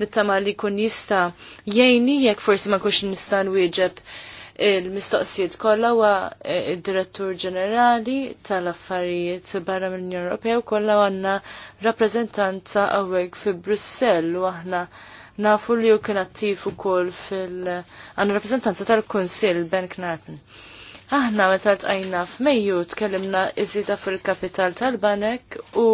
nittama li kun jista jajni jekk forsi ma kux nista' nwieġeb il-mistoqsijiet kollha wa e, il direttur Ġenerali tal-Affarijiet barra mill-Unjoni Ewropea u kollha għandna rappreżentanza hawnhekk fi Brussell u aħna nafu li hu kien attiv ukoll fil- għanna rappreżentanza tal-Kunsill Ben Knarpen. Aħna meta tqajna f'Mejju tkellimna iżida fil-kapital tal-Banek u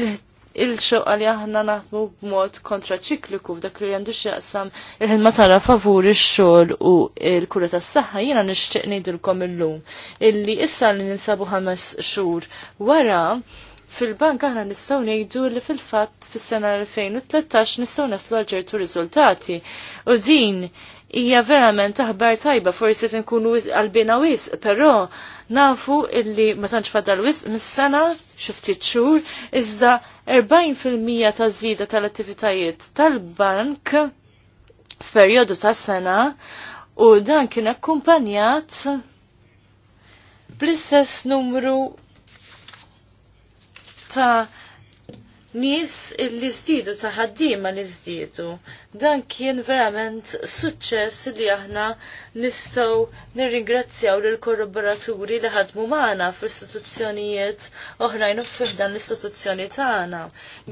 il il-xoq li aħna naħdmu b'mod kontraċikliku f'dak li għandu x'jaqsam il-ħidma tara favur ix-xogħol u l-kura tas-saħħa jiena nixtieq ngħidilkom illum illi issa li ninsabu ħames xhur wara fil-bank aħna nistgħu ngħidu li fil-fatt fis-sena 2013 nistgħu naslu għal ċertu riżultati u din hija verament aħbar tajba forsi tinkunu qalbina wis, però nafu illi ma tantx fadal wis mis-sena xi ftit xhur iżda 40% ta' żida tal-attivitajiet tal-bank f'perjodu ta' sena u dan kien akkumpanjat bl-istess numru ta' nies li żdiedu ta' ħaddiema li zdidu. Dan kien verament suċċess li aħna nistgħu nirringrazzjaw l korroboraturi li ħadmu magħna fl-istituzzjonijiet oħrajn u f'dan l-istituzzjoni tagħna.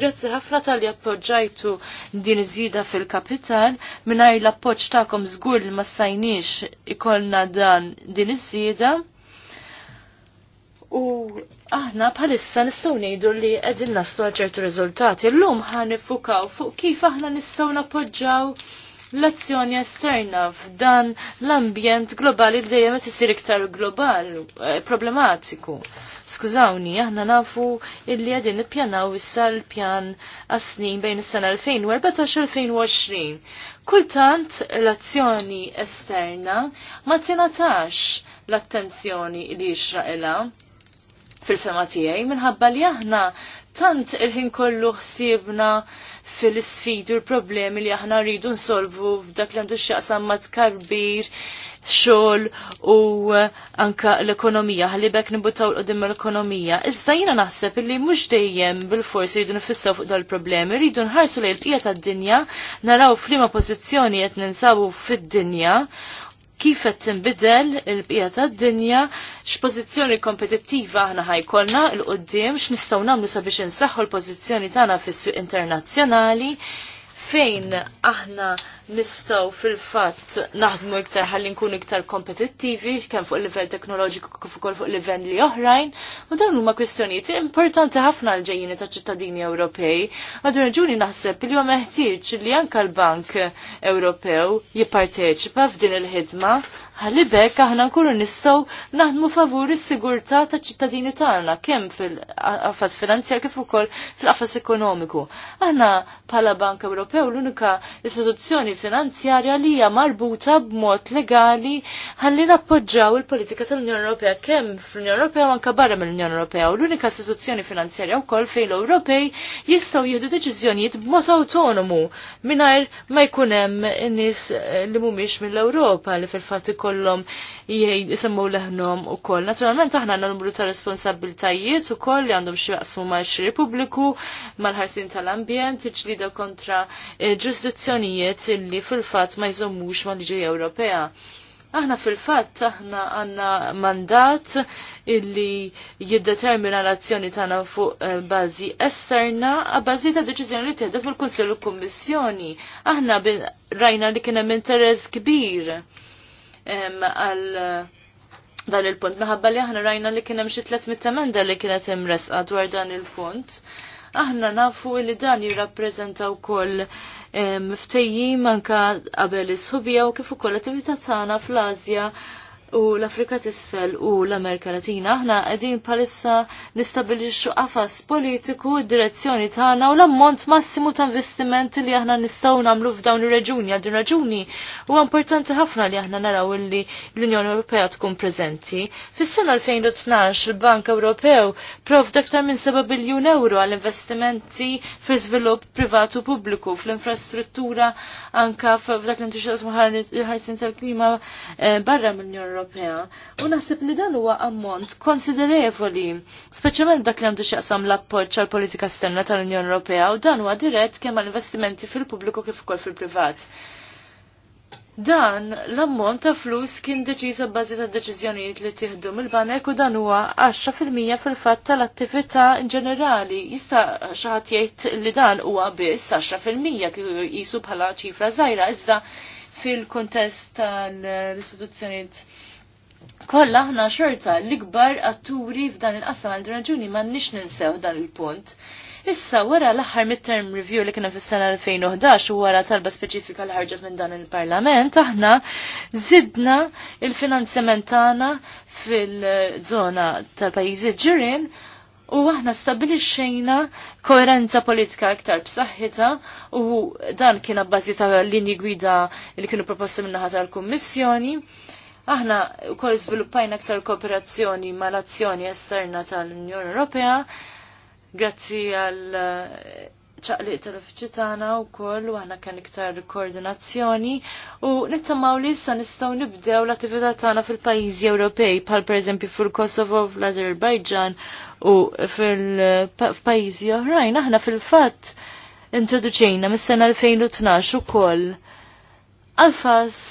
Grazzi ħafna tal-li appoġġajtu din zida fil-kapital mingħajr l-appoġġ tagħkom żgur li ma sajnix ikollna dan din iż-żieda. U aħna bħalissa nistgħu ngħidu li qegħdin naslu għal ċertu riżultati. Llum ħan nifukaw fuq kif aħna nistgħu nappoġġaw l-azzjoni esterna f'dan l-ambjent globali li dejjem qed isir iktar global eh, problematiku. Skużawni, aħna nafu illi qegħdin nippjanaw issa l-pjan għas-snin bejn is-sena 2014-2020. Kultant l-azzjoni esterna ma tingħatax l-attenzjoni li jixraqilha fil-fema tiegħi minħabba li aħna tant il-ħin kollu ħsiebna fil-sfidu l-problemi li aħna rridu nsolvu f'dak li għandu x'jaqsam ma' tkarbbir xol u anka l-ekonomija, għalli bekk nibutaw l qoddim l-ekonomija. Iżda jina naħseb li mux dejjem bil-forsi rridu nfissaw fuq dal-problemi, rridu nħarsu li l-bqija tad dinja naraw flima pozizjoni qed ninsabu fid-dinja kif qed tinbidel il-bqija tad-dinja, x'pożizzjoni kompetittiva aħna ħajkolna l qudiem x'nistgħu nagħmlu sabiex insaħħu l-pożizzjoni tagħna fis-suq internazzjonali fejn aħna nistaw fil-fatt naħdmu iktar ħalli nkunu iktar kompetittivi kemm fuq il-livell teknoloġiku kif ukoll fuq il-livell li oħrajn, u dawn huma kwistjonijiet importanti ħafna għal ġejjini ta' ċittadini Ewropej. Madwar ġuni naħseb li huwa meħtieġ li anke l-Bank Ewropew jipparteċipa f'din il-ħidma Għalli bekk aħna nkunu nistgħu naħdmu favur is-sigurtà taċ-ċittadini tagħna kemm fil-qafas finanzjar kif ukoll fil-qafas ekonomiku. Aħna bħala Bank Ewropew l-unika istituzzjoni finanzjarja li hija marbuta b'mod legali ħalli nappoġġaw il-politika tal-Unjoni Ewropea kemm fl-Unjoni Ewropea anke barra mill-Unjoni Ewropea u l-unika istituzzjoni finanzjarja wkoll fejn l-Ewropej jistgħu jieħdu deċiżjonijiet b'mod autonomu mingħajr ma jkun hemm nies li mhumiex mill-Ewropa li fil-fatt ikoll ikollhom leħnom u ukoll. Naturalment aħna għandna numru ta' responsabiltajiet ukoll li għandhom xi ma' mal-xiri pubbliku, mal-ħarsin tal-ambjent, ġlida kontra e, ġurisdizzjonijiet illi fil-fatt ma jżommux mal-liġi Ewropea. Aħna fil-fatt aħna għanna mandat illi jiddetermina l-azzjoni tagħna fuq e, bażi esterna bażi ta' deċiżjoni li tieħdet mill-Kunsill u Kummissjoni. Aħna rajna li kien hemm interess kbir għal dan il-punt. Meħabba li aħna rajna li kienem xi 300 emenda li kienet imresqa dwar dan il-punt. Aħna nafu li dan jirrappreżenta wkoll ftejjim anka qabel is-ħubija u kif ukoll attività tagħna fl-Asja u l-Afrika tisfel u l-Amerika Latina aħna qegħdin palissa nistabilixxu għafas politiku d-direzzjoni tagħna u l-ammont massimu ta' investimenti li aħna nistgħu nagħmlu f'dawn ir-reġuni għadin raġuni huwa importanti ħafna li aħna naraw li l-Unjoni Ewropea tkun preżenti. Fis-sena 2012 il-Bank Ewropew prof daktar minn 7 biljun euro għal investimenti fi żvilupp privatu pubbliku fl-infrastruttura anka f'dak li ntixtaq ħarsin tal-klima eh, barra mill-Unjoni Ewropea u naħseb li dan huwa ammont konsiderevoli, speċjalment dak li għandu xaqsam l-appoġġ għall politika esterna tal-Unjoni Ewropea u dan huwa dirett kemm għal investimenti fil-pubbliku kif ukoll fil-privat. Dan l-ammont ta' flus kien deċiża bbażi ta' deċiżjonijiet li tieħdu mill-banek u dan huwa 10% fil-fatt tal-attività ġenerali. Jista' xi ħadd jgħid li dan huwa biss 10% kif qisu bħala ċifra żgħira iżda fil-kontest tal-istituzzjonijiet Kolla aħna xorta l-ikbar atturi f'dan il-qasam għal raġuni ma nix ninsew dan il-punt. Issa wara l-aħħar mit-term review li kena fis-sena 2011 u wara talba speċifika li ħarġet minn dan il-Parlament, aħna zidna il-finanzjament tagħna fil-żona tal-pajjiżi ġirin u aħna stabilixxejna koerenza politika iktar b'saħħitha u dan kien abbażi ta' linji gwida li kienu proposti minnaħa tal-Kummissjoni. Aħna wkoll żviluppajna aktar kooperazzjoni mal-azzjoni esterna tal-Unjoni Ewropea grazzi għal eh, ċaqliq tal-uffiċi tagħna wkoll u aħna kien iktar koordinazzjoni u nittamaw li issa nistgħu nibdew l-attività tagħna fil-pajjiżi Ewropej bħal pereżempju fil-Kosovo, fl-Azerbajġan u fil-pajjiżi oħrajn aħna fil-fatt introduċejna mis-sena 2012 ukoll. Alfas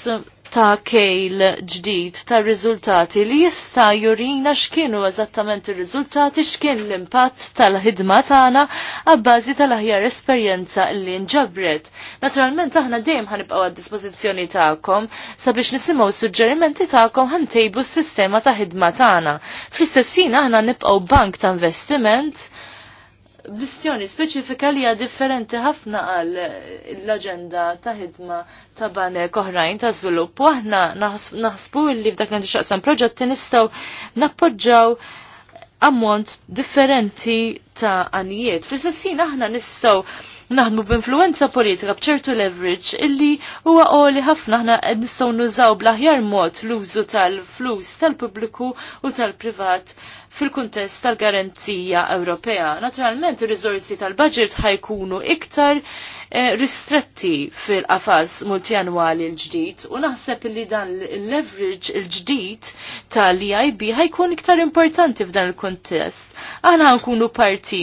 ta' kejl ġdid ta' riżultati li jista' jurina x'kienu eżattament ir-riżultati x'kien l-impatt tal-ħidma tagħna għabbażi tal-aħjar esperjenza li nġabret. Naturalment aħna dejjem ħanibqgħu għad-dispożizzjoni tagħkom sabiex nisimgħu suġġerimenti tagħkom ħantejbu s-sistema ta' ħidma tagħna. Fl-istessin aħna nibqgħu bank ta' investiment bistjoni speċifika li hija differenti ħafna għal l-aġenda ta' ħidma ta' banek oħrajn ta' żvilupp. U aħna naħsbu li f'dak li xaqsam proġetti nistgħu nappoġġaw ammont differenti ta' anijiet. Fis-sessin aħna nistgħu naħdmu b'influenza politika bċertu leverage illi huwa qoli ħafna ħna nistgħu nużaw bl-aħjar mod l-użu tal-flus tal-pubbliku u tal-privat fil-kuntest tal-garanzija Ewropea. Naturalment, ir-riżorsi tal-budget ħajkunu iktar eh, ristretti fil-qafas multianwali l-ġdid u naħseb li dan il-leverage l-ġdid tal-EIB ħajkun iktar importanti f'dan il-kontest. Aħna nkunu parti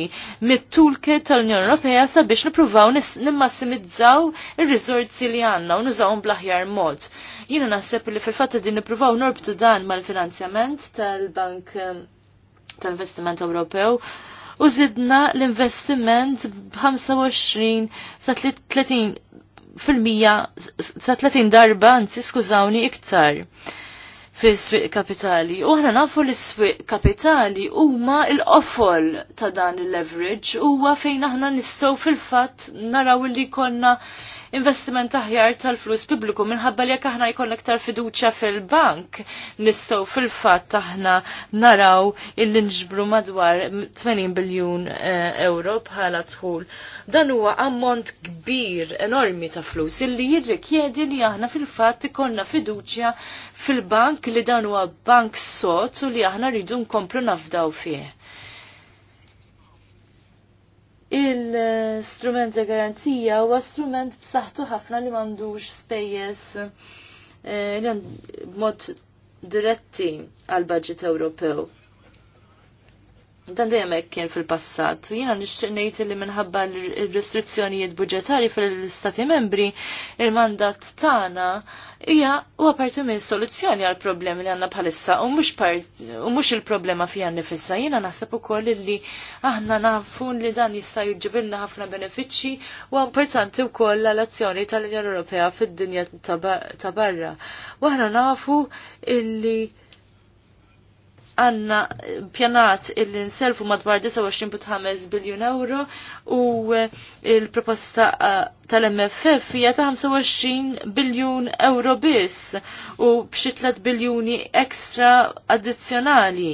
mit-toolkit tal-Unjoni Ewropea sabiex nipruvaw nimmassimizzaw ir-riżorsi li għandna u nużawhom bl-aħjar mod. Jiena naħseb li fil-fatt din nippruvaw norbtu dan mal-finanzjament tal-Bank eh, tal-investiment Ewropew u zidna l-investiment b25 sa 30 fil-mija sa 30 darba, anzi skużawni iktar fi s-swiq kapitali. U ħna nafu li s-swiq kapitali huma l-qofol ta' dan il-leverage, huwa fejn aħna nistgħu fil-fatt naraw li konna investiment aħjar tal-flus pubbliku minħabba li jekk aħna jkollna aktar fiduċja fil-bank nistgħu fil-fatt aħna naraw illi nġbru madwar 80 biljun eh, euro bħala dħul. Dan huwa ammont kbir enormi ta' flus illi jirrikjedi li aħna fil-fatt ikollna fiduċja fil-bank li dan huwa bank sot u li aħna rridu nkomplu nafdaw fih il-strument ta' garanzija huwa strument b'saħħtu ħafna li m'għandux spejjeż eh, b'mod diretti għal budget Ewropew. Dan dejjem hekk kien fil-passat. Jiena nixtieq ngħid li minħabba l-restrizzjonijiet budġetarji fil-Stati membri, il-mandat tagħna hija huwa parti minn soluzzjoni għal problemi li għandna bħalissa u mhux il-problema fiha nifissa. Jiena naħseb ukoll li aħna nafu li dan jista' jiġibilna ħafna benefiċċji u importanti wkoll l-azzjoni tal-Unjoni Ewropea fid-dinja ta' barra. Waħna aħna nafu illi għanna pjanat illi nselfu madwar 29.5 biljon euro u eh, il-proposta eh, tal-MFF hija ta' 25 biljun euro biss u b'xi 3 biljuni ekstra addizzjonali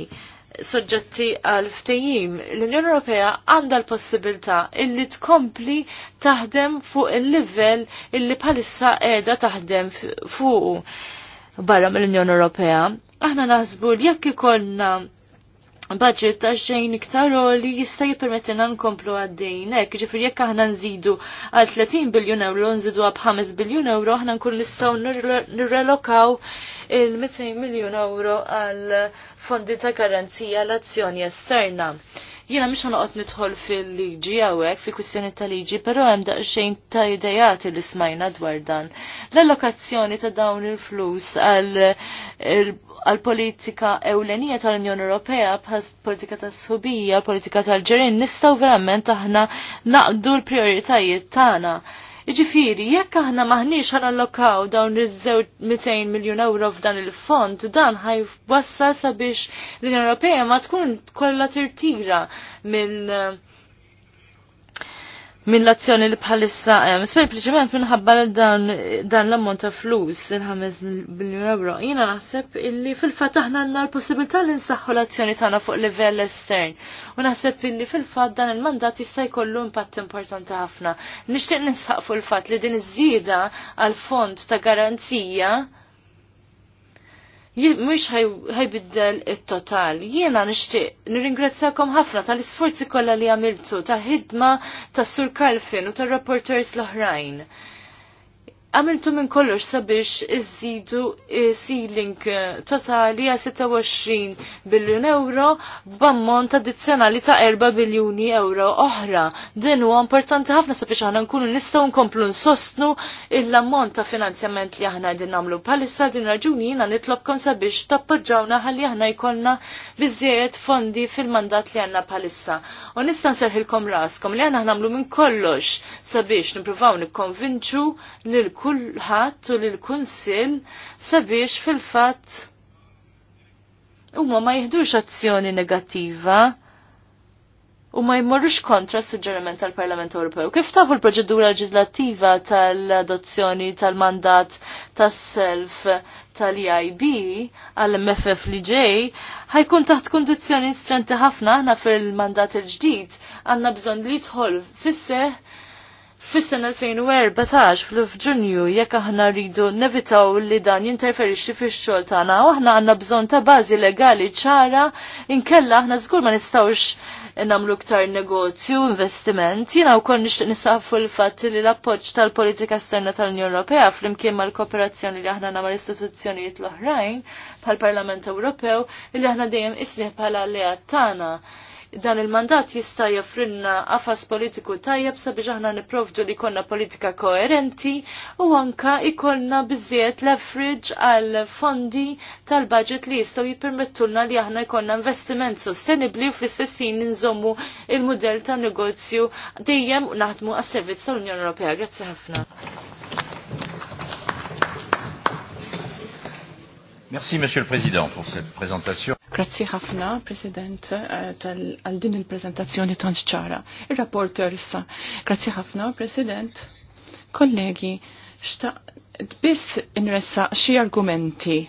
soġġetti għal ftejim, l-Unjoni Ewropea għandha l-possibilità illi tkompli taħdem fuq il-livell illi bħalissa qiegħda taħdem fuq barra mill-Unjoni Ewropea aħna naħsbu li jekk ikollna budget ta' xejn iktar li jista' jippermettilna nkomplu għaddejn hekk, ġifier jekk aħna nżidu għal 30 biljun euro nżidu għab 5 biljun euro aħna nkun nistgħu nirrelokaw il-200 miljun euro għal fondi ta' garanzija l-azzjoni esterna. Jiena mish noqgħod nidħol fil-liġi hawnhekk fil-kwistjoni tal-liġi, però hemm daqsxejn ta' idejat li smajna dwar dan. L-allokazzjoni ta' dawn il-flus għal politika ewlenija tal-Unjoni Ewropea politika ta' subija, politika tal-ġerin nistgħu verament aħna naqdu l-prijoritajiet tagħna. Iġifiri, jekk aħna maħniex ħanallokaw dawn iż-żewġ 200 miljun euro f'dan il-fond, dan ħaj wassal sabiex l-Unjoni Ewropea ma tkun kollha tirtira minn uh, mill-azzjoni li bħalissa hemm. Sempliċement minħabba dan dan l-ammont ta' flus il-5 biljun euro. Jiena naħseb illi fil-fatt aħna għandna l-possibilità li nsaħħu l-azzjoni tagħna fuq livell estern. U naħseb illi fil-fatt dan il-mandat jista' jkollu impatt importanti ħafna. Nixtieq nisħaq fuq il-fatt li din iż-żieda għal fond ta' garanzija mux ħajbiddel il-total. Jiena nishtiq nirringrazzakom ħafna tal-isforzi kollha li għamiltu, tal-ħidma tas Sur Kalfin u tal-rapporters l-oħrajn għamiltu minn kollox sabiex iżidu ceiling eh, totali għal 26 biljun euro b'ammont addizzjonali ta' 4 biljuni euro oħra. Din huwa importanti ħafna sabiex aħna nkunu nistgħu nkomplu nsostnu l-ammont ta' finanzjament li aħna qegħdin nagħmlu bħalissa din raġuni jiena nitlobkom sabiex tappoġġawna ħalli aħna jkollna biżejjed fondi fil-mandat li għandna bħalissa. U nista' nserħilkom raskom li aħna nagħmlu minn kollox sabiex nippruvaw nikkonvinċu lil kulħadd u lil kunsill sabiex fil-fatt huma ma jihdux azzjoni negattiva u ma jmorrux kontra suġġeriment tal-Parlament Ewropew. Kif tafu l-proċedura leġislattiva tal-adozzjoni tal-mandat tas-self tal iib għall-MFF li ġej ħajkun taħt kundizzjoni strenti ħafna aħna fil-mandat il-ġdid għandna bżonn li jidħol fisseħ fissan 2014 fl-Ġunju jekk aħna rridu nevitaw li dan jinterferixxi fix-xogħol tagħna u aħna għandna bżonn ta' bażi legali ċara inkella aħna żgur ma nistgħux nagħmlu iktar negozju, investiment. Jiena wkoll nixtieq nisafu l fatt li l appoġġ tal-politika esterna tal-Unjoni Ewropea flimkien mal-kooperazzjoni li aħna nagħmel istituzzjonijiet l-oħrajn bħal-Parlament Ewropew li aħna dejjem isnieħ bħala alleat tagħna dan il-mandat jista' joffrilna qafas politiku tajjeb sabiex aħna nipprovdu li konna politika koerenti u anka ikollna biżjed leverage għal fondi tal-budget li jistgħu jippermettulna li aħna jkollna investiment sostenibli u fl-istess ħin nżommu il-mudell tan negozju dejjem naħdmu għas-servizz tal-Unjoni Ewropea. Grazzi ħafna. Merci, Monsieur le Président, pour cette présentation. Grazie ħafna, President, eh, għal din il-prezentazzjoni tant ċara. Il-rapporters, grazzi ħafna, President, kollegi, bis biss inressa xi argumenti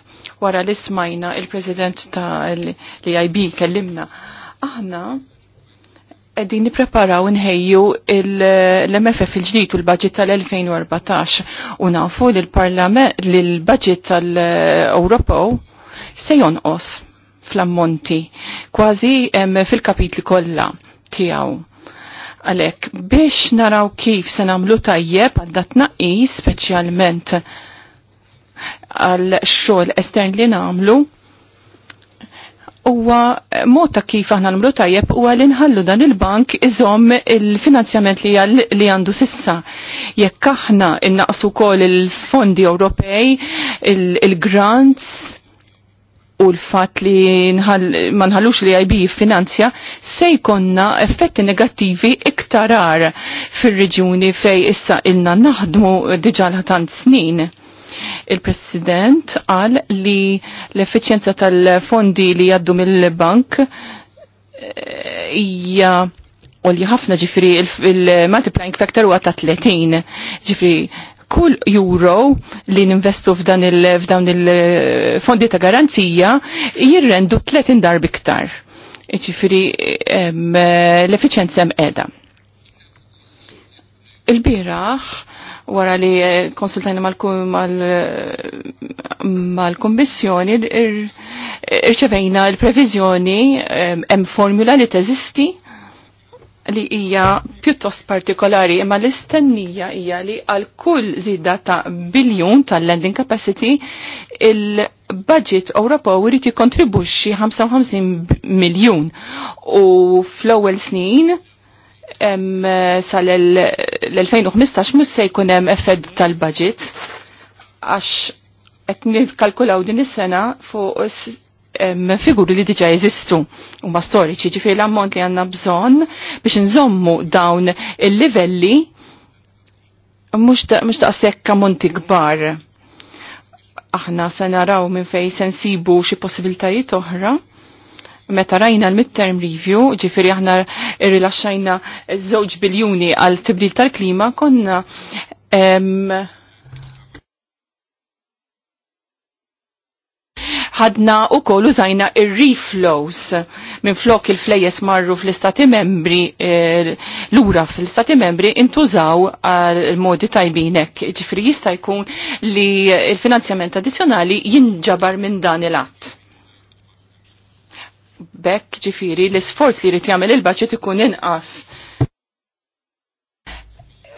wara l-ismajna il-President ta' l-IB kellimna. Aħna għeddin nipreparaw nħejju l-MFF il-ġdijt u l-budget tal-2014 u nafu l-parlament l-budget tal-Ewropew se jonqos fl-ammonti kważi fil-kapitli kollha tiegħu. Għalek, biex naraw kif se namlu tajjeb għal datnaqi speċjalment għal xogħol estern li namlu, huwa mod ta' kif aħna nmru tajjeb huwa li nħallu dan il-bank iżomm il-finanzjament li għandu sissa. Jekk aħna innaqsu wkoll il-fondi Ewropej, il-grants u l-fat li ma nħallux li għajbi finanzja se jkonna effetti negattivi iktarar fir-reġjuni fej issa ilna naħdmu diġa tant snin Il-President qal li l-effiċjenza tal-fondi li jaddu mill-bank eh, hija li ħafna ġifri il-multiplying factor u ta' 30. Ġifri kull euro li ninvestu f'dan il-fdawn il-fondi ta' garanzija jirrendu 30 darb iktar. Ġifri l efficienza mqeda. Il-biraħ wara li eh, konsultajna mal-kommissjoni irċevejna l-previżjoni hemm formula li teżisti li hija pjuttost partikolari imma l-istennija hija li għal kull żida ta' biljun tal-lending capacity il-budget Ewropew irid jikkontribwixxi 55 miljun u fl-ewwel snin sal-2015 mhux se jkun hemm effett tal-budget għax qed nikkalkulaw din is-sena fuq figuri li diġa jeżistu u ma storiċi ġifieri l-ammont li għandna bżonn biex nżommu dawn il-livelli mhux daqshekk ammonti kbar. Aħna se naraw minn fejn se nsibu xi possibiltajiet oħra meta rajna l-midterm review, ġifiri aħna rilaxxajna żewġ biljuni għal tibdil tal-klima, konna ħadna u koll użajna ir-reflows minn flok il flejes marru fl-istati membri eh, l-ura fl-istati membri intużaw għal-modi eh, tajbinek. Ġifri jista' jkun li il-finanzjament addizjonali jinġabar minn dan il-att bekk ġifiri l-isforz li jrid jagħmel il-baġġet ikun inqas.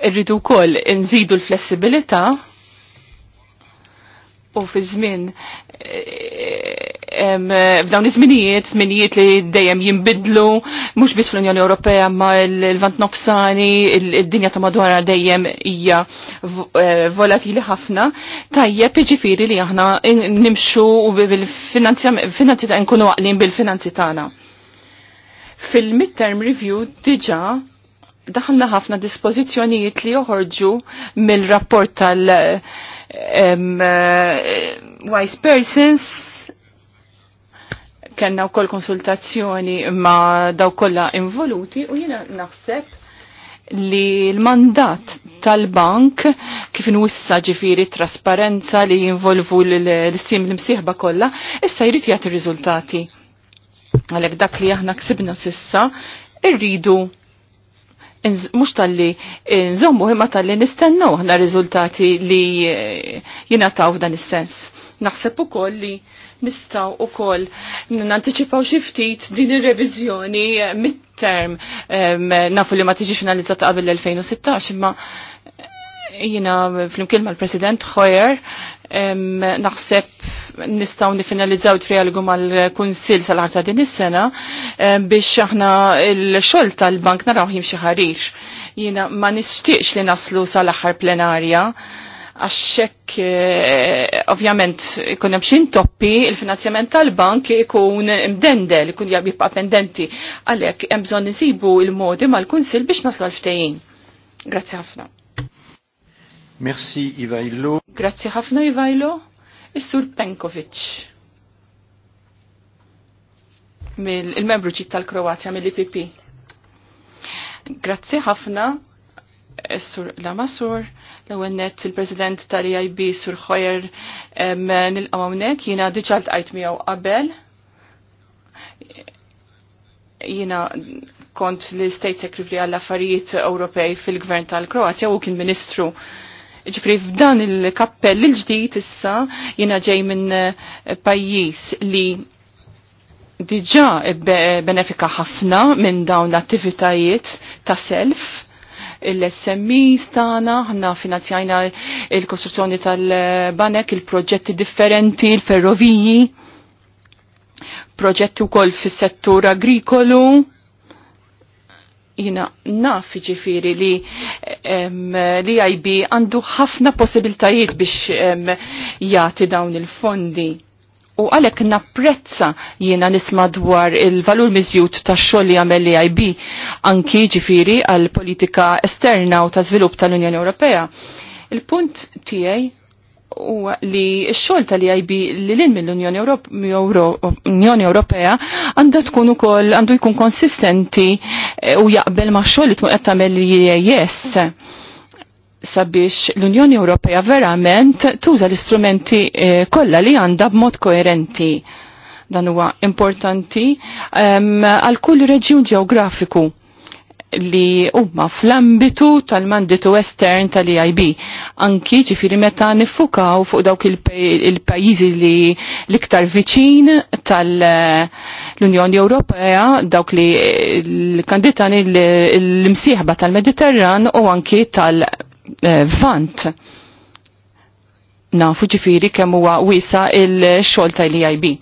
Irridu wkoll nżidu l-flessibilità u fi zmin f'dawn iż-żminijiet, żminijiet li dejjem jinbidlu, mhux biss fl-Unjoni Ewropea ma l-Vant Nofsani, id-dinja ta' madwar dejjem hija eh, volatili ħafna, tajjeb jiġifieri li aħna nimxu bil-finanzi nkunu għaqlin bil-finanzi tagħna. Fil-midterm review diġa daħalna ħafna dispożizzjonijiet li joħorġu mill-rapport tal- um, uh, wise persons kena u koll konsultazzjoni ma daw kolla involuti u jina naħseb li l-mandat tal-bank kif nwissa ġifiri trasparenza li jinvolvu l-sim l-imsieħba kolla, issa jrid jagħti riżultati. Għalhekk dak li aħna ksibna sissa, irridu mux tal-li nżommu imma tal-li nistennu ħna rizultati li eh, jinataw f'dan is-sens. Naħseb ukoll li nistaw ukoll nanticipaw xi ftit din ir-reviżjoni eh, mid-term nafu li ma tiġi finalizzata qabel l-2016 imma eh, jina fl-imkien mal-President Hoyer naħseb nistaw nifinalizzaw trialgu mal-Kunsil sal-ħarta din is-sena eh, biex aħna l-xol tal-bank naraw jimxi ħarix. Jina ma nixtieqx li naslu sal-aħħar plenarja għaxxek eh, ovvjament ikun hemm xin toppi il-finanzjament tal-bank ikun mdendel, ikun jibqa' pendenti. Għalhekk hemm bżonn insibu il-modi mal-Kunsil biex naslu għal-ftehim. Grazzi ħafna. Merci Ivailo. Grazzi ħafna Ivailo. Is-Sur Penkovic. Mill-membru ċit tal-Kroazja mill-IPP. Grazzi ħafna, Sur Lamasur, l għennet il-President tal-IIB Sur Hoyer nil-qawnek, jina diġalt għajt miegħu qabel. Jina kont l-State Secretary għall-Affarijiet Ewropej fil-Gvern tal-Kroazja u kien Ministru Ġifri f'dan il-kappell il-ġdijt issa jina ġej minn eh, pajjiż li diġa benefika ħafna minn dawn l-attivitajiet ta' self, l smi tagħna, ħna finanzjajna il-kostruzzjoni tal-banek, il-proġetti differenti, il-ferroviji, proġetti wkoll fis-settur agrikolu, jina naf ġifiri li li IB għandu ħafna possibiltajiet biex um, jati dawn il-fondi. U għalek napprezza jiena nisma dwar il-valur miżjut ta' xogħol li għamel li IB anki ġifiri għal politika esterna u ta' żvilupp tal-Unjoni Ewropea. Il-punt tiegħi u li x-xogħol tal-IB li l l unjoni Unjoni Ewropea għandha tkun ukoll għandu jkun konsistenti eh, u jaqbel ma' xogħol li tkun qed tagħmel l-IAS sabiex l-Unjoni Ewropea verament tuża l-istrumenti eh, kollha li għandha b'mod koerenti. Dan huwa importanti ehm, għal kull reġjun ġeografiku li huma fl-ambitu tal-manditu estern tal-EIB. Anki ġifiri meta nifukaw fuq dawk il-pajjiżi il li l-iktar viċin tal-Unjoni Ewropea, dawk li l-kandidan l-imsieħba tal-Mediterran u anki tal-Vant. Nafu ġifiri kemm huwa wisa il-xogħol tal-EIB.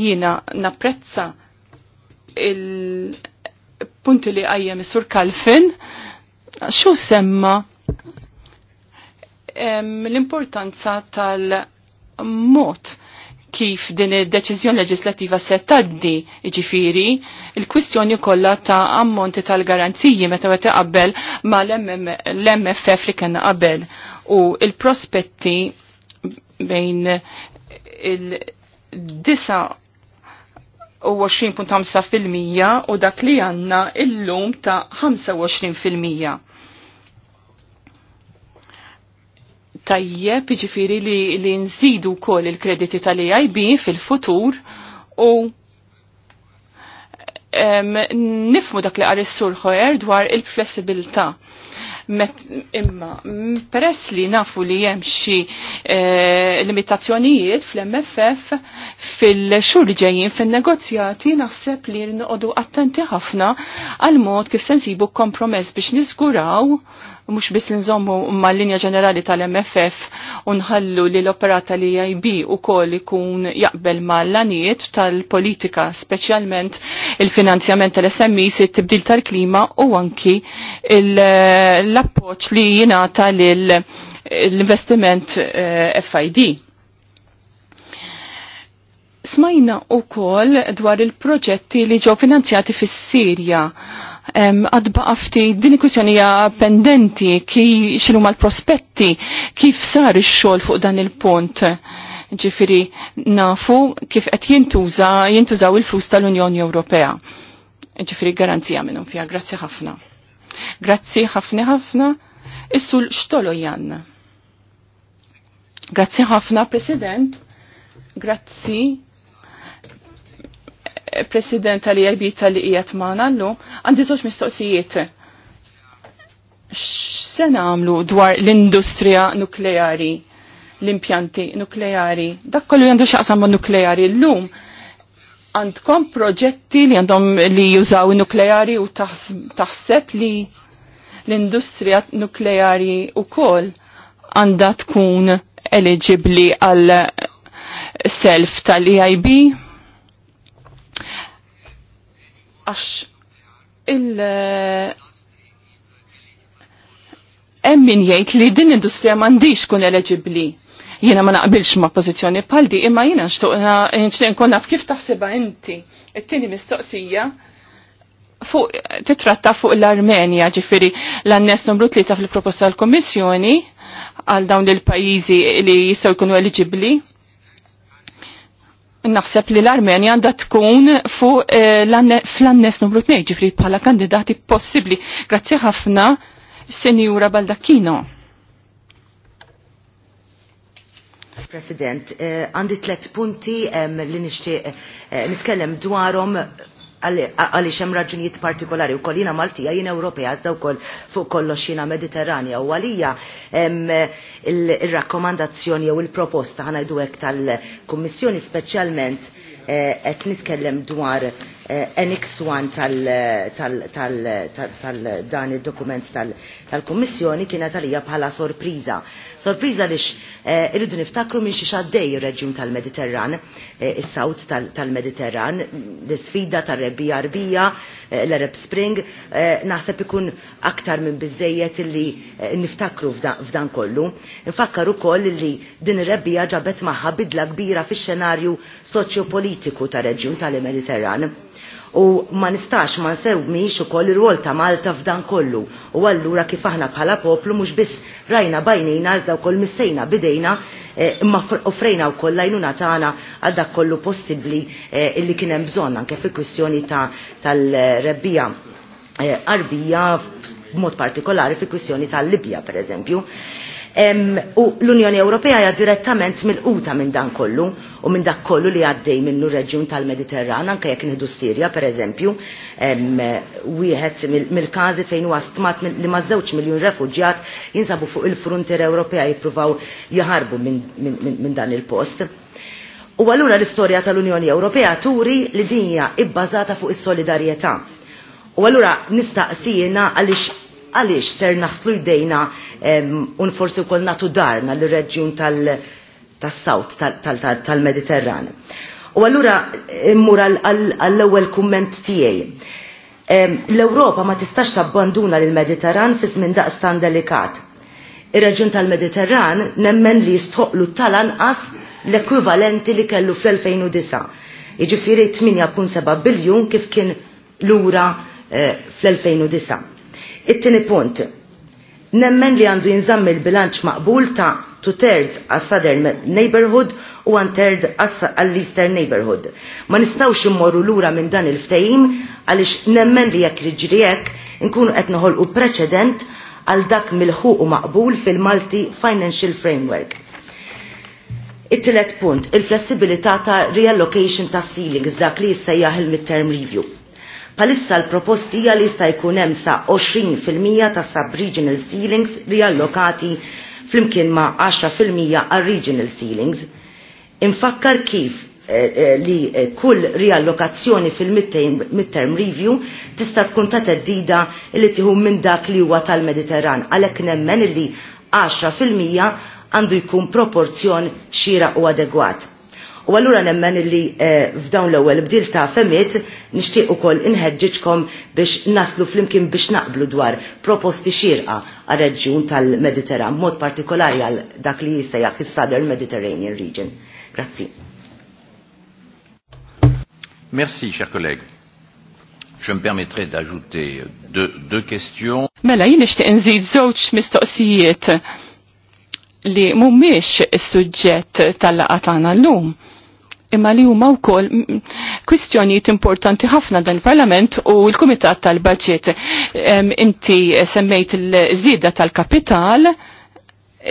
Jiena napprezza il- punti li għajjem sur Kalfin, xu semma l-importanza tal-mod kif din id-deċiżjoni leġislativa se taddi iġifiri il-kwistjoni kollha ta' ammonti tal-garanziji meta meta qabel ma l-MFF li kien qabel u il-prospetti bejn il disa u 20.5% u dak li għanna il-lum ta' 25%. Tajjeb ġifiri li, li nżidu kol il-krediti tal-EIB fil-futur u um, nifmu dak li għar sur ħoer dwar il-flessibilta' imma peress li nafu li hemm xi e, limitazzjonijiet fl-MFF fil-xhur li ġejjin fin-negozjati naħseb li nqogħdu attenti ħafna għal mod kif se nsibu kompromess biex nizguraw mux bis nżommu ma linja ġenerali tal-MFF unħallu li l-operata li IB u koll ikun jaqbel ma l-anijiet tal-politika, specialment il-finanzjament tal-SMIs, il-tibdil tal-klima u anki l-appoċ li jinata l-investiment eh, FID. Smajna u koll dwar il-proġetti li ġew finanzjati fis-Sirja għadba għafti din kwistjonija pendenti ki xinu l prospetti kif sar ix-xogħol fuq dan il-punt ġifiri nafu kif qed jintuża jintużaw il-flus tal-Unjoni Ewropea. Ġifiri garanzija minnhom fija. grazzi ħafna. Grazzi ħafna ħafna l xtolo janna. Grazzi ħafna, President. Grazzi president tal-IIB tal-IJat maħna l-lum, għandi zoċ mistoqsijiet. Se għamlu dwar l-industrija nukleari, l-impjanti nukleari, dak kollu għandu xaqsam ma' nukleari l-lum, għandkom proġetti li għandhom li jużaw nukleari u taħseb li l-industrija nukleari u kol għanda tkun eligibli għal self tal-EIB? għax il- hemm min jgħid li din industrija m'għandix kun eleġibli. Jiena ma naqbilx ma' pożizzjoni paldi, imma jiena nxtuqna nkun naf kif taħsibha inti. It-tieni mistoqsija fuq titratta fuq l-Armenja, ġifiri l-annes numru tlieta fil-proposta tal kummissjoni għal dawn il-pajjiżi li jistgħu jkunu eliġibbli naħseb li l-Armenja għandha tkun fuq eh, fl-annes numru 2 ġifri bħala kandidati possibbli. Grazzi ħafna, Senjura Baldacchino. President, eh, għandi tlet punti li nixtieq eh, nitkellem dwarhom għaliex hemm raġunijiet partikolari u kolina Maltija jina Ewropea għażda wkoll fuq kollo xina Mediterranja u għalija il-rakkomandazzjoni jew il-proposta idu hekk tal-Kummissjoni speċjalment eh, qed nitkellem dwar eh, NX1 tal dan id-dokument tal-Kummissjoni kienet għalija bħala sorpriża. Sorpriza lix Eh, irridu niftakru minn xi xaddej ir-reġjun tal-Mediterran, eh, is-sawt tal-Mediterran, l-isfida tar-rebbija arbija, eh, l-Arab Spring, naħseb ikun aktar minn biżejjed li niftakru f'dan kollu. Nfakkar ukoll li din ir-rebbija ġabet magħha bidla kbira fix-xenarju soċjopolitiku tar-reġjun tal-Mediterran U ma nistax ma miex u koll ir-rol ta' Malta f'dan kollu. U allura kif aħna bħala poplu mhux biss rajna bajnejna iżda wkoll missejna bidejna eh, imma offrejna wkoll lajnuna tagħna għal dak kollu possibbli eh, illi kien hemm bżonn anke fil-kwistjoni tal-rebbija eh, arbija b'mod partikolari fil kwistjoni tal-Libja pereżempju. U l-Unjoni Ewropea hija direttament mill-quta minn dan kollu u minn dak kollu li għaddej minnu reġjun tal-Mediterran, anke jekk nieħdu Sirja pereżempju, wieħed mill-każi fejn huwa stmat li ma żewġ miljun refuġjat jinsabu fuq il-fruntier Ewropea jippruvaw jaħarbu minn dan il-post. U allura l-istorja tal-Unjoni Ewropea turi li dinja ibbażata fuq is-solidarjetà. U allura nistaqsijina għaliex għaliex ser naħslu jdejna un forsi wkoll natu darna l reġjun tas-sawt tal-Mediterran. U allura immur għall-ewwel kumment tiegħi. L-Ewropa ma tistax tabbanduna lill-Mediterran fi żmien daqstan delikat. Ir-reġjun tal-Mediterran nemmen li jistoqlu tal-anqas l-ekwivalenti li kellu fl-2009. Iġifiri 8.7 biljun kif kien lura eh, fl-2009. It-tieni punt. Nemmen li għandu jinżamm il-bilanċ maqbul ta' two-thirds għas southern neighborhood u one-third għall-eastern neighborhood. Ma nistawx immorru lura minn dan il-ftejim għalix nemmen li jekk jiġri nkunu qed noħolqu preċedent għal dak milħuq u maqbul fil-Malti Financial Framework. It-tielet punt, il-flessibilità ta' reallocation ta' ceilings dak li jissejjaħ il-midterm review Palissa l-propostija li sta jkun hemm sa 20% ta' sub-regional ceilings riallokati flimkien ma' 10% għal regional ceilings. Infakkar kif eh, eh, li eh, kull riallokazzjoni fil-midterm review tista' tkun ta' teddida li tieħu minn dak li huwa tal-Mediterran għalhekk nemmen li 10% għandu jkun proporzjon xira u adegwat U għallura nemmen li eh, f'dawn l-ewwel bdil ta' femiet nixtieq ukoll inħeġġiġkom biex naslu flimkien biex naqblu dwar proposti xirqa għar-reġjun tal-Mediterran, mod partikolari għal dak li jissejjaħ is-Southern Mediterranean Region. Grazzi. Merci, cher collègue. Je me permettrai d'ajouter deux, deux questions. Mela, jien nixtieq nżid żewġ mistoqsijiet li mhumiex is-suġġett tal-laqgħa tagħna llum. lum imma li huma wkoll kwistjonijiet importanti ħafna dan il-Parlament u l-Kumitat tal-Baġġet. Inti semmejt il-żieda tal-kapital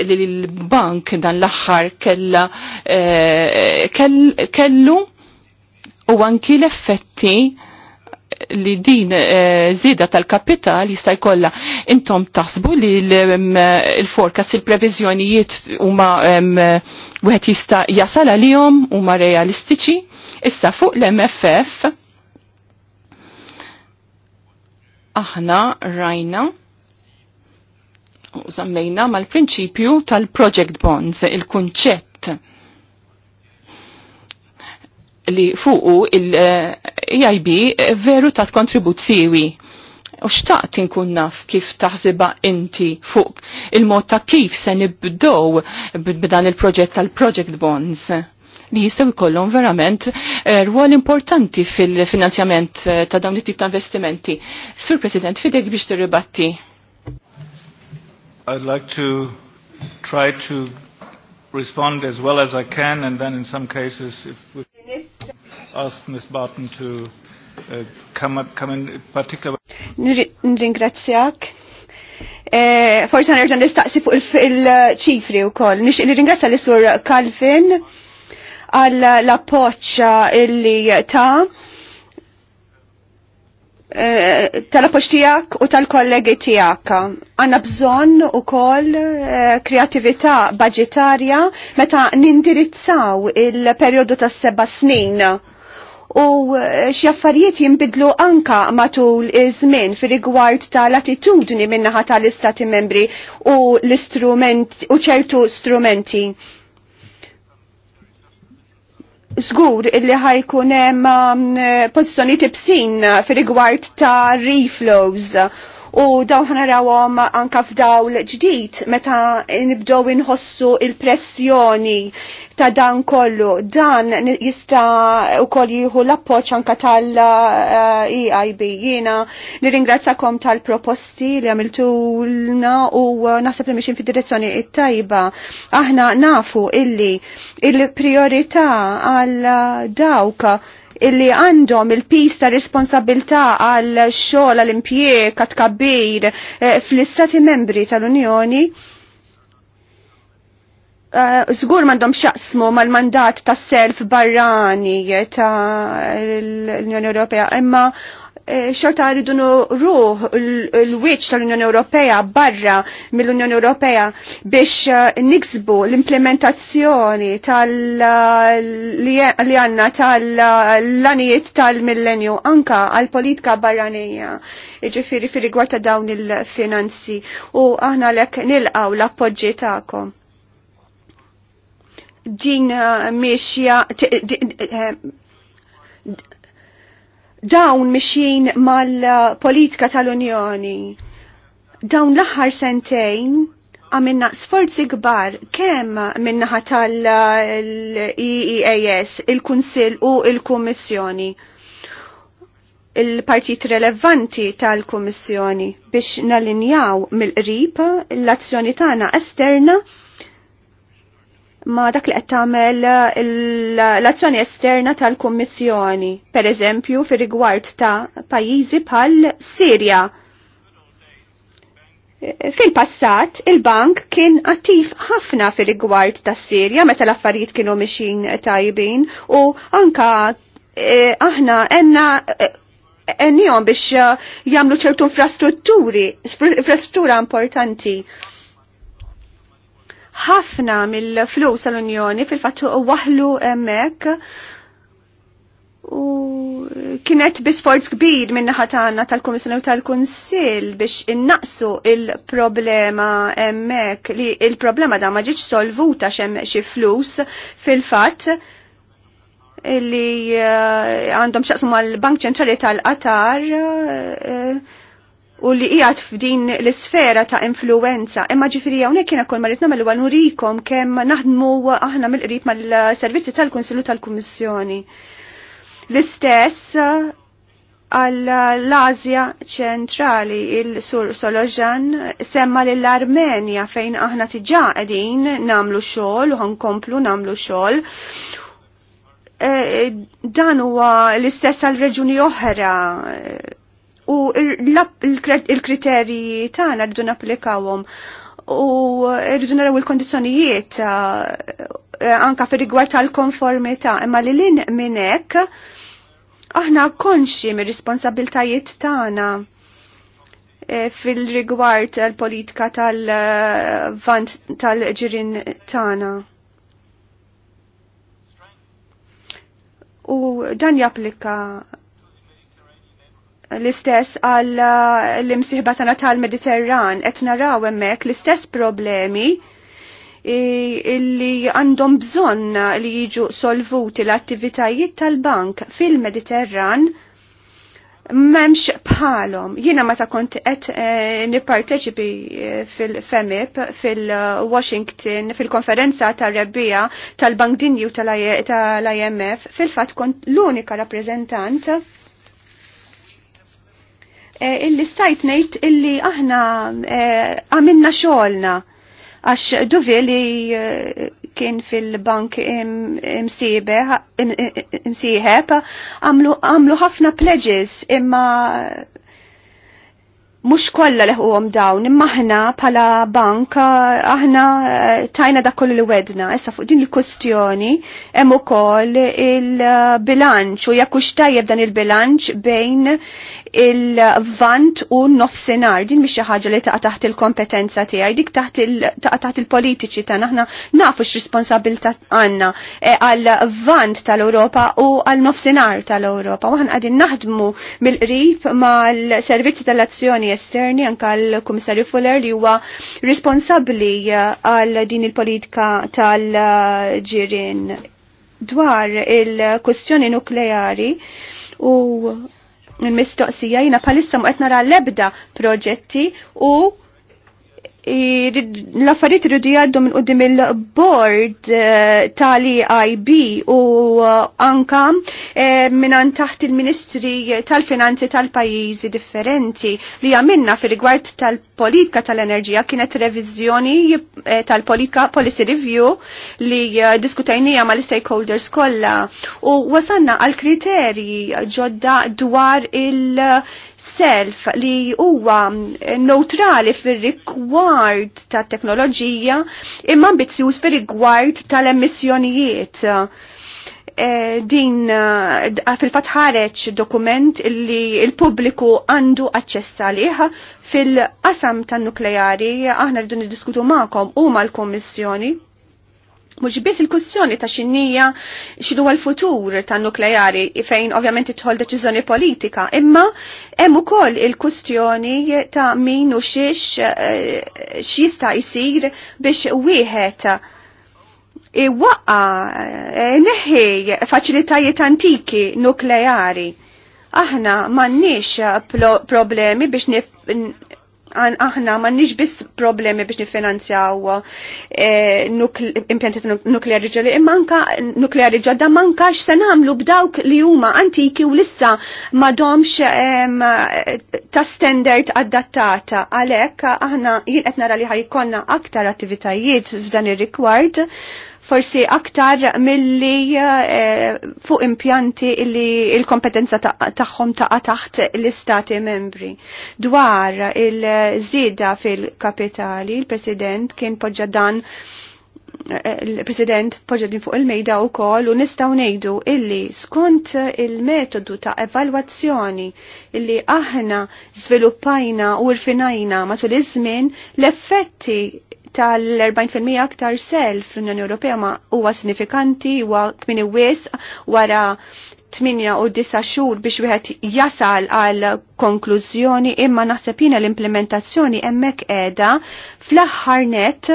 li l-bank dan l-aħħar kella eh, kellu u anki l-effetti li din eh, zida tal-kapital jista' jkollha intom taħsbu li mm, l-forecast il-previżjonijiet huma mm, wieħed jista' jasal għalihom huma realistiċi. Issa fuq l-MFF aħna rajna u zammejna mal-prinċipju tal-project bonds, il-kunċett li fuqu il-EIB veru tat kontribuzzjiwi. U xtaqt inkun naf kif taħsiba inti fuq il-mod ta' kif se nibdow b'dan il-proġett tal-project bonds li jistaw ikollhom verament eh, rwol importanti fil-finanzjament eh, ta' dawn it-tip ta' investimenti. Sur President, fidek biex tirribatti. I'd like to try to respond as well as I can and then in some cases if we asked Ms. Barton to uh, come, up, come in particular. Nringrazzjak. Eh, forse nerġa nistaqsi fuq il-ċifri u koll. Nix nringrazzja l-sur Calvin għall l illi ta' Eh, tal-appoċ tijak u tal-kollegi tijak. Għanna bżon u koll eh, kreativita budgetarja meta nindirizzaw il-periodu ta' seba snin u eh, xjaffarijiet jimbidlu anka matul iż-żmien fir rigward tal-attitudni minnaħa tal-istati membri u l-istrument u ċertu strumenti. Zgur illi ħajkun hemm um, pożizzjoni tibsin fir-rigward ta' reflows u dawn ħanarawhom anka f'dawl ġdid meta nibdew inħossu il-pressjoni ta' dan kollu. Dan jista' ukoll jieħu l-appoġġ anka tal-EIB. Jiena nirringrazzakom tal-proposti li għamiltulna u naħseb li mixin fid-direzzjoni it-tajba. Aħna nafu illi il priorita għal dawk illi għandhom il-pis ta' responsabilta għal xogħol għal impjieg għat kabbir eh, fl-istati membri tal-Unjoni Eh, zgur mandom xaqsmu mal-mandat ta' self barrani ta' l-Unjoni Ewropea, imma eh, xorta rridu ruħ l-wiċ tal-Unjoni Ewropea barra mill-Unjoni Ewropea biex eh, niksbu l-implementazzjoni tal-li għanna tal-lanijiet tal-millenju anka għal-politika barranija iġifiri fi rigward ta' dawn il-finanzi u aħna lek nilqaw l-appoġġi ta'kom din eh, mixja eh, eh, dawn mixjien mal-politika tal-Unjoni. Dawn l-aħħar sentejn għamilna sforzi gbar kem minnaħa tal-EEAS, il-Kunsil u il-Kummissjoni il-partit relevanti tal-Kummissjoni biex nalinjaw mill-qrib l-azzjoni tagħna esterna ma dak li qed tagħmel l-azzjoni esterna tal-Kummissjoni, pereżempju fir-rigward ta' pajjiżi bħal Sirja. Fil-passat, il-bank kien attiv ħafna fil-rigward ta' Sirja meta l-affarijiet kienu mixin tajbin u anka eh, aħna enna eh, biex eh, jamlu ċertu infrastrutturi, infrastruttura importanti ħafna mill-flus tal-Unjoni fil-fatt waħlu hemmhekk u kienet bisforz kbir minna ħatana tal-Komissjoni u tal-Kunsil biex innaqsu il-problema hemmhekk li il-problema da ma ġietx solvuta xem xi flus fil-fatt li eh, għandhom xaqsum għal-Bank ċentrali tal-Qatar uh, u li qiegħed f'din l-isfera ta' influenza. Imma ġifieri hawnhekk kien ukoll marit nagħmel nurikom kemm naħdmu aħna mill-qrib mal-servizzi tal-Kunsillu tal-Kummissjoni. L-istess għall-Azja ċentrali il-Sur Soloġan semma l-Armenja fejn aħna tiġa qegħdin namlu xogħol u ħankomplu namlu xogħol. Eh, dan huwa l-istess għal reġuni oħra u il-kriterji tagħna rridu napplikawhom u rridu naraw il-kondizzjonijiet eh, eh, anka fir rigward tal-konformità imma li lin minn hekk aħna konxi mir-responsabiltajiet tagħna eh, fil-rigward tal-politika tal-vant tal-ġirin tagħna. U dan japplika l-istess għal uh, l-imsiħba tana tal-Mediterran, et naraw emmek l-istess problemi illi għandhom bżonn li jiġu solvuti l-attivitajiet tal-bank fil-Mediterran memx bħalom. Jiena meta kont qed eh, nipparteċipi eh, fil-FEMIP fil-Washington fil-konferenza tar-rebbija tal-Bank Dinju tal-IMF fil-fatt kont l-unika rappreżentant Eh, illi stajt nejt illi aħna eh, għamilna xolna għax duvi li eh, kien fil-bank imsieħeb għamlu ħafna pledges imma mux kolla leħu għom dawn, imma aħna pala banka, aħna tajna da kollu li wedna, issa fuq din il-kustjoni, hemm ukoll il-bilanċ, u jakux tajjeb dan il-bilanċ bejn il-vant u nofsenar. Din mhix ħaġa li taqa' taħt il-kompetenza tiegħi, dik taħt taqa' taħt il-politiċi tagħna aħna nafu x-responsabilità għandna eh, għall-vant tal-Ewropa u għall-nofsenar tal-Ewropa. U aħna qegħdin naħdmu mill-qrib mal-servizzi tal-azzjoni esterni anke għall kummissarju Fuller li huwa responsabbli eh, għal din il-politika tal-ġirien dwar il-kustjoni nukleari u il-mistoqsija jina palissa qed nara l-ebda proġetti u l-affarijiet rridu jgħaddu minn qudiem il-board eh, tal-EIB u eh, anka eh, minn taħt il-Ministri tal-Finanzi tal-pajjiżi differenti li għamilna fil-rigward tal-politika tal-enerġija kienet reviżjoni tal-politika policy review li diskutajnija ma l-stakeholders kollha u wasanna għal kriterji ġodda dwar il- self li huwa neutrali fir-rigward ta' teknoloġija imma ambizjuż fir-rigward tal-emissjonijiet. Eh, din eh, fil fatt ħareċ dokument li il-pubbliku għandu aċċess liħ fil-qasam tan-nukleari aħna rridu niddiskutu magħkom u mal komissjoni Mux biss il-kussjoni ta' xinnija xidu għal-futur ta' nukleari fejn ovvjament itħol deċiżjoni politika, imma hemm ukoll il-kustjoni ta' min u xiex eh, x'jista' jsir biex wieħed iwaqa eh, neħi faċilitajiet antiki nukleari. Aħna m'għandniex problemi biex aħna ma nix biss problemi biex nifinanzjaw eh, impjanti nukleari ġoli manka nukleari ġodda manka se nagħmlu b'dawk li huma antiki u lissa domx ta' standard adattata għalhekk aħna jien qed nara li ħajkonna aktar attivitajiet f'dan ir rikward forsi aktar milli eh, fuq impjanti li il-kompetenza tagħhom taqa taħt l-istati membri. Dwar il-żieda fil-kapitali, il-President kien poġġa dan eh, il-President din fuq il-mejda u kol u nistaw nejdu illi skont il-metodu ta' evalwazzjoni illi aħna zviluppajna u rfinajna matul iż-żmien l-effetti tal-40% aktar sell fl-Unjoni Ewropea ma huwa sinifikanti huwa kmini wis wara 8 u 9 xhur biex wieħed jasal għal konklużjoni imma naħseb jiena l-implementazzjoni hemmhekk qiegħda fl-aħħar net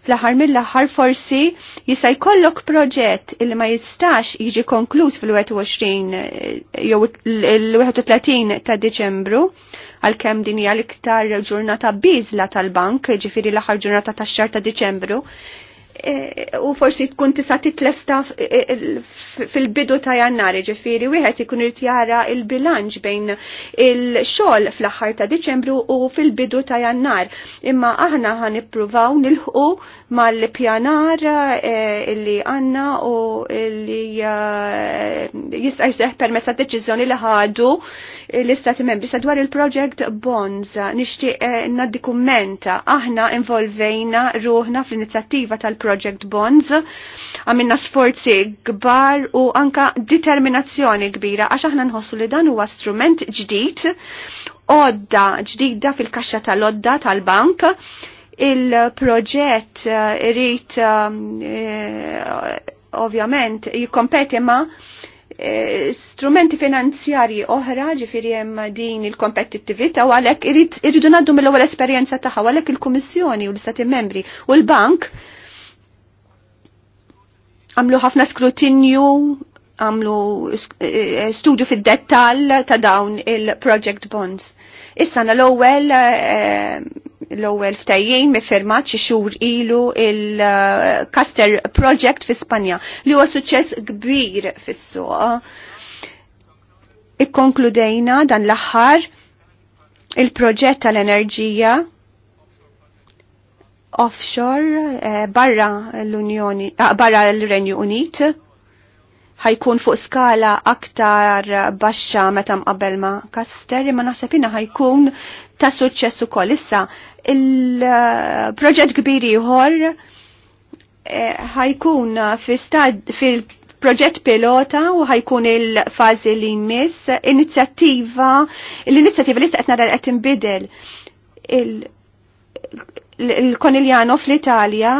fl-aħħar mill-aħħar forsi jista' jkollok proġett li ma jistax jiġi konkluż fil-21 eh, jew il-31 ta' Diċembru għalkemm din hija l-iktar ġurnata biżla tal-bank, ġifiri l-aħħar ġurnata tax-xahar ta' Diċembru. E, u forsi tkun tista' titlesta e, e, fil-bidu ta' jannar, u wieħed ikun irid jara l-bilanċ bejn il-xogħol fl-aħħar ta' Diċembru u fil-bidu ta' jannar. Imma aħna ħan nil nilħqu mal-pjanar eh, illi għanna u illi eh, jista' jseħ permezz ta' deċiżjoni li ħadu l-Istati Membri sa dwar il-project Bonds nixtieq eh, naddi kummenta aħna involvejna ruħna fl-inizjattiva tal-project Bonds għamilna sforzi kbar u anka determinazzjoni kbira għax aħna nħossu li dan huwa strument ġdid odda ġdida fil-kaxxa tal-odda tal-bank il-proġett eh, irrit eh, eh, ovvjament jikompeti ma strumenti finanzjari oħra ġifiri jem din il-kompetittivita u għalek irridu naddu mill-ewwel esperjenza tagħha għalek il-Kummissjoni u l-Istati Membri u l-Bank għamlu ħafna skrutinju għamlu studju fid-dettal ta' dawn il-project bonds. Issa l-ewwel l-ewwel ftajjin mifirmat xi xhur ilu il-Caster Project fi Spanja li huwa suċċess kbir fis-suq. Ikkonkludejna dan l-aħħar il-proġett tal-enerġija offshore eh, barra l-Unjoni ah, barra l-Renju Unit ħajkun fuq skala aktar baxxa meta mqabel ma' kaster, imma naħseb ħajkun ta' suċċess ukoll. Issa il-proġett kbir ieħor eh, ħajkun fil-proġett pilota u ħajkun il-fażi li jmiss inizjattiva l-inizjattiva li qed nara qed tinbidel il-Koniljano fl-Italja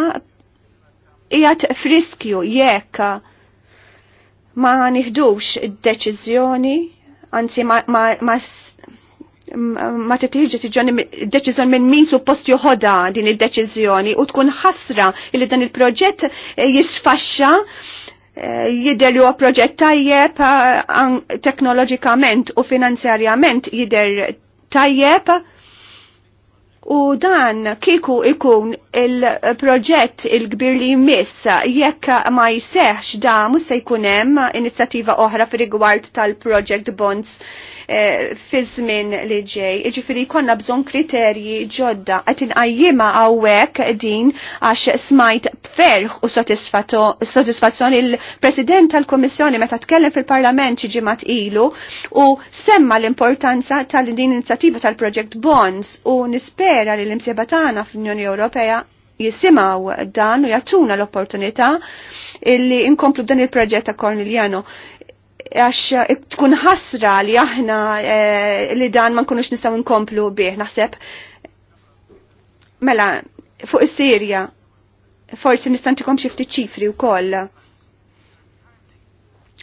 qiegħed friskju jekk ma nieħdux deċiżjoni anzi ma, ma, ma ma titiġi tiġi deċiżjoni minn min suppost joħodha din id-deċiżjoni u tkun ħasra li dan il-proġett eh, jisfaxxa eh, jider li huwa proġett tajjeb eh, teknoloġikament u finanzjarjament jider tajjeb u dan kiku ikun il-proġett il-kbir li jmiss jekk ma jseħx da mhux se jkun hemm inizjattiva oħra fir rigward tal-project bonds Eh, fi żmien li ġej. Jiġifieri jkollna bżonn kriterji ġodda qed inqajjima għawek din għax smajt ferħ u soddisfazzjoni il-President tal-Kummissjoni meta tkellem fil-Parlament xi ġimgħat ilu u semma l-importanza tal-din inizjattiva tal-Project Bonds u nispera li l-imsieba tagħna fl-Unjoni Ewropea jisimaw dan u jattuna l-opportunità illi inkomplu dan il-proġett ta' Corneliano għax tkun ħasra li aħna e, li dan ma nkunux nistaw nkomplu bih naħseb. Mela, fuq is-Sirja, forsi nistan xi ftit ċifri wkoll.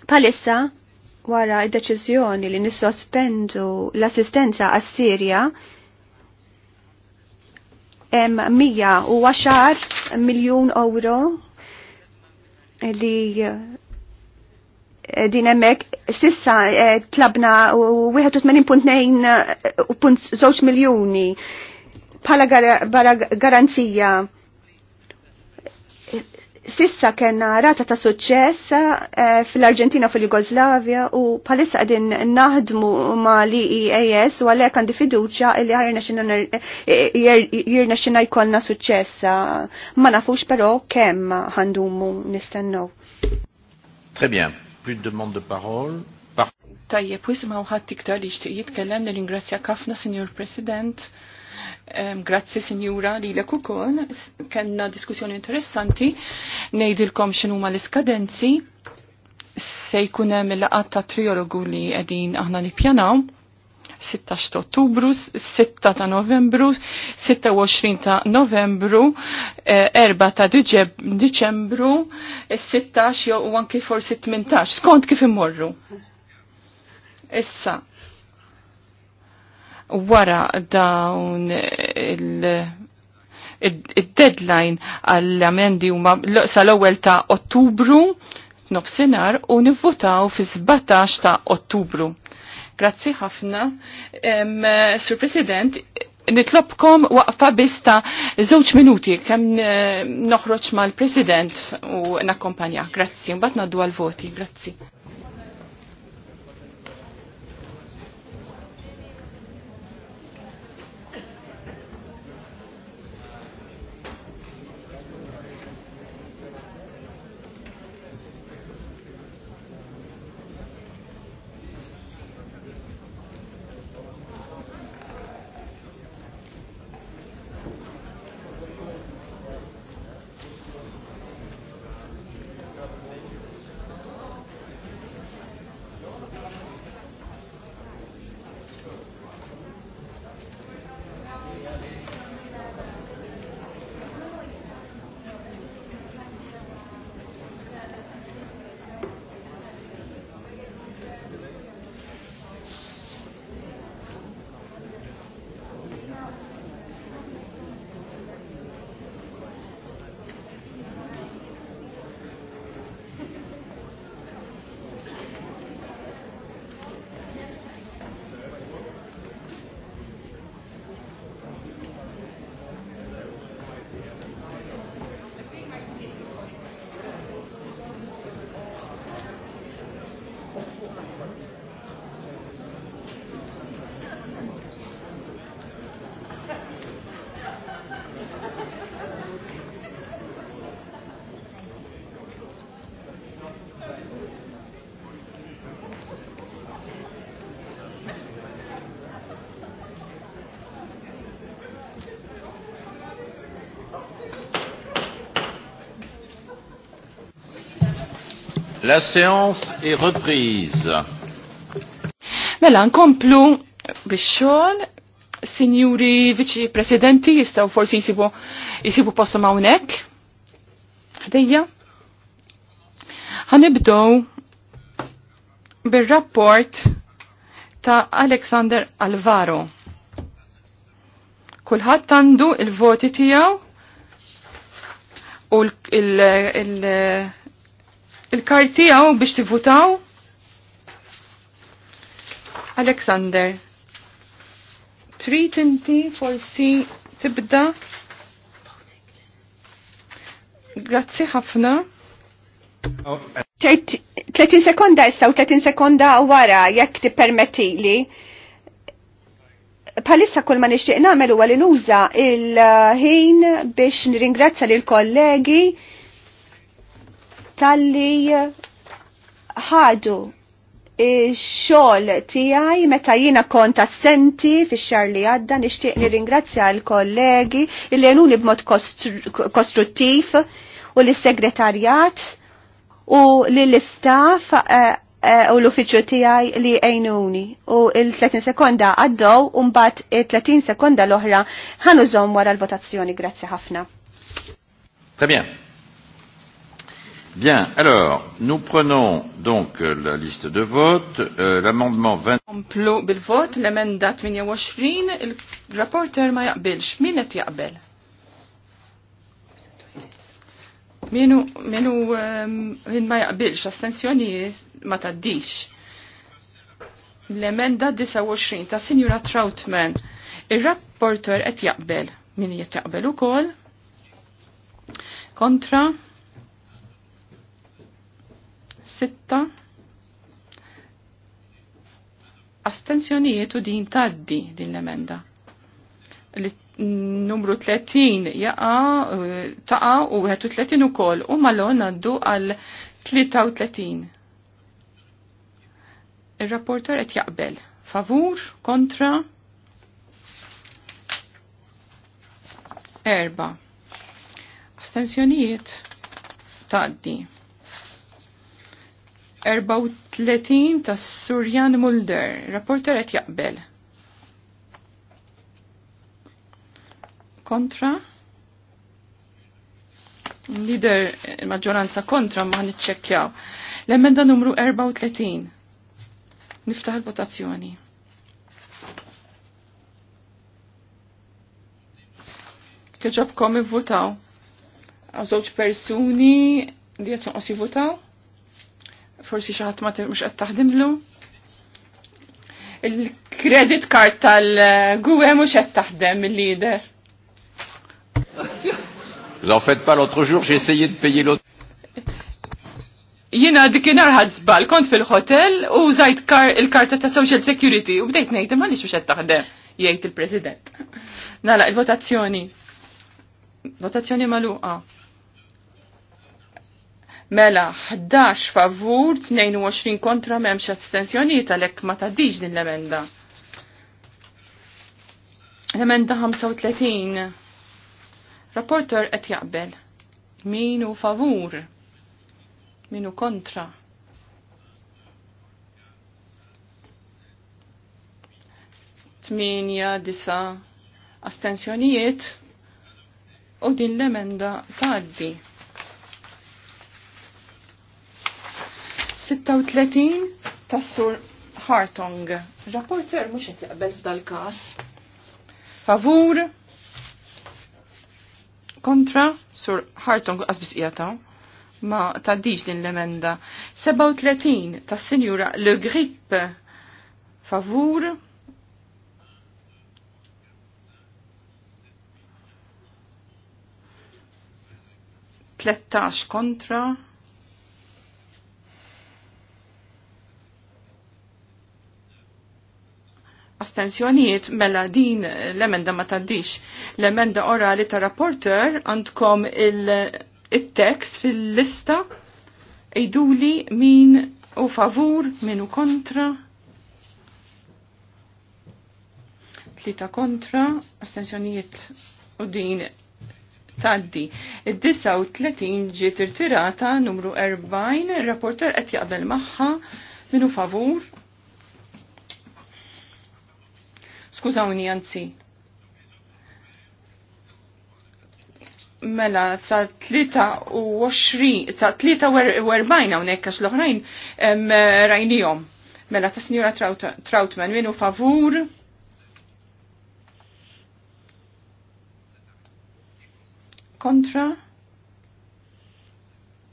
Palissa, wara il deċiżjoni li nissospendu l-assistenza għas-Sirja, hemm 110 miljun euro li din hemmhekk sissa eh, tlabna 81.2 eh, miljuni bħala garanzija. Sissa kena rata ta' suċċess eh, fil-Arġentina fil-Jugoslavja u palissa għadin naħdmu ma' e e li EAS u għalek għandi fiduċa illi għajrna xina jkollna suċċess. Ma nafux pero kemm għandumu nistennu. Très bien plus de demande de parole. Tajjeb, jisimaw ħadd iktar li xtiq jitkellem li ringrazzja kafna, Signor President. Grazzi, sinjura li l ukoll. Kenna diskussjoni interessanti. Ngħidilkom x'inhuma l-iskadenzi. Se jkun hemm il-laqat ta' triologu li qegħdin aħna nippjanaw 16 ta' ottubru, 6 ta' novembru, 26 ta' novembru, 4 eh, ta' diċembru, 16 eh, jew anki forsi 18, skont kif imorru. Issa, wara dawn il- id-deadline għall-amendi huma sal-ewwel ta' Ottubru nofsinhar u nivvotaw fi 17 ta' Ottubru. Grazzi ħafna. Sur President, nitlobkom waqfa bista żewġ minuti kemm noħroġ mal-President u nakkompanja. Grazzi, mbagħad ngħaddu għal voti. Grazzi. La séance est reprise. Mela, nkomplu bix-xogħol, sinjuri viċi presidenti jistgħu forsi jisibu jisibu ma' hawnhekk. Għadija, għanibdow bir-rapport ta' Alexander Alvaro. Kulħadd għandu il-voti tiegħu u il il-karti għaw biex tivutaw? Alexander, trit inti forsi tibda? Grazzi ħafna. Tletin sekonda issa u 30 sekonda wara jekk permetti li. Palissa kull ma nixtieq nagħmel huwa li nuża il-ħin biex nirringrazzja l kollegi tal-li ħadu xol tijaj meta jina kont assenti fi xar li għadda nishtiq nirringrazzja l-kollegi li jenuni b'mod kostruttiv u l-segretarjat u l-istaff eh, eh, u l-uffiċu tijaj li għajnuni u il-30 sekonda għaddow un-bat il-30 sekonda l-oħra ħanużom wara l-votazzjoni. Grazzi ħafna. Très Bien, alors, nous prenons donc euh, la liste de vote. Euh, L'amendement 20... bil l-emenda 28, il-rapporter ma jaqbilx. Min qed jaqbel? Minu, minu, ehm, min ma jaqbilx, astensjoni ma taddix. L-emenda 29 ta' Signora Troutman. Il-rapporter qed jaqbel. Min qed jaqbel ukoll? Contra? Kontra? sitta astenzjonijiet u din taddi din l-emenda. Numru 30 jaqa taqa u 30 u kol u malon għaddu għal 33. Il-rapporter qed jaqbel. Favur, kontra, erba. Astenzjonijiet taddi. 34 tas Surjan Mulder, rapporter qed jaqbel. Kontra? Lider il-maġġoranza kontra ma niċċekkjaw. L-emenda numru 34. Niftaħ il-votazzjoni. Kieġobkom ivvutaw. votaw żewġ persuni li qed jonqos votaw forsi xi ħadd ma mhux qed taħdimlu. Il-credit card tal-gwe mhux qed taħdem il-lider. fet pa l l'autre jour, j'ai essayé de payer l'autre. Jina dikinar ħadżbal, kont fil-hotel u zajt il-karta ta' Social Security u bdejt nejt ma nix biex taħdem, jgħid il-President. Nala, il-votazzjoni. Votazzjoni maluqa. Mela, 11 favur, 22 kontra memx astensjoniet għalek ma taddiġ din l-emenda. L-emenda 35. Rapporter qed jaqbel. Minu favur. Minu kontra. Tminja, disa, astensjonijiet u din l-emenda taddi. 36 tas-sur Hartong. Rapporter mhux qed jaqbel f'dal-każ. Favur kontra sur Hartong qasbis qiegħu ma diġ din l-emenda. 37 tas-Sinjura Le Grip favur Tlettax kontra astensjonijiet mela din l-emenda ma taddix. L-emenda ora li ta' rapporter għandkom il-tekst il fil-lista iduli min u favur, min u kontra. Tlita kontra, astensjonijiet u din taddi. Id-39 ġiet irtirata numru 40, rapporter qed jaqbel magħha u favur, Skużawni, anzi. Mela, sa 23, sa 43 hawnhekk er, għax l-oħrajn rajnijom. Mela, ta' Sinjura Trautman, minu favur. Kontra.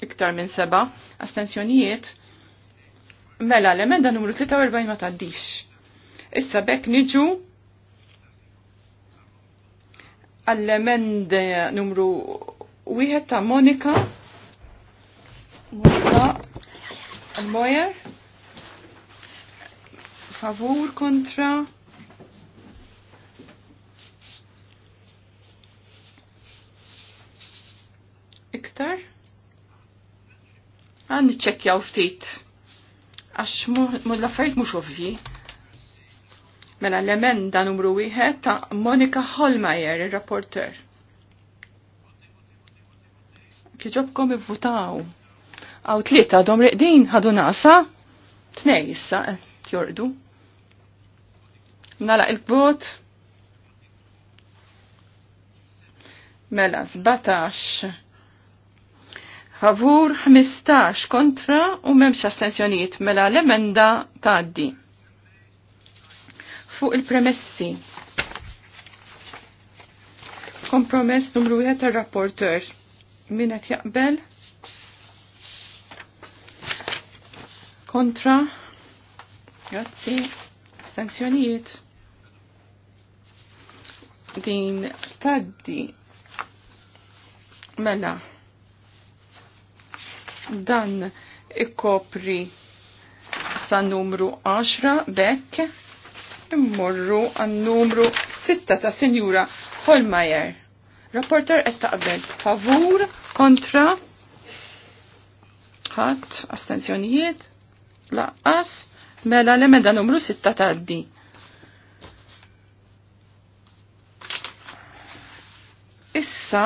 Iktar minn seba. Astensjonijiet. Mela, l-emenda numru 43 ma taddix. Issa bekk niġu għall-emende numru wieħed ta' Monika. Monika Almoyer. Favur kontra. Iktar? Għan u ftit. Għax mu l-affarijiet mhux ovvi. Mela l-emenda numru wieħed ta' Monika Holmeyer, il-rapporter. Kieġobkom ivvutaw. Għaw tlieta dom riqdin ħadu nasa, tnej issa jordu. Nala il vot Mela 17. Favur 15 kontra u memx astenzjoniet. mela l-emenda taddi. Ta fuq il-premessi. Kompromess numru jħet tar-rapporter. Min qed jaqbel? Kontra? Grazzi. Sanzjonijiet. Din taddi. Mela. Dan ikkopri sa numru 10 bekk immorru għan numru 6 ta' Senjura Holmeyer. Rapporter qed taqbel favur kontra ħadd astensjonijiet laqqas mela l-emenda numru 6 ta' di. Issa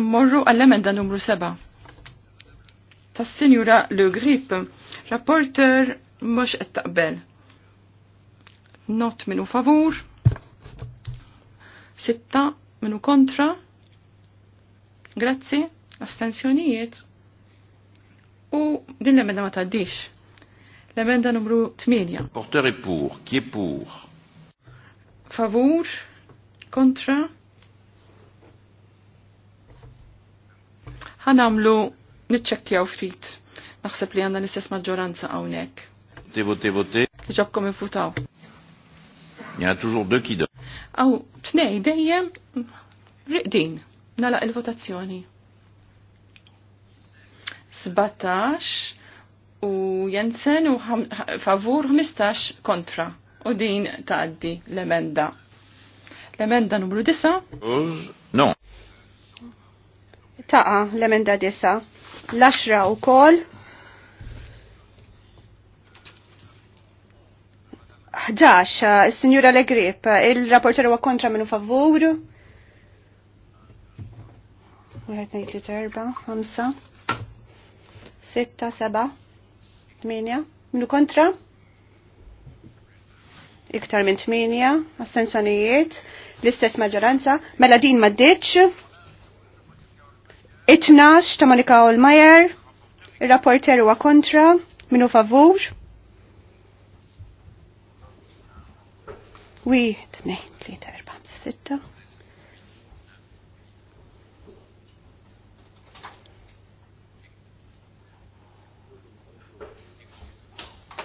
mmorru għall-emenda numru 7 tas-Sinjura Le Grip, rapporter mhux qed taqbel Not minu favur. Sitta minu kontra. Grazzi. Astensjonijiet. U din l-emenda ma taddix. L-emenda numru 8. Porter est pour. Qui Favur. Kontra. ħanamlu u ftit. Naħseb li għanna l-istess maġġoranza hawnhekk. Voti, voti, voti. Ġabkom infutaw. Il y en a toujours deux qui donnent. Aw, tnej dejjem riqdin nalaq il-votazzjoni. 17 u Jensen u favur 15 kontra u din taddi l-emenda. L-emenda numru 9? No. Taqa l-emenda 9. L-10 u kol 11, il-Sinjura eh, Legrip, eh, il-rapporter huwa kontra minnu favur. Wieħed ngħid li terba, ħamsa, sitta, seba, tminja, minnu kontra? Iktar minn tminja, astensjonijiet, l-istess maġġoranza, mela din maddiċ, itnax ta' Monika Olmajer, il-rapporter huwa kontra, minnu favur. Wieħed, tnejn, tlieta, erba' sitta.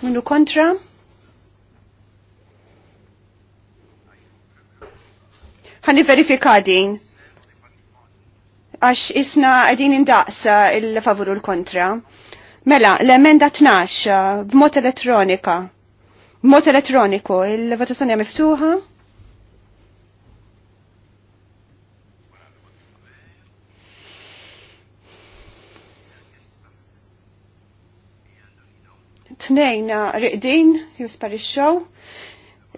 Minu kontra? Għani verifika din. Għax isna għadin indaqsa il u l-kontra. Mela, l-emenda 12 b'mod elettronika. Mod elettroniku, il-votazzjoni miftuħa. Tnejn riqdin, jisparixxew.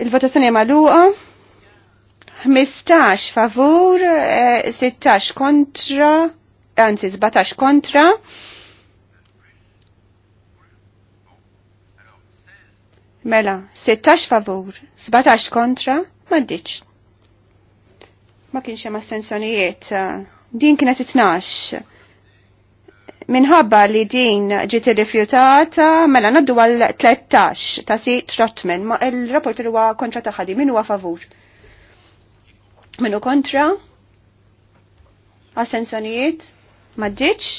Il-votazzjoni magħluqa. 15 favur, 16 eh, kontra, anzi 17 kontra. Mela, 16 favur, 17 kontra, ma maddiċ. Ma kienx hemm astensjonijiet. Eh, din kienet 12. Minħabba li din ġiet irrifjutata, mela naddu għal 13 ta' si trotmen, ma il-rapport huwa kontra ta' ħadi, min huwa favur? Minu kontra? Astensjonijiet? Maddiċ?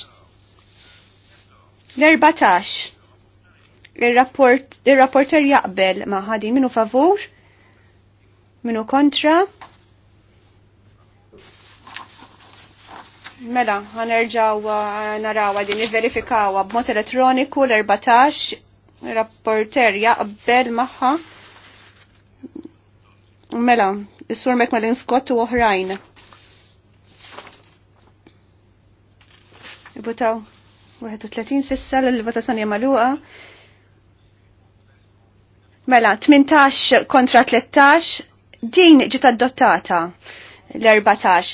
L-14. Il-rapporter jaqbel ma' ħadi minu favur, minu kontra. Mela, ħanerġaw eh, narawa din verifikawa b'mod elettroniku l-14, rapporter jaqbel maħħa. Mela, is-sur Mekmalin Scott u oħrajn. Ibutaw, 31 sissa l-votazzjoni maluqa. Mela, 18 kontra 13, din ġiet adottata l-14.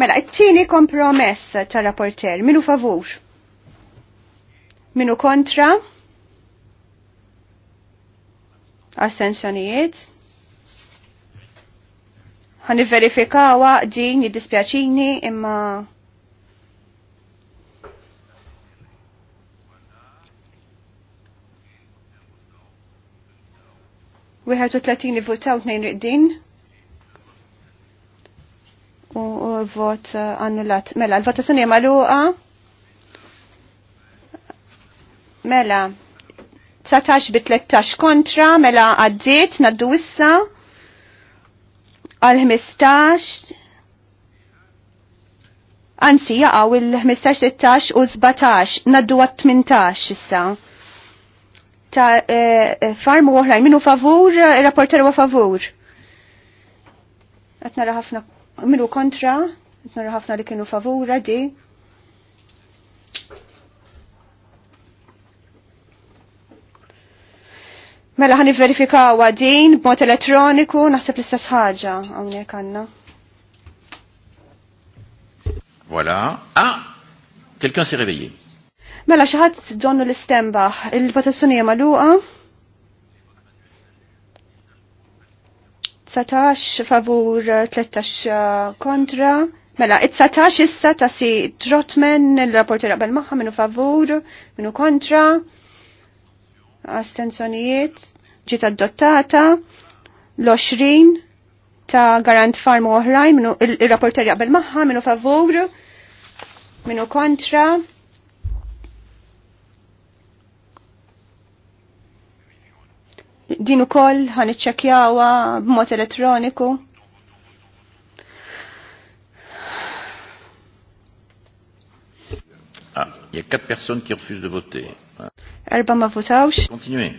Mela, it-tieni kompromess tar rapporter, minu favur? Minu kontra? Astenzjonijiet? Għan verifikawa din jiddispjaċini imma 31 votaw 2 riddin u vot eh, annullat. Mela, l-votazzjoni maluqa. Mela, 19 bi 13 kontra, mela għaddit, naddu issa għal 15 Anzi, jaqaw il-15, 16 u 17, naddu għat 18 issa ta' eh, eh, farm u oħrajn. Minu favur, eh, rapporter wa favur. Qed nara ħafna minu kontra, qed nara ħafna li kienu favur di. Mela ħani verifikaw din b'mod elettroniku naħseb l-istess ħagġa, hawnhekk għandna. Voilà. Ah! Quelqu'un s'est réveillé. Mela xaħat donnu l-istemba, il-votazzjoni maluqa. 19 favur 13 uh, kontra. Mela, it-19 issa ta' si Trotman, il-rapporti rabbel maħħa minu favur, minu kontra. Astenzjonijiet, ġiet dottata L-20 ta' Garant Farm oħrajn, il-rapporti rabbel maħħa minu favur, minu kontra din ukoll ħaniċċekjawha b'mod elettroniku. Ah, il y a quatre personnes qui refusent de voter. Ah. Erba ma votawx. Continuez.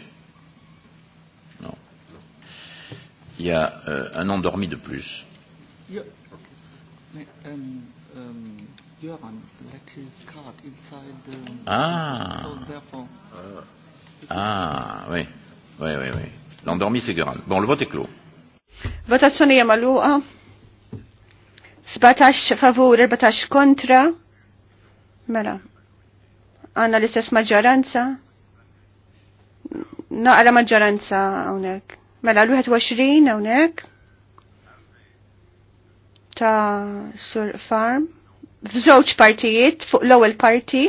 Non. Il y a euh, un endormi de plus. Ähm, ähm, ähm, ah. ah, oui. Oui, oui, oui. L'endormi, c'est grave. Bon, le vote est clos. Votazzjoni hija magħluqa. 17 favur, 14 kontra. Mela. Għanna l-istess maġġoranza. Naqra maġġoranza hawnhekk. Mela l-21 hawnhekk. Ta' Sur Farm. F'żewġ partijiet fuq l-ewwel parti.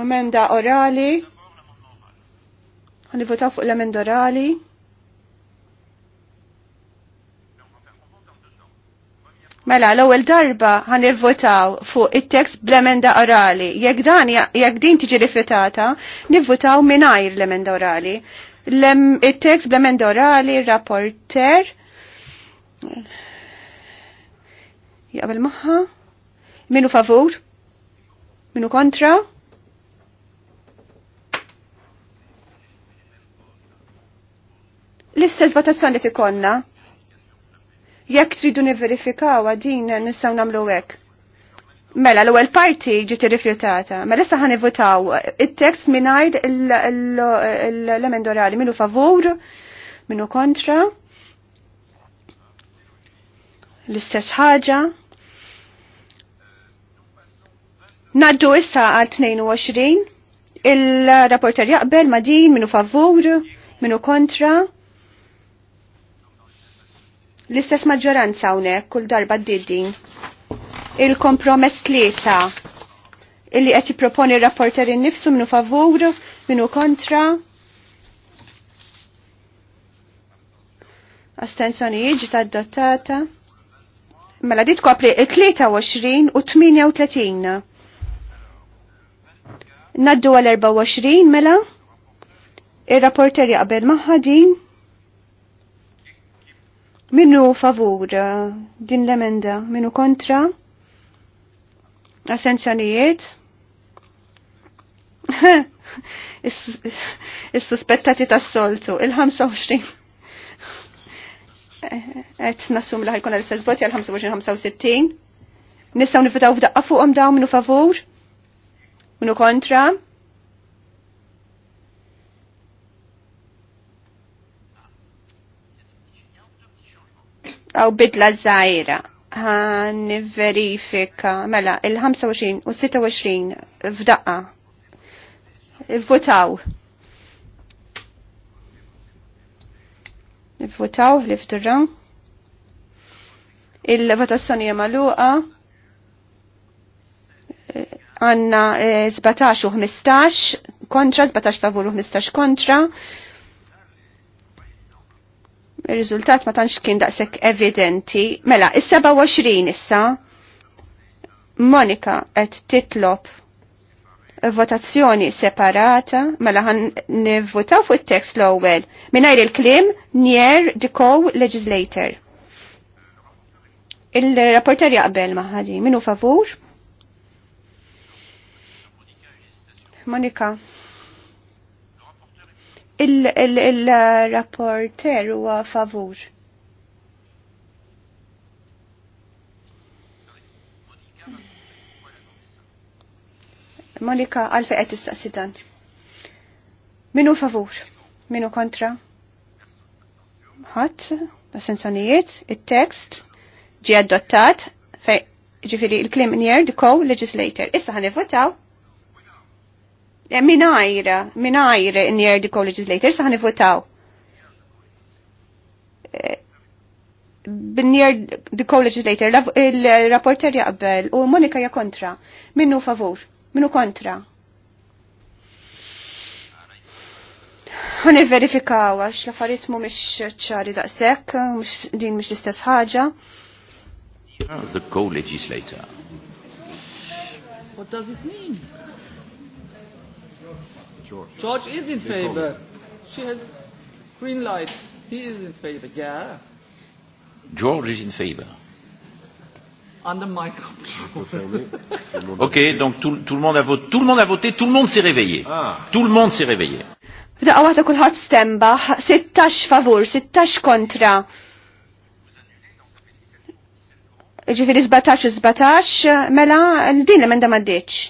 Amenda orali. votaw fuq l-amenda orali. Mela, l-ewwel darba ħan votaw fuq it-tekst bl-emenda orali. Jekk dan jekk din tiġi rifjutata, nivvotaw mingħajr l-emenda orali. It-tekst bl-emenda orali, rapporter. Jaqbel magħha? Minu favur? Minu kontra? L-istess votazzjoni li tikonna. Jekk tridu niverifikaw din nistgħu nagħmlu hekk. Mela l-ewwel parti ġiet irrifjutata. Mela issa votaw it-tekst mingħajr l-emend orali minu favur, minu kontra. L-istess ħaġa. Naddu issa għal 22 il-rapporter jaqbel ma din minu favur, minu kontra, L-istess maġġoranza hawnhekk kull darba d-diddi. Il-kompromess tlieta illi qed jipproponi r-rapporter innifsu minnu favur, minnu kontra. Astenzjonijiet ta' adottata. Mela dit kopri 23 u 38. Naddu għal 24 mela. Ir-rapporter jaqbel maħħadin. din. Minnu favur eh, din l-emenda, Minnu kontra, assenzjonijiet, is-suspettati tas soltu il-25. Eh, et nasum laħi kuna l-istess voti għal-25-65. Nistaw nifitaw f'daqqa fuqhom dawn minnu favur, Minnu kontra, għaw bidla zaħira għan verifika mela il-25 u 26 f'daqqa votaw votaw li f'durra il-votazzjoni jamaluqa għanna 17 eh, u 15 kontra, 17 favur u 15 kontra, il-riżultat ma tantx kien daqshekk evidenti. Mela, is-27 issa Monika qed titlob votazzjoni separata, mela ħan nivvotaw fuq it text l-ewwel mingħajr il-kliem near the co-legislator. Il-rapporter jaqbel ma' ħadi, minu favur? Monika, il-rapporter il, huwa favur. Monika, għalfej qed tistaqsi dan. Minu favur? Minu kontra? Ħadd, assenzjonijiet, it tekst ġie adottat fej ġifiri il-klim njer dikow legislator. Issa ħanivvotaw Eh, Minajra, in near the co-legislators saħni votaw. Eh, near the co-legislator, il-rapporter jaqbel u Monika ja kontra. Minnu favur, minnu kontra. Għan verifikaw għax la affarijiet mu mux ċari daqsek, din mux istess ħaġa. The co-legislator. What does it mean? George. George is in favor. She has green light. He is in favor. Yeah. George is in favor. Under my control. ok, donc tout, tout, le monde a voté, tout le monde a voté, tout le monde s'est réveillé. Ah. Tout le monde s'est réveillé. Daqqa waħda kullħat stemba, 16 favur, 16 kontra. Ġifiri 17 17, mela din l-emenda maddeċ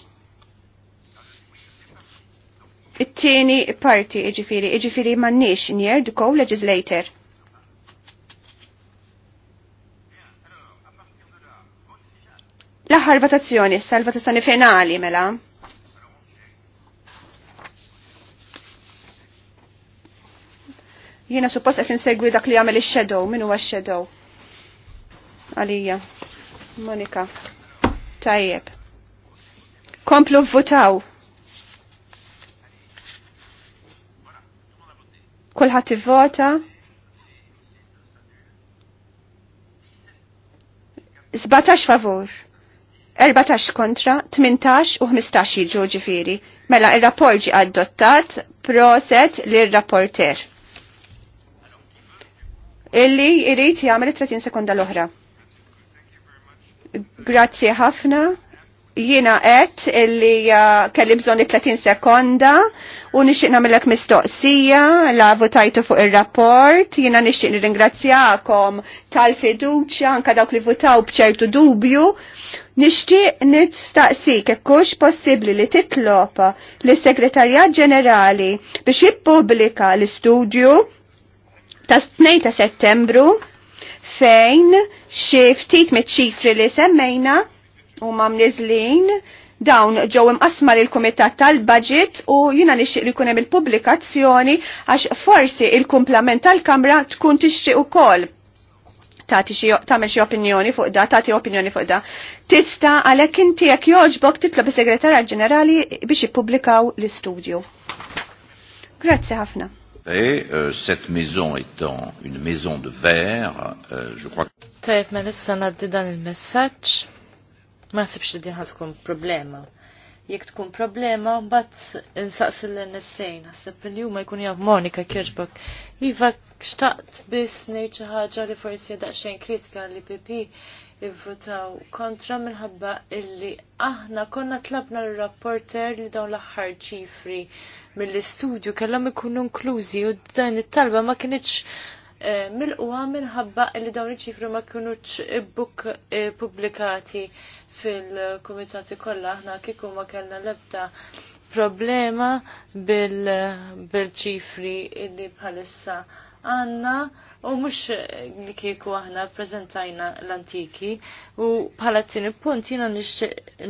it-tieni parti iġifiri, iġifiri mannix njer dukow legislator L-aħħar votazzjoni, sal votazzjoni finali mela. Jiena suppost qed insegwi dak li jagħmel ix-shadow, min huwa x-shadow? Għalija. Monika. Tajjeb. Komplu votaw. Kulħadd vota Zbatax favor. 14 kontra, 18 u 15 jiġu ġifiri. Mela il-rapport ġi adottat proset l-rapporter. Illi irrit jgħamil 30 sekonda l ohra Grazie ħafna. Jiena għet illi kelli bżonn 30 sekonda u nixtieq nagħmilek mistoqsija la votajtu fuq ir-rapport. Jiena nixtieq nirringrazzjakom tal-fiduċja anke dawk li votaw b'ċertu dubju. Nixtieq nistaqsik kux possibbli li titlob lis-Segretarjat Ġenerali biex jippubblika l-istudju ta' 2 ta' Settembru fejn xi ftit miċ-ċifri li semmejna u mamnizlin dawn ġew imqasma lil kumitat tal-budget u jina nixtieq li jkun hemm il-pubblikazzjoni għax forsi il-kumplament tal-Kamra tkun tixtieq ukoll tagħmel xi opinjoni fuq da, tagħti opinjoni fuq da. Tista' għalhekk inti jekk jogħġbok titlob is-Segretarja Ġenerali biex jippubblikaw l-istudju. Grazzi ħafna. Et euh, cette maison étant une maison de verre, euh, je crois que... Mela dan il-messagġ. Ma sibx li din tkun problema. Jekk tkun problema, mbagħad insaqs l-NSA, nasib li huma jkun jaf Monika Kirchbach. Iva xtaqt biss ngħid xi ħaġa li forsi daqsxejn kritika li PP ivvotaw kontra minħabba illi aħna konna tlabna l-rapporter li dawn l-aħħar ċifri mill-istudju kellhom ikunu inklużi u dan it-talba ma kienitx eh, mill-qwa minħabba illi dawn iċ-ċifri ma kienux ibbuk eh, pubblikati fil-kumitati kollha aħna kieku ma kellna lebda problema bil-ċifri bil illi bħalissa għanna u mux li kieku aħna prezentajna l-antiki u bħala t punt jina nix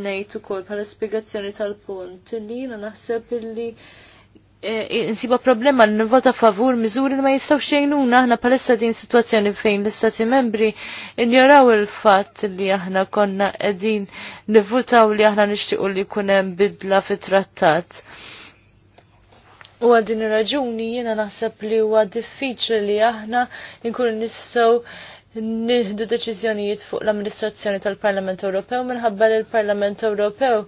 nejtu kol bħala spiegazzjoni tal-punt li jina naħseb illi Eh, insiba problema li nivota favur miżuri li ma jistaw xejnuna aħna palissa din situazzjoni fejn l-istati membri injoraw il-fat li aħna konna edin nivvotaw li aħna nishtiqu li kunem bidla fit trattat. U għadin raġuni jena naħseb li huwa diffiċli li aħna nkunu nistgħu nieħdu deċiżjonijiet fuq l-amministrazzjoni tal-Parlament Ewropew minħabba li l-Parlament Ewropew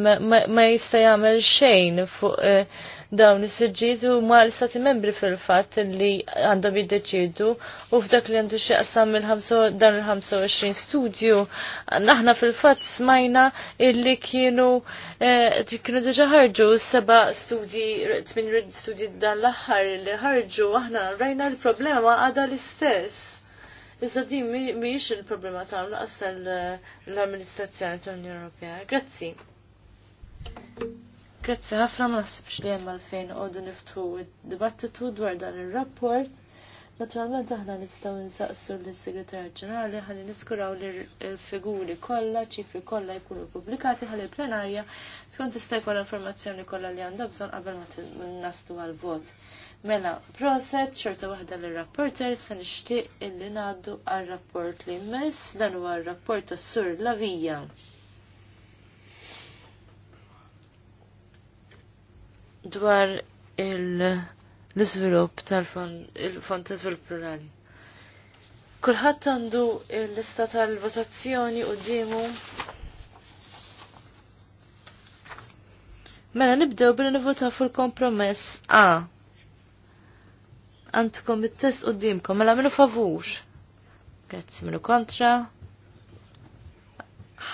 ma jista' jagħmel xejn fuq eh, dawn is-sirġidu ma l-istati membri fil-fatt li għandhom jiddeċidu u f'dak li għandu xieqsam dan il-25 studju naħna fil-fatt smajna illi kienu eh, kienu diġa ħarġu seba studji, tmin studji dan l-aħħar li ħarġu aħna rajna l-problema għada l-istess. Iżda din mhijiex il-problema tagħhom laqas eh, l-amministrazzjoni tal-Unjoni Ewropea. Grazzi. Grazzi ħafna ma naħsibx li hemm għalfejn għodu niftu id-dibattitu dwar dan ir-rapport. Naturalment aħna nistgħu nsaqsu lis-Segretarju Ġenerali ħalli niskuraw li l-figuri kollha, ċifri kollha jkunu pubblikati ħalli plenarja tkun tista' jkollha informazzjoni kollha li għandha bżonn qabel ma naslu għal-vot. Mela, proset, xorta waħda l-rapporter, se nixtieq illi ngħaddu għal-rapport li jmiss, dan huwa r-rapport tas-sur Lavija. dwar l-izvilupp tal-fond ta' żvilupp Plurali. Kulħadd għandu l-lista tal-votazzjoni d-dimu. Mela nibdew bil nivvota fuq il-kompromess A. Għandkom it-test d-dimkom. mela minu favur. Grazzi minu kontra.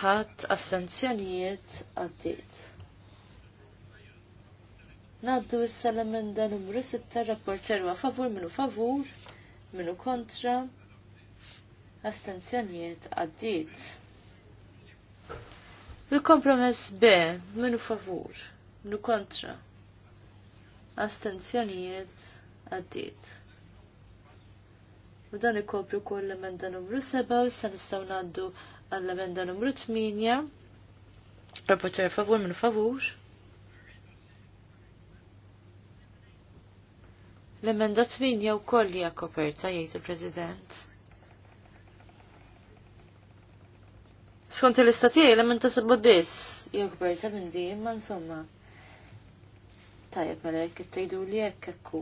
Ħadd astenzjonijiet għaddit. Naddu issa l-emenda numru 6 rapporter wa favur minnu favur, minnu kontra, astenzjonijiet għaddit. Il-kompromess B minnu favur, minnu kontra, astenzjonijiet għaddit. U dan ikopru kull l-emenda numru 7 u issa nistgħu ngħaddu għall-emenda numru 8. Rapporter favur minu favur L-emenda 8 jew koll hija koperta jgħid il-President. Skont il-istatija l-emenda sabba biss jew koperta minn di, ma insomma. Tajjeb malek jekk tgħidu li hekk hekku.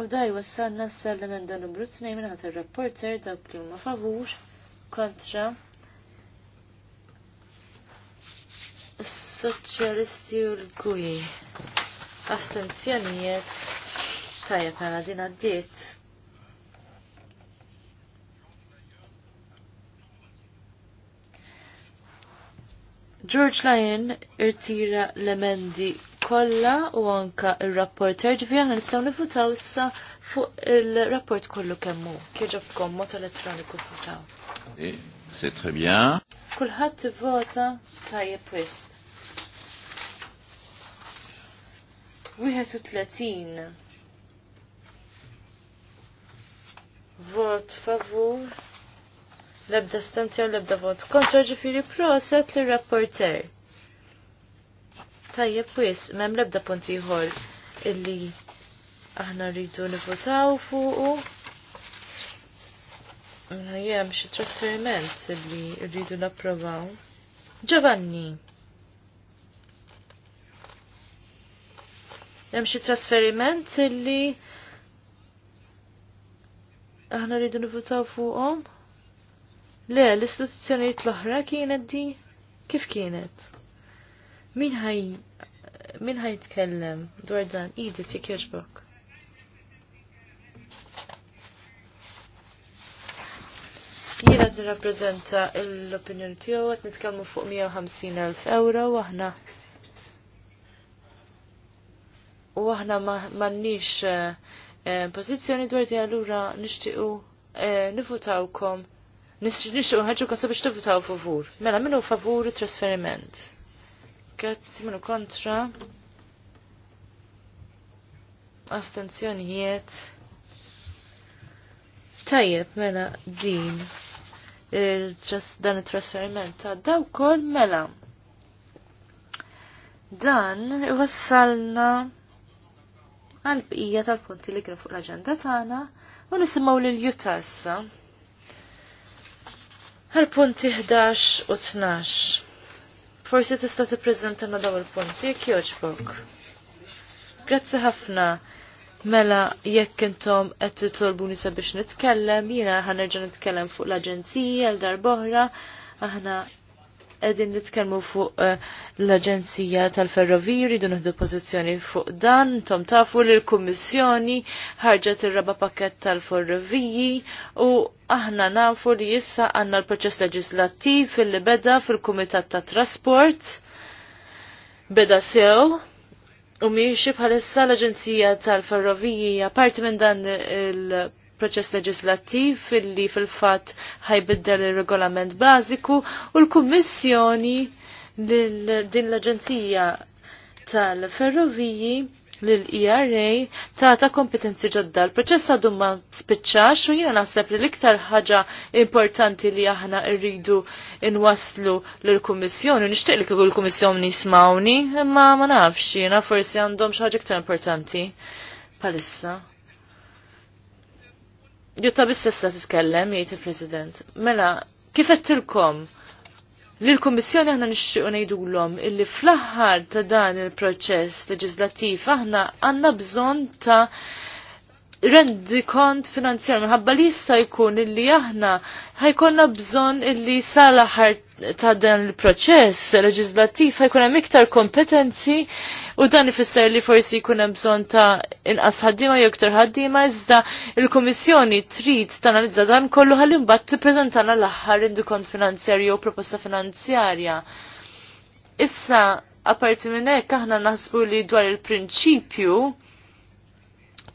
U daj wassalna s-sal l-emenda numru 2 minn ħadd ir rapporter dawk li huma favur kontra soċjalisti u l-gwi. Astenzjonijiet tajja pala din għaddiet. George Lyon irtira l-emendi kolla u anka il rapport ġvija għan nistaw nifutaw issa fuq il-rapport kollu kemmu. Kieġobkom mot elettroniku futaw. Eh, c'est très bien. Kulħadd vota tajjeb wis. 31 vot favur lebda stanzja u lebda vot kontra ġifiri proset li rapporter tajjeb wis mem lebda punti ħol illi aħna rridu nivotaw fuqu mela, Jem, xie trasferiment li rridu napprovaw. Giovanni. hemm xi trasferiment illi aħna rridu nivutaw fuqhom? Le, l-istituzzjonijiet l-oħra kienet di kif kienet? Min ħaj min ħaj tkellem dwar dan Edith jekk Jiena nirrappreżenta l-opinjoni tiegħu qed nitkellmu fuq 150,000 euro aħna u aħna m'għandniex eh, eh, pożizzjoni dwar di allura nixtiequ eh, nifutawkom nixtiequ ħaġu kasa biex tifutaw favur. Mela minnu favur trasferiment. Grazzi minnu kontra. Astenzjonijiet. Tajjeb, mela din dan il-trasferiment ta' daw kol mela. Dan iwassalna għal bqija tal-punti li kienu fuq l-aġenda tagħna u nisimgħu lil juta Għal punti 11 u 12. Forsi tista' tippreżentana daw il-punti jekk jogħġbok. Grazzi ħafna. Mela, jekk intom qed titlobuni sabiex nitkellem, jiena ħanerġa' nitkellem fuq l-aġenzija l darboħra aħna edin nitkelmu fuq eh, l-Aġenzija tal-Ferroviri, rridu nħdu pożizzjoni fuq dan, tom tafu li l-Kummissjoni ħarġet ir-raba pakket tal-Ferroviji u aħna nafu li jissa għanna l-proċess leġislattiv li beda fil-Kumitat ta' Trasport, beda sew, u miexi bħalissa l-Aġenzija tal-Ferroviji, apparti minn dan il- proċess leġislattiv li fil-fatt ħajbiddel ir-regolament bażiku u l-Kummissjoni din l-Aġenzija tal-Ferroviji l ta' e ta' kompetenzi ġodda. L-proċess għadu ma spiċċax u jena naħseb li l-iktar ħaġa importanti li aħna rridu inwaslu l-Kummissjoni. Nishtiq li kieku l-Kummissjoni nismawni, imma ma nafx jena forsi għandhom xaġa iktar importanti palissa. Jutta bis-sessa titkellem, jgħid il-President. Mela, kif għettilkom li l-Kommissjoni aħna nixtiequ ngħidulhom illi fl-aħħar ta' dan il-proċess leġislattiv aħna għandna bżonn ta' rendi kont finanzjar minħabba li jista jkun illi aħna ħajkonna bżon illi sala ħar ta' dan il-proċess leġislattiv ħajkun hemm iktar kompetenzi u dan ifisser li forsi jkun hemm bżonn ta' inqas ħaddiema jew iktar ħaddiema iżda il-Kummissjoni trid tanalizza dan kollu ħalli mbagħad tippreżentana l-aħħar rendi kont finanzjar jew proposta finanzjarja. Issa apparti minn hekk aħna naħsbu li dwar il-prinċipju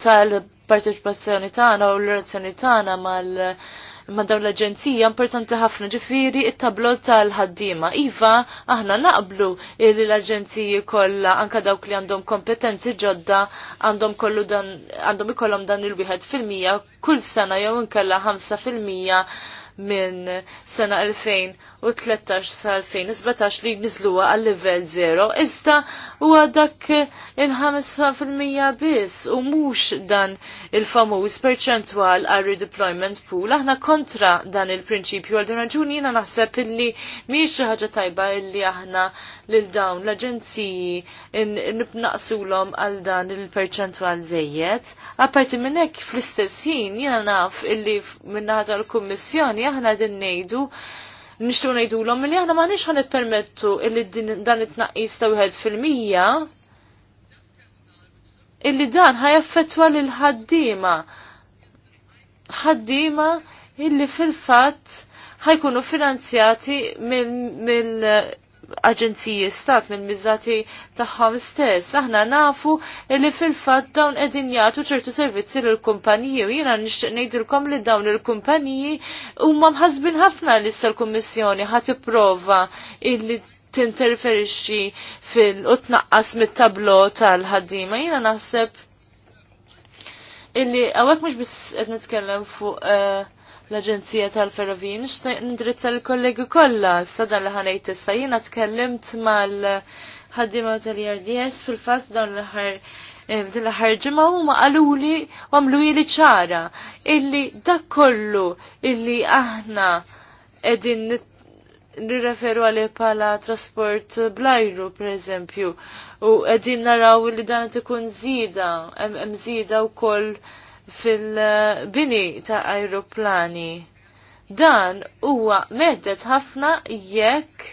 tal il-parteċipazzjoni tagħna u l-relazzjoni tagħna mal ma dawn l-aġenzija importanti ħafna ġifiri it-tablo tal-ħaddima. Iva, aħna naqblu li l-aġenziji kollha anka dawk li għandhom kompetenzi ġodda għandhom kollu dan għandhom ikollhom dan il-wieħed fil-mija kull sena jew inkella 5 fil-mija minn sena 2013 sa 2017 li nizluwa għal livell 0, iżda huwa dak il-5% biss u mhux dan il-famuż perċentwal għal redeployment pool. Aħna kontra dan il-prinċipju għal din raġuni jiena naħseb illi mhijiex xi ħaġa tajba illi aħna lil dawn l-aġenziji nibnaqsulhom għal dan il-perċentwal żejjed. Apparti minn hekk fl-istess ħin jiena naf illi minnaħa tal-Kummissjoni li aħna din ngħidu nixtru ngħidulhom li aħna nix ħan permettu illi dan it-tnaqqis ta' wieħed fil-mija illi dan ħaj ħajaffettwa lil ħaddiema. Ħaddiema illi fil-fatt ħajkunu finanzjati mill aġenziji stat minn mizzati tagħhom stess. Aħna nafu li fil-fatt dawn qegħdin jagħtu ċertu servizzi l kumpaniji u jiena nixtieq ngħidilkom li dawn il-kumpaniji huma mħasbin ħafna li issa l-Kummissjoni ħadd prova illi tinterferixxi fil u tnaqqas mit-tablo tal ħaddima Jiena naħseb illi għawek mux bis għed nitkellem fuq uh, l-Aġenzija tal-Ferrovin, ndrizza l-kollegi kollha sadan li ħanejt issa jiena tkellimt mal-ħaddiema tal-IRDS e fil-fatt dawn l-aħħar eh, din l-aħħar ġimgħa huma qaluli u għamlu ċara illi dak kollu illi aħna qegħdin nirreferu għalih bħala trasport blajru, pereżempju u qegħdin naraw li dan tkun zida, hemm zida wkoll koll fil-bini ta' aeroplani. Dan huwa meddet ħafna jekk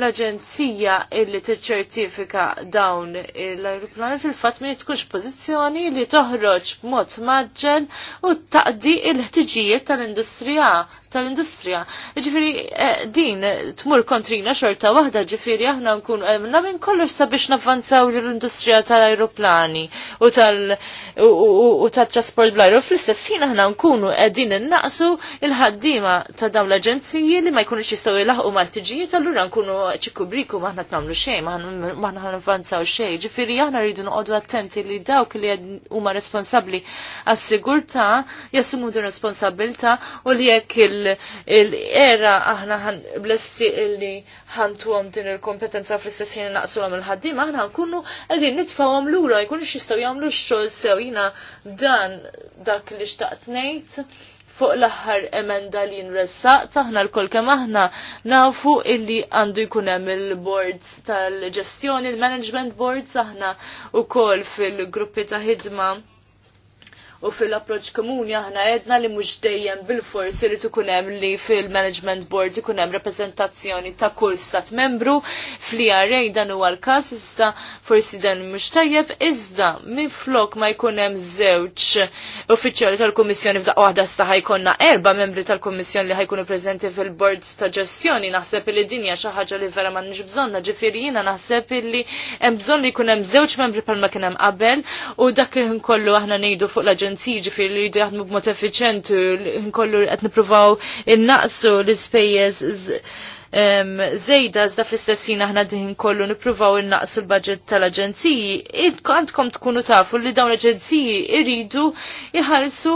l-aġenzija illi tiċċertifika dawn l-aeroplani fil-fatt minn tkunx pożizzjoni li toħroġ b'mod maġġel u taqdi il-ħtiġijiet tal-industrija tal-industrija. Ġifiri, eh, din tmur kontrina xorta waħda ġifiri aħna nkun għamilna minn kollox sabiex navvanzaw l-industrija tal-aeroplani u tal-trasport bl-aero. Fl-istess jina aħna nkunu qegħdin innaqsu il-ħaddiema ta' dawn l-aġenziji li ma jkunux jistgħu jilaħqu mal-tiġijiet allura nkunu ċikubriku maħna tnamlu xejn, maħna ħanvanzaw xejn. Ġifiri aħna rridu noqogħdu attenti li dawk li huma responsabbli għas-sigurtà jassumu din responsabilità u li jekk il il-era aħna blesti illi ħantu għom din il-kompetenza fl istessin jien naqsu għom il-ħaddim, aħna nkunu għedin nitfaw għom l-ura, jkunux xistaw jgħamlu x sew jina dan dak li xtaqt fuq l-aħħar emenda li nressaq taħna l-kol kem aħna nafu illi għandu jkun hemm il-boards tal-ġestjoni, il-management boards aħna u kol fil-gruppi ta' ħidma u fil-approċ komuni aħna edna li mhux dejjem bil-fors irid ikun hemm li fil-management board ikun hemm reprezentazzjoni ta' kull stat membru fl-IRA dan huwa l-każ iżda forsi dan mhux tajjeb iżda minflok ma jkun hemm żewġ uffiċjali tal-Kummissjoni f'daq waħda sta ħajkonna erba' membri tal-Kummissjoni li ħajkunu preżenti fil-bord ta' ġestjoni naħseb li din hija xi ħaġa li vera m'għandniex bżonna ġifieri jiena naħseb li hemm bżonn li jkun hemm żewġ membri bħalma kien hemm qabel u dak li nkollu aħna ngħidu fuq l-aġenda aġenziji ġifir li jridu jaħdmu b'mod effiċjenti nkollu qed nippruvaw innaqsu l-ispejjeż zejda zda fl-istessin aħna din kollu nippruvaw innaqsu l-budget tal-aġenziji, għandkom tkunu tafu li dawn l-aġenziji iridu jħalsu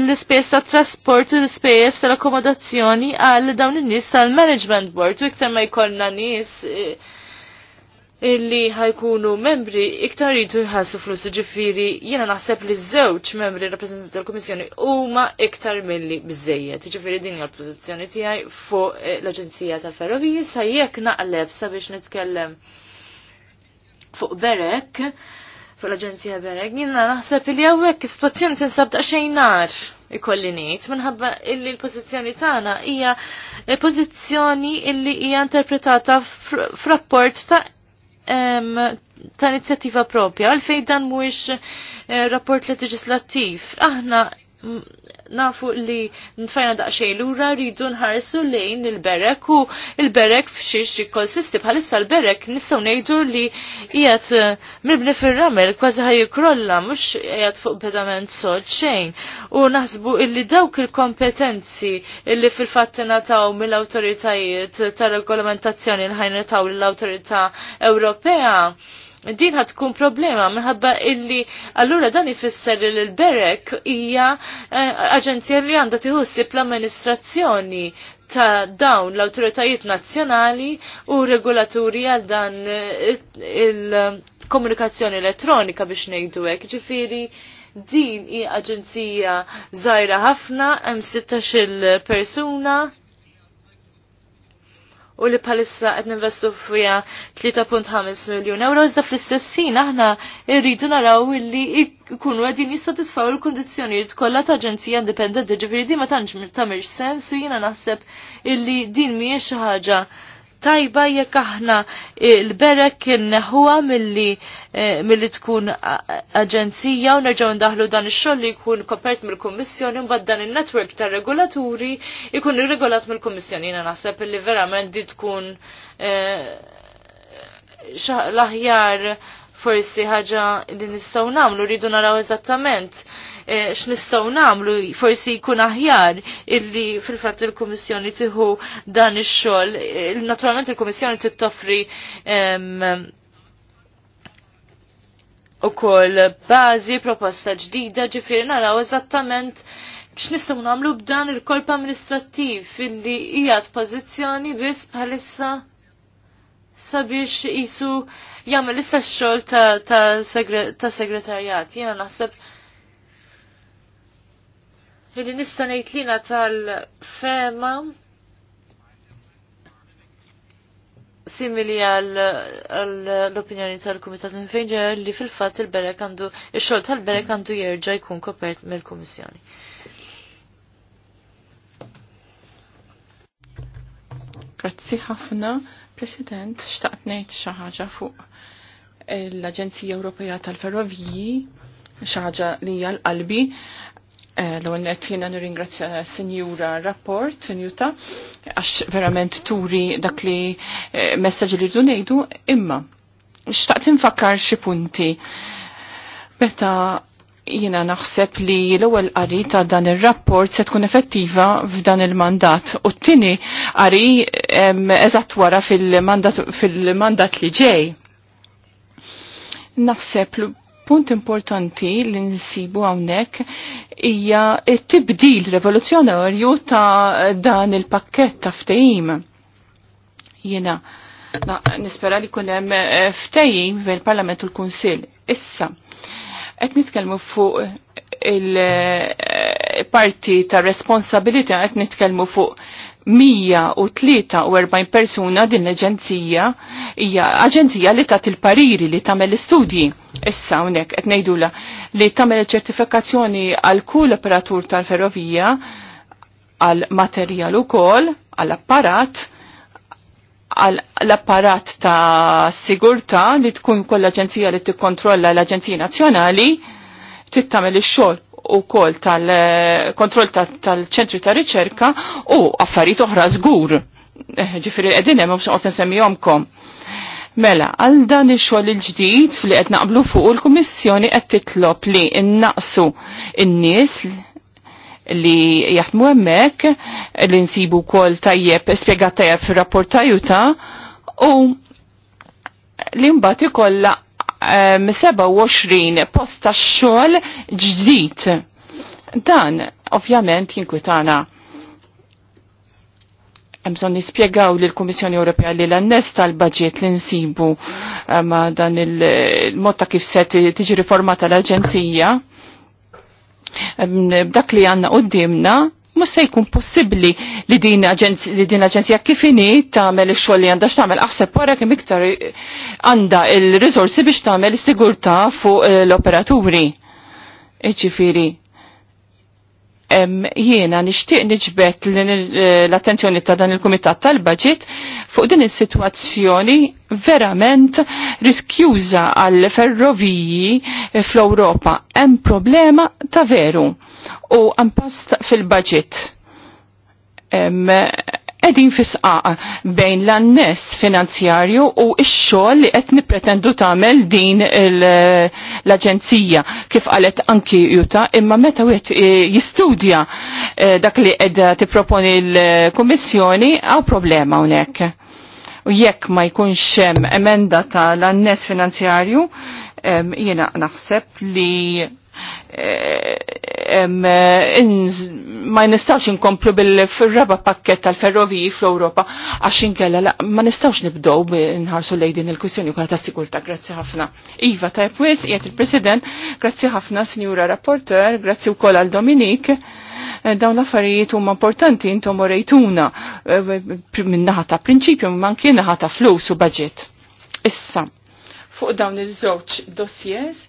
l-spejs ta' trasport u l-spejs tal-akkomodazzjoni għal dawn in-nies tal-management board u iktar ma jkollna nies eh, illi ħajkunu membri iktar jidu jħassu flus ġifiri jena naħseb li żewġ membri rappresentanti tal-Komissjoni huma iktar milli biżejjed. Ġifiri din hija l-pożizzjoni tiegħi fuq eh, l-Aġenzija tal-Ferroviji sa jekk naqleb sabiex nitkellem fuq Berek fuq l-Aġenzija Berek, jena naħseb li għawek situazzjoni tinsab daqxejn xejnar ikolli ngħid minħabba illi l-pożizzjoni tagħna hija pożizzjoni illi hija interpretata f'rapport ta' ta' inizjattiva propja, għalfej dan mhuwiex eh, rapport leġislattiv. Aħna Mm, nafu li ntfajna daqxej lura rridu nħarsu lejn il-berek u il-berek f'xiex jikkonsisti bħalissa l-berek nistgħu ngħidu li qiegħed eh, mibni fir-ramel kważi ħajkrolla mhux qiegħed fuq pedament sod xejn u naħsbu illi dawk il-kompetenzi illi fil fatti nataw mill-awtoritajiet tar-regolamentazzjoni l ħajn taw lill-awtorità Ewropea din ħad tkun problema minħabba illi allura dan ifisser li l-berek hija eh, aġenzija li għandha tiħussib l-amministrazzjoni ta' dawn l-autoritajiet nazzjonali u regolaturi għal dan eh, il-komunikazzjoni elettronika biex ngħidu hekk. Ġifieri din hija aġenzija żgħira ħafna hemm 16-il persuna u li palissa qed ninvestu fija 3.5 miljun euro iżda fl-istess aħna rridu naraw li jkunu għedin jissatisfaw il-kundizzjonijiet kollha ta' aġenzija indipendenti ġifieri di ma tantx tamirx sens u jiena naħseb illi din mhijiex xi ħaġa tajba jekk aħna l-berek neħuwa milli eh, milli tkun aġenzija u nerġgħu ndaħlu dan ix-xogħol li jkun kopert mill-Kummissjoni mbagħad dan in-netwerk tar-regolaturi jkun irregolat mill-Kummissjoni jiena naħseb illi verament di tkun eh, l-aħjar forsi ħaġa li nistgħu nagħmlu rridu naraw eżattament Eh, x'nistgħu nagħmlu forsi jkun aħjar illi fil-fatt il-Kummissjoni tieħu dan ix-xogħol. Eh, naturalment il-Kummissjoni tittoffri koll bażi proposta ġdida ġifieri naraw eżattament x'nistgħu nagħmlu b'dan il-kolp amministrattiv illi hija pożizzjoni biss bħalissa sabiex isu jagħmel l-istess xogħol ta', ta segretarjat. Jiena naħseb illi nista' ngħid lina tal-fema simili għall-opinjoni tal-Kumitat minn fejn ġer li fil-fatt il-berek għandu ix-xogħol tal-berek għandu jerġa' jkun kopert mill-Kummissjoni. Grazzi ħafna, President, xtaqt ngħid xi ħaġa fuq l-Aġenzija Ewropea tal-Ferrovji ħaġa li hija l-qalbi Eh, l-għonet jena nir-ingrazzja senjura rapport, senjuta, għax verament turi dak li eh, messaġi li rridu imma xtaqt infakkar xi punti. Meta jena naħseb li l-ewwel qari ta' dan ir-rapport se tkun effettiva f'dan il-mandat u t tini qari eżatt wara fil-mandat fil-mandat li ġej. Naħseb punt importanti li nsibu għawnek hija t-tibdil revoluzzjonarju ta' dan il-pakket ta' ftehim. Jena, nispera li kunem eh, ftehim fil-Parlament u l-Kunsil. Issa, qed nitkellmu fuq il-parti eh, ta' responsabilità qed nitkellmu fuq 143 persuna din l-aġenzija hija aġenzija li tat il-pariri li tagħmel l-istudji. Issa hawnhekk qed ngħidula li tagħmel ċertifikazzjoni għal kull operatur tal-ferrovija għal materjal ukoll, għal apparat, għal l-apparat ta' sigurta li tkun kull l-aġenzija li tikkontrolla l-Aġenzija Nazzjonali, tittamel ix-xogħol u kol tal-kontroll eh, tal-ċentri ta' riċerka u affarijiet oħra żgur. Eh, Ġifieri qegħdin hemm biex qed nsemmihomkom. Mela, għal dan ix-xogħol il-ġdid fli qed naqblu fuq il-Kummissjoni qed titlob li innaqsu in-nies li jaħdmu hemmhekk li nsibu wkoll tajjeb spjegat tajjeb fir-rapport ta' juta u li mbagħad ikollha 27 um, post ta' xogħol ġdid. Dan ovvjament jinkwitana. Hemm bżonn nispjegaw lill kummissjoni Ewropea li l-annes tal-baġġiet li nsibu ma' um, dan il-mod ta' kif se tiġi riformata l-Aġenzija. Um, dak li għandna qudiemna mhux se jkun possibbli li din l-aġenzija kif inhi tagħmel ix-xogħol li għandha x'tagħmel aħseb wara kemm iktar għandha il-riżorsi biex tagħmel is-sigurtà fuq l-operaturi. Iġifieri, jiena nixtieq niġbet l-attenzjoni ta' dan il-Kumitat tal-Budget fuq din is-sitwazzjoni verament riskjuża għall ferroviji fl-Ewropa. Hemm problema ta' veru u għampast fil-budget. Edin fisqaq bejn l-annes finanzjarju u ix-xogħol li qed nippretendu tagħmel din l-aġenzija kif qalet anki juta imma meta wieħed eh, jistudja eh, dak li qiegħda tipproponi l-Kummissjoni għaw problema hawnhekk u jekk ma jkunx hemm emenda tal-annes finanzjarju jiena naħseb li eh, ma nistawx inkomplu bil-raba pakket tal-ferroviji fl-Europa għax inkella ma nistawx nibdow nħarsu lejdin il-kwissjoni kolla ta' sigurta. Grazzi ħafna. Iva ta' jepwis, jgħet il-President, grazzi ħafna Signora Rapporter, grazzi u kol għal-Dominik. Eh, dawn l-affarijiet huma importanti intom orejtuna eh, minn naħa ta' prinċipju, minn kien naħa ta' flus u budget. Issa, fuq dawn iż-żewġ dossiers,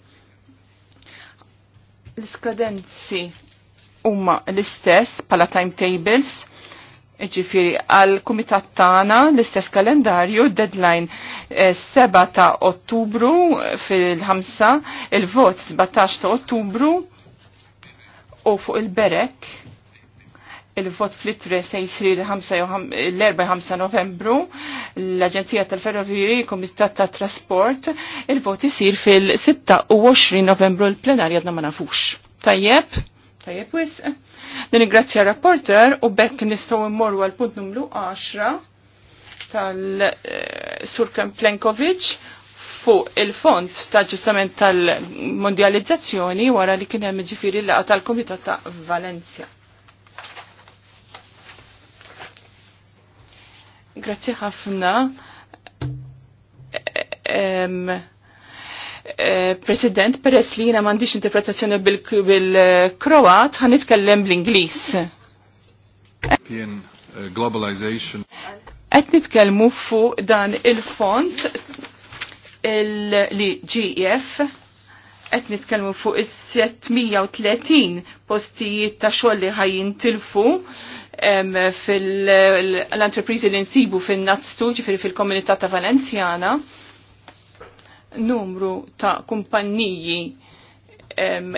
L-iskadenzi huma l-istess pala timetables, ġifiri għal kumitat tagħna l-istess kalendarju, deadline 7 eh, ta' Ottubru fil-5, il-vot 17 ta' Ottubru u fuq il-berek il-vot flittre se jisri l-4-5 novembru l-Aġenzija tal-Ferroviri Komitat ta' Trasport il-vot jisir fil-26 novembru l-plenarja d-na ma nafux. Tajjeb, tajjeb wis. Ninigrazzja rapporter u bekk nistgħu immorru għal punt numru 10 tal-Sur Plenkovic fuq il-font ta' ġustament tal-mondializzazzjoni wara li kien hemm ġifieri l-laqa tal-Komitat ta' Valencia. Grazzi ħafna. E, e, President, peress li jina mandiċ interpretazzjoni bil-Kroat, eh, għan nitkellem bl-Inglis. Eh, globalization. Qed nitkellmu fuq dan il-font li GEF qed nitkellmu fuq is-730 postijiet ta' xogħol li ħajjintilfu fil-entreprizi li nsibu fin-Nazzu, ġifiri fil-komunità ta' Valenzjana, numru ta' kumpanniji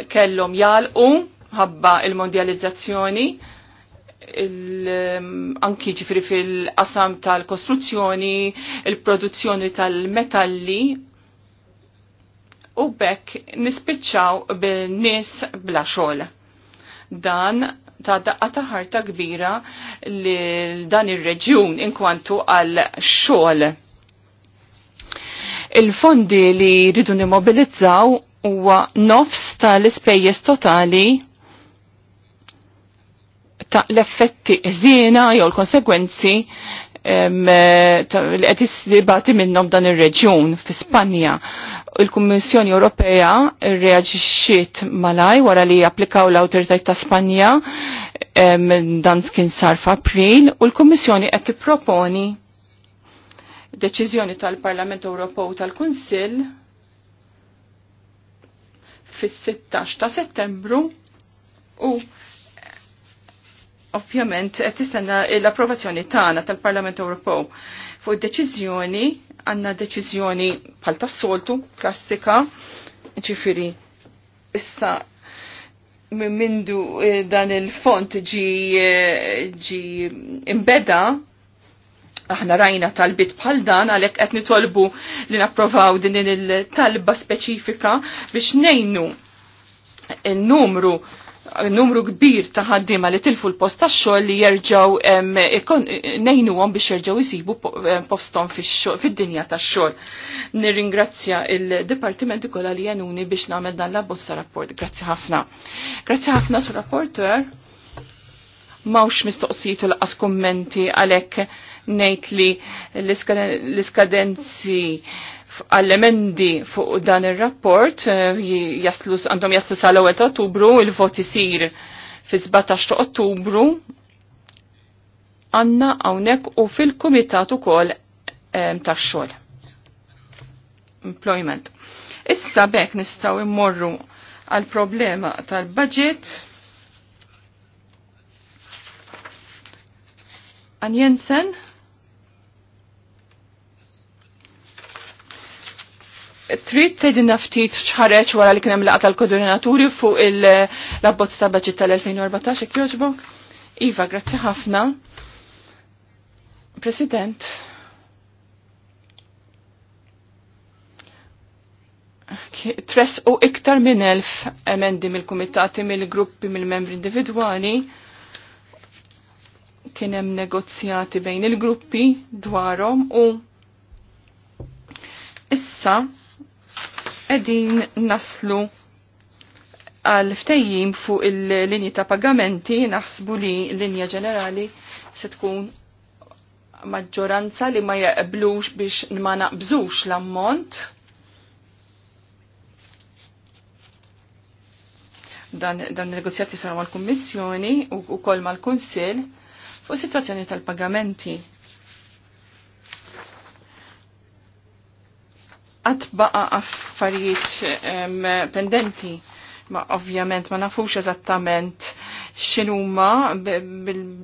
kellhom jalqu ħabba il-mondjalizzazzjoni, anki ġifiri fil-qasam tal-kostruzzjoni, il-produzzjoni tal-metalli, u bekk nispiċċaw bil-nis bla xogħol. Dan ta' daqqa ta' ħarta kbira li dan ir-reġjun inkwantu għal xogħol. Il-fondi li rridu nimmobilizzaw huwa nofs tal-ispejjeż totali ta' l-effetti żiena jew l-konsegwenzi li qed jisibati minnhom dan ir-reġjun fi Spanja. Il-Kummissjoni Ewropea reaġixxiet malaj wara li applikaw l autoritajt ta' Spanja dan kien sar f'April u l-Kummissjoni qed tipproponi deċiżjoni tal-Parlament Ewropew tal-Kunsill fis-16 ta' Settembru u ovvjament qed eh, tistenna l-approvazzjoni tagħna tal-Parlament Ewropew. Fuq deċiżjoni għandna deċiżjoni bħal tas-soltu klassika, ġifieri issa mindu eh, dan il-font ġi, eh, ġi imbeda aħna rajna talbit bħal dan għalhekk qed nitolbu li napprovaw din il-talba speċifika biex ngħinu n numru numru kbir ta' ħaddiema li tilfu l-post ta' xogħol li jerġgħu ngħinuhom biex jerġgħu jsibu postom fid-dinja ta' xogħol. Nirringrazzja il-Dipartimenti kollha li jenuni biex nagħmel dan l-abbozz rapport. Grazzi ħafna. Grazzi ħafna sur rapporter. Mawx mistoqsijiet u laqas kummenti għalhekk ngħid li l-iskadenzi għall-emendi fuq dan il-rapport eh, jaslu għandhom jaslu sal ewwel ottubru il-voti sir fi 17 ta' ottubru għanna għawnek u fil-komitat ukoll eh, tax-xogħol. Employment. Issa bekk nistgħu immorru għal problema tal-budget. Għan Jensen, Trid tgħidilna ftit x'ħareġ wara li kien hemm laqgħa tal-koordinaturi fuq il-abbozz ta' baġit tal-2014 jekk jogħġbok? Iva, grazzi ħafna. President. Tres u iktar minn elf emendi mill-kumitati, mill-gruppi, mill-membri individwali kien hemm negozjati bejn il-gruppi dwarhom u issa edin naslu għal ftejjim fuq il-linji ta' pagamenti naħsbu li linja ġenerali se tkun maġġoranza li ma jaqblux biex ma naqbżux l-ammont. Dan, dan negozjati saru mal-Kummissjoni u, u kol mal-Kunsil fuq situazzjoni tal-pagamenti qatt baqa' affarijiet pendenti ma ovvjament ma nafux eżattament x'inhuma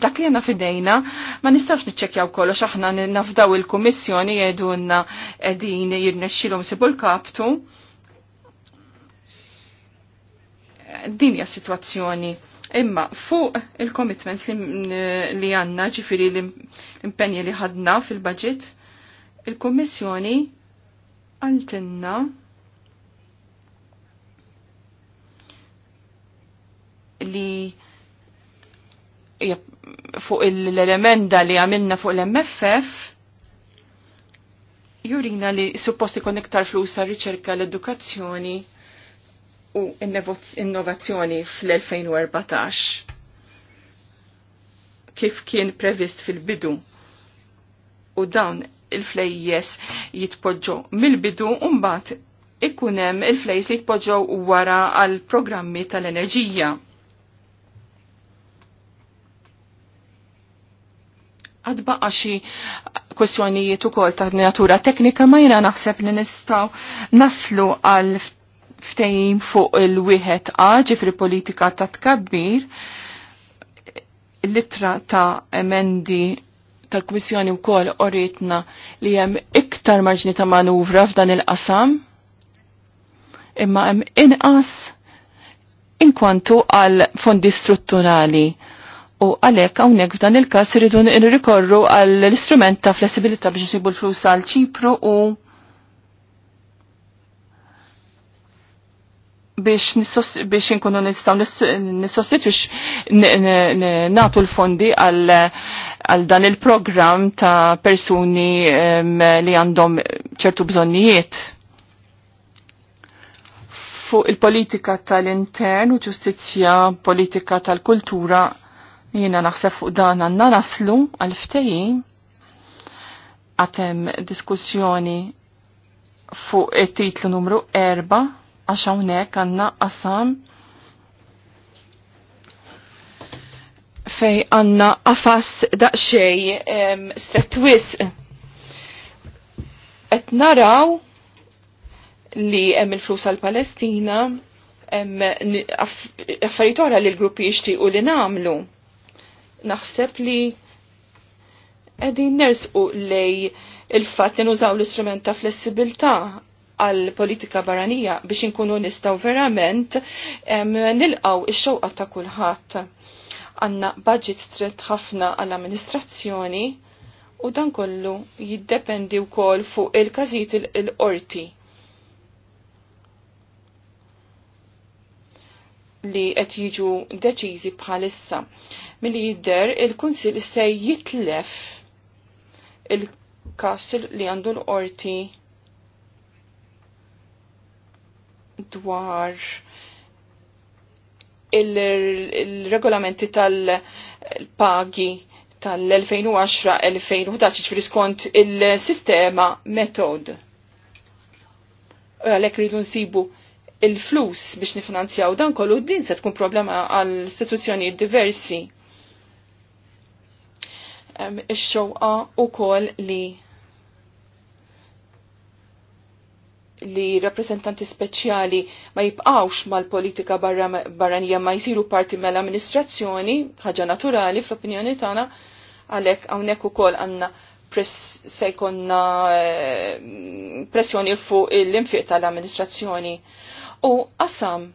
dak li għandna fidejna ma nistax niċċekkjaw kollox aħna nafdaw il-kummissjoni jgħidulna qegħdin jirnexxilhom sibu l-kaptu. Din hija sitwazzjoni. Imma fuq il-commitments li għandna ġifieri l-impenji li ħadna fil-budget, il-kummissjoni għaltinna li fuq l-elementa li għamilna fuq l-MFF jurina li supposti kon iktar flus għal riċerka l-edukazzjoni u innovazzjoni fl-2014 kif kien previst fil-bidu u dawn il-flejjes jitpoġġu mill-bidu mbagħad ikun hemm il-flejs li jitpoġġew wara għal programmi tal-enerġija. Għad xi kwestjonijiet ukoll ta' natura teknika ma jiena naħseb li nistgħu naslu għal ftejn fuq il-wieħed A ġifri politika ta' tkabbir l ta' emendi tal-Kwissjoni wkoll oritna li hemm iktar marġni ta' manuvra f'dan il-qasam, imma hemm inqas inkwantu għal fondi strutturali. U għalhekk hawnhekk f'dan il-każ iridu nirrikorru għall l-istrument ta' flessibilità biex isibu l-flus għal Ċipru u biex biex nkunu nistaw nissostitwix natu l-fondi għal għal dan il-program ta' persuni um, li għandhom ċertu bżonnijiet fuq il-politika tal-intern u ġustizja politika tal-kultura jiena naħseb fuq dan għanna naslu għal ftejim għatem diskussjoni fuq it-titlu numru 4 għax hawnhekk għandna qasam fej għanna għafas daqxej stretwis. Et naraw li hemm il-flus għal-Palestina, affarijiet oħra li l-gruppi jixtiequ li namlu. Naħseb li qegħdin nersqu lej il-fatt li nużaw l-istrument ta' flessibilità għal politika barranija biex inkunu nistaw verament nilqaw ix-xewqa ta' kulħadd għanna budget stret ħafna għall-amministrazzjoni u dan kollu jiddependi wkoll fuq il kazit il-qorti. li qed jiġu deċiżi bħalissa. Milli jidder il-Kunsil se jitlef il-każ li għandu l-qorti dwar il-regolamenti tal-pagi tal-2010-2011 ċifri skont il-sistema metod. Għalek rridu nsibu il-flus biex nifinanzjaw dan kollu din se tkun problema għal istituzzjoni diversi. Ix-xewqa u koll li li rappresentanti speċjali ma jibqawx mal-politika barranija ma jisiru parti mal-amministrazzjoni, ħaġa naturali fl-opinjoni tagħna, għalhekk hawnhekk ukoll għandna press se jkollna eh, pressjoni fuq l-infiq tal-amministrazzjoni. U qasam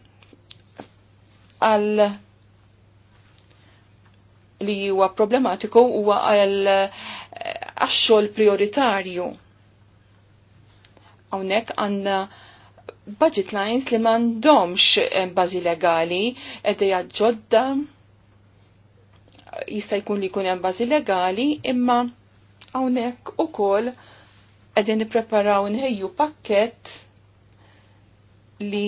għal li huwa problematiku huwa għal eh, għax-xogħol prioritarju Hawnhekk għandna budget lines li m'għandhomx eh, bażi legali edhe eh, ġodda jista' jkun li jkun hemm bażi legali imma hawnhekk ukoll qegħdin nippreparaw nħejju pakkett li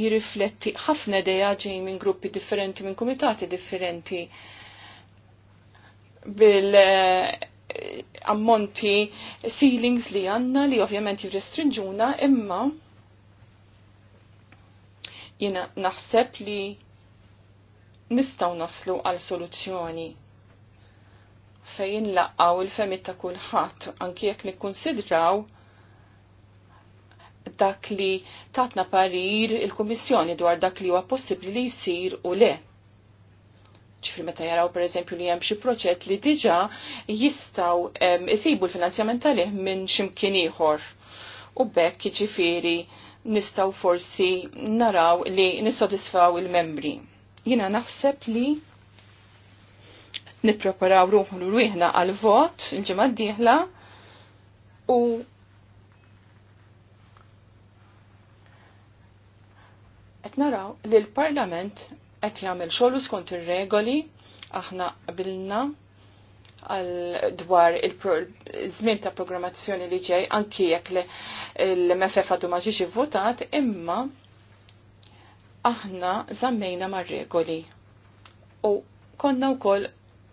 jirrifletti ħafna ideja ġej minn gruppi differenti, minn komitati differenti bil ammonti ceilings li għanna li ovvjament jirrestrinġuna imma jina naħseb li nistaw naslu għal soluzzjoni fejn laqaw il-femit ta' kulħadd anki jekk nikkonsidraw dak li tatna parir il-Kummissjoni dwar dak li huwa possibbli li jsir u le ċifri meta jaraw per eżempju li hemm xi proġett li diġà jistgħu jisibu l-finanzjament għalih minn x'imkien ieħor. U bekk ċifiri nistgħu forsi naraw li nissodisfaw il-membri. Jina naħseb li nipreparaw ruħu l ruħna għal vot il-ġimgħa d-dieħla u qed naraw li l-Parlament qed jagħmel xogħlu skont ir-regoli aħna qabilna għal dwar il-żmien ta' programmazzjoni li ġej anki jekk l-MFF għadu ma ġiex votat imma aħna żammejna mar-regoli. U konna wkoll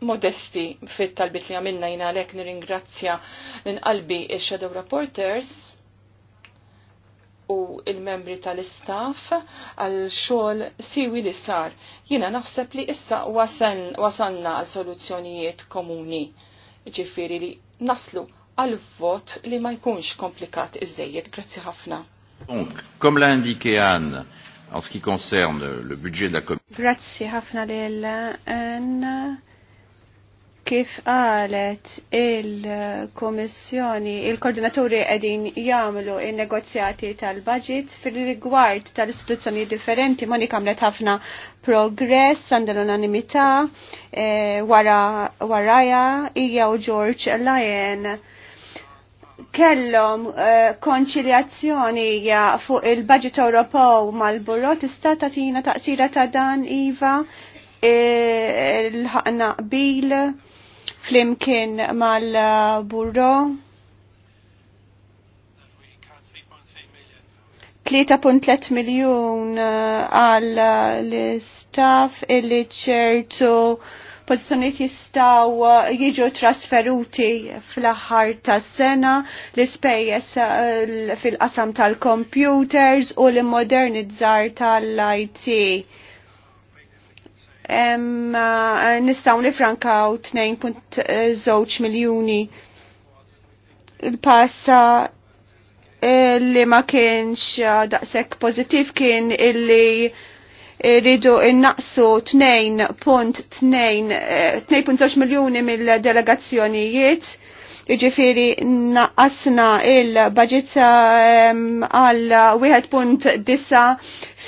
modesti fit talbit li għamilna jina għalek nir-ingrazzja minn qalbi ix shadow Reporters u il-membri tal-istaff għal xogħol siwi li sar. Jiena naħseb li issa wasanna għal soluzzjonijiet komuni. Ġifieri li naslu għal vot li ma jkunx komplikat iżejjed. Grazzi ħafna. Donc, comme l'a indiqué Anne, en ce qui concerne le budget de la Commission. Grazie ħafna Anne Kif qalet il-Komissjoni, il-Koordinaturi qegħdin jagħmlu il negozjati tal-budget fil-rigward tal-istituzzjoni differenti Monika għamlet ħafna progress għandha l-unanimità e, eh, wara waraja u George Lyon kellhom eh, konċiljazzjoni fuq il-budget Ewropew mal-Burro tista' tagħtina taqsira ta' dan iva eh, il-ħaqna qbil flimkien mal-burro. 3.3 miljon uh, għal uh, l-staff illi ċertu pozizjoniet jistaw uh, jiġu trasferuti fl-aħħar tas-sena l-ispejjeż fil-qasam tal-computers u l-modernizzar tal-IT nistaw nifrankaw 2.0 e, miljoni il-passa e, li ma kienx daqsek pozittiv kien illi rridu innaqsu 2.2 e, miljoni mill-delegazzjonijiet iġifiri naqasna il-budget għal 1.9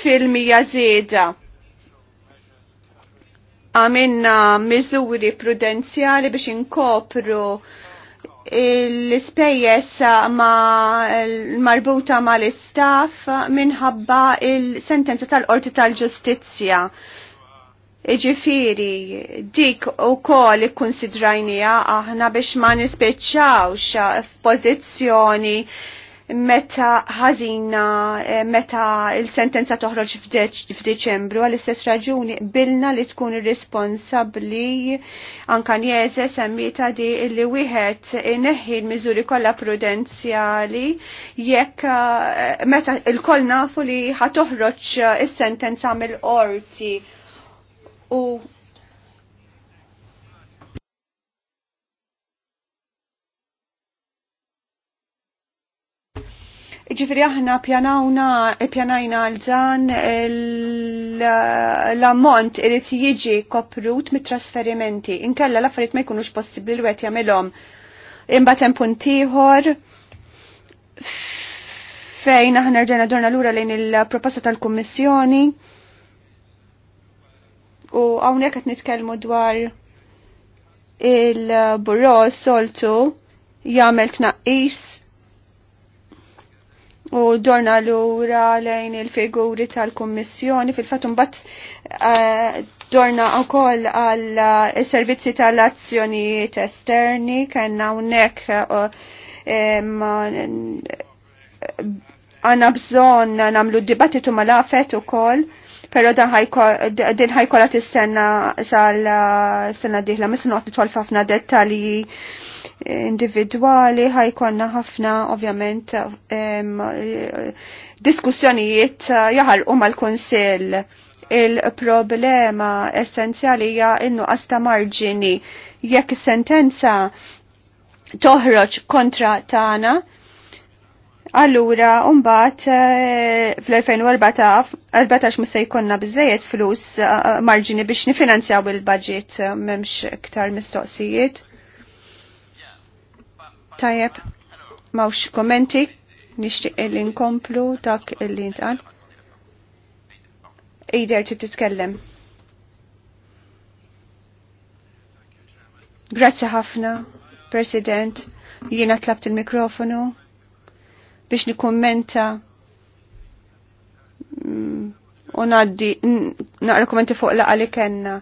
fil-mija zeda għamilna miżuri prudenzjali biex inkopru l-spejjes ma marbuta ma l-istaff minħabba il-sentenza tal-Qorti tal-Ġustizzja. Iġifiri, dik u kol konsidrajnija aħna biex ma nispeċċawx f'pożizzjoni meta ħazina, eh, meta il-sentenza toħroġ f'Deċembru għall-istess raġuni bilna li tkun irresponsabbli anka njeze semmita di li wieħed neħi l-miżuri kollha prudenzjali jekk eh, meta il-koll nafu li ħatoħroġ is-sentenza mill-qorti u Ġifiri aħna pjanawna, pjanajna għal-dan l-ammont irrit jiġi koprut mit-trasferimenti. Inkella l-affariet ma jkunux possibli l-wet jamilom. Imbatem puntiħor fejn aħna rġena dorna l-ura lejn il-proposta tal-Kommissjoni. U għawnek għet nitkelmu dwar il-burro soltu jgħamil tnaqqis u dorna l-ura lejn il-figuri tal-Kommissjoni fil-fatum bat eh, dorna u koll għal eh, servizzi tal-azzjonijiet esterni kena unnek eh, għanna uh, bżon namlu dibattitu ma lafet u koll pero din ħajkola t-senna sal-sena diħla, mis-not nitwal dettalji individuali ħajkonna ħafna ovvjament diskussjonijiet eh, jaħarqu mal-Kunsill. Il-problema essenzjali hija innu ta' marġini jekk sentenza toħroġ kontra tagħna Allura, umbat, eh, fl-2014 musa jkonna bizzejiet flus eh, marġini biex nifinanzjaw il-budget memx iktar mistoqsijiet. Tajeb mawx kommenti, nishtiq li nkomplu dak illi intqal. Eider ti titkellem. Grazzi ħafna, President, jiena tlabt il-mikrofonu biex nikkommenta mm, u naddi naqra kommenti fuq laqa li kenna.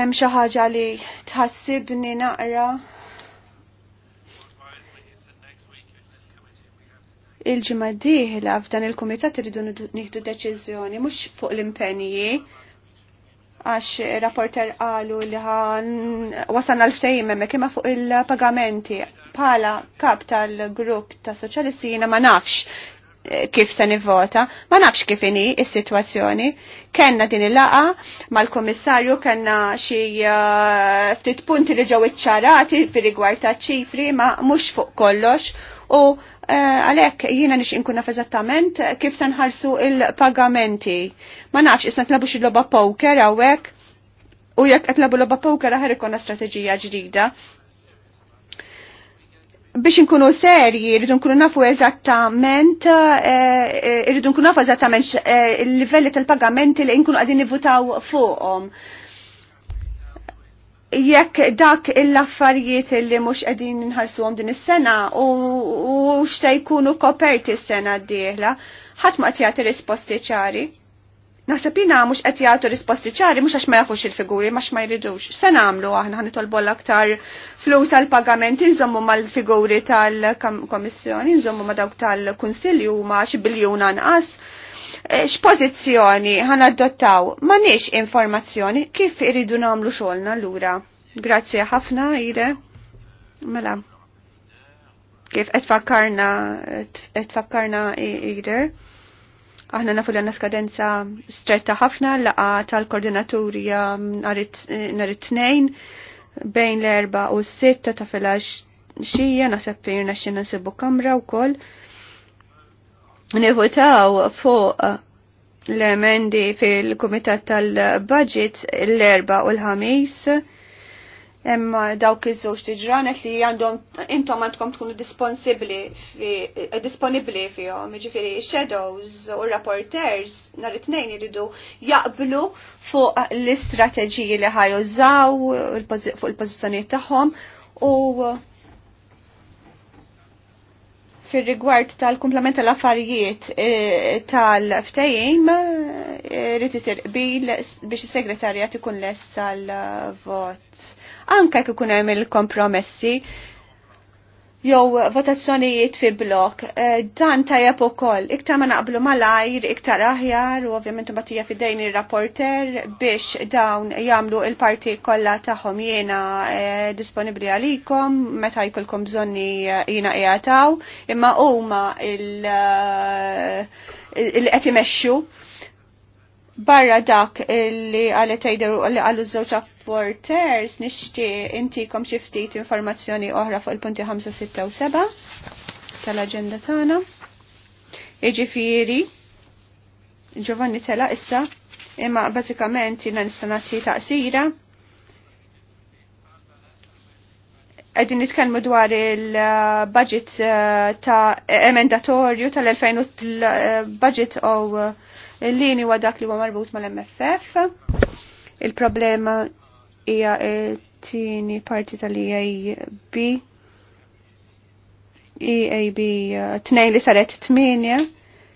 Hemm xi ħaġa li tħassibni naqra il-ġimma diħla f'dan il-komitat irridu nieħdu deċiżjoni mhux fuq l-impenji għax rapporter qalu li ħan wasan għal-ftejim emmek fuq il-pagamenti bħala kap tal-grupp ta' soċjalisti jiena ma nafx kif se nivvota, ma nafx kif inhi is-sitwazzjoni. Kenna din il-laqa mal-Kummissarju kenna xi eh, ftit punti li ġew iċċarati fir-rigward ta' ċifri ma mhux fuq kollox u eh, għalhekk jiena nix inkun naf eżattament kif se nħallsu il-pagamenti. Ma nafx isna tlabu xi logħba poker hawnhekk u jekk qed tlabu logħba poker aħer ikonna strateġija ġdida biex nkunu serji, rridu nkunu nafu eżattament, eh, eh, rridu nkunu nafu eżattament eh, il-livelli tal-pagamenti li nkunu għadin nivutaw fuqhom. Jekk dak il-affarijiet li mhux qegħdin għom din is-sena u x'se jkunu koperti s-sena d-dieħla, ħadd ma qed jagħti risposti ċari. Naħseb jina mux qed jagħtu risposti ċari mhux għax ma jafux il-figuri mhux ma jridux. Se nagħmlu aħna ħanitolbu l-aktar flus għal pagament inżommu mal-figuri tal-Komissjoni, inżommu ma dawk tal-Kunsilju ma xi biljun anqas. E, X'pożizzjoni ħan adottaw m'għandniex informazzjoni kif iridu nagħmlu xogħolna lura. Grazzi ħafna ide. Mela. Kif qed fakkarna qed fakkarna Ire. Aħna nafu li għanna skadenza stretta ħafna laqa tal-koordinaturi um, nhar it-tnejn bejn l-erba u s-sitta ta' filax xija nasab jirna xina nsibu kamra u koll. Nivutaw fuq l-emendi fil-Kumitat tal-Budget l-erba u l-ħamis imma uh, dawk iż-żewġ tiġranet li għandhom intom għandkom tkunu disponibbli fi eh, disponibbli fihom, jiġifieri shadows u rapporters nhar it-tnejn iridu jaqblu fuq l-istrateġiji li ħajużaw fuq il-pożizzjonijiet tagħhom u fir rigward tal-komplement tal-affarijiet eh, tal-ftejim eh, irid isir biex is segretarjat ikun lesta l vot anke jekk ikun hemm il-kompromessi jew votazzjonijiet fi blok, eh, dan tajab ukoll. Iktar ma naqblu malajr, iktar aħjar, u ovvjament tija fidejn ir-rapporter biex dawn jagħmlu il-parti kollha tagħhom jiena eh, disponibbli għalikom meta jkollkom bżonni eh, jiena qiegħataw, imma huma il qed imexxu barra dak li għalet li għallu żewġ reporters nixti intikom xi ftit informazzjoni oħra fuq il-punti 5, 6 u 7 tal-aġenda tagħna. Iġifieri Giovanni tela issa imma bażikament jina nistanati nagħti taqsira għedin nitkellmu dwar il-budget eh, ta' emendatorju tal-2000 eh, budget u eh, l-lini wa dak li huwa marbut mal-MFF. Il-problema hija tieni parti tal-EAB EAB tnej li saret tminja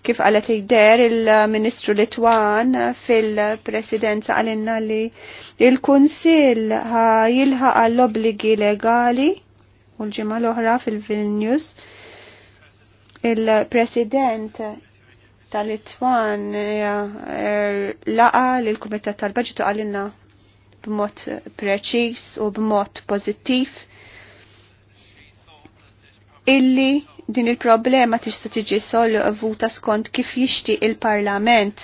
kif għalet jider il-Ministru Litwan fil-Presidenza għalinna li il-Kunsil jilħa għall-obligi legali u l-ġimma l-oħra fil-Vilnius il-President tal-Litwan eh, er, laqa l-Kumitat tal-Baġitu għalinna b'mod preċis u b'mod pozittiv illi din il-problema tista' tiġi solvuta skont kif jixti il-Parlament.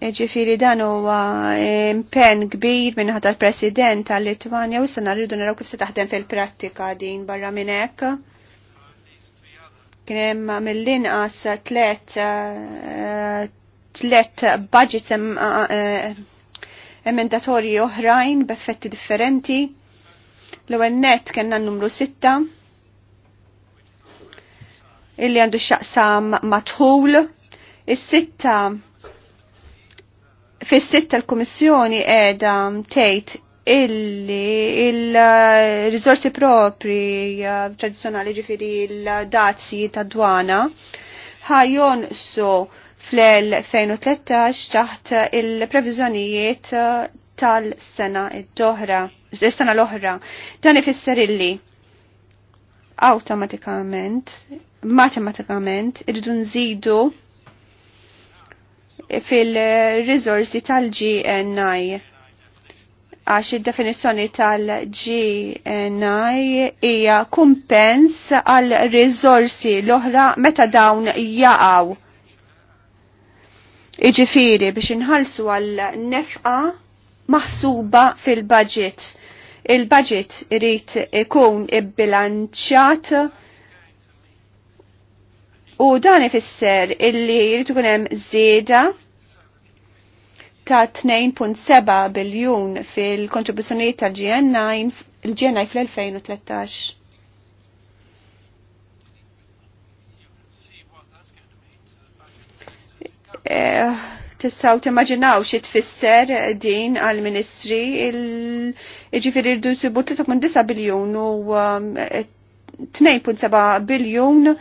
E ġifiri dan huwa impenn kbir minn tal president tal-Litwanja u issa rridu naraw kif se taħdem fil-prattika din barra minn hekk. Kien hemm mill-inqas tliet eh, tliet budgets eh, emendatorji oħrajn b'effetti differenti. L-ewwel net kellna n-numru 6 illi għandu xaqsam matħul. Is-sitta fis-sitta l-Kummissjoni qiegħda tgħid illi il-rizorsi propri tradizjonali ġifiri il-dazzi ta' dwana ħajjon so fl-2013 taħt il-previżjonijiet uh, tal-sena id-doħra, sena l-oħra. Dan ifisser illi automatikament, matematikament, irridu nżidu fil-rizorsi tal-GNI għax id-definizzjoni tal-GNI hija kumpens għal rizorsi l-oħra meta dawn jaqgħu Iġifiri biex inħalsu għal nefqa maħsuba fil-budget. Il-budget irrit ikun ibbilanċjat u dan ifisser illi jrid ikun hemm żieda ta' 2.7 biljun fil-kontribuzzjonijiet tal il-GN9 fl-2013. Eh, tistaw timmaġinaw xie tfisser din għal-ministri il-ġifiri rridu jisibu 3.9 biljon u 2.7 um, biljon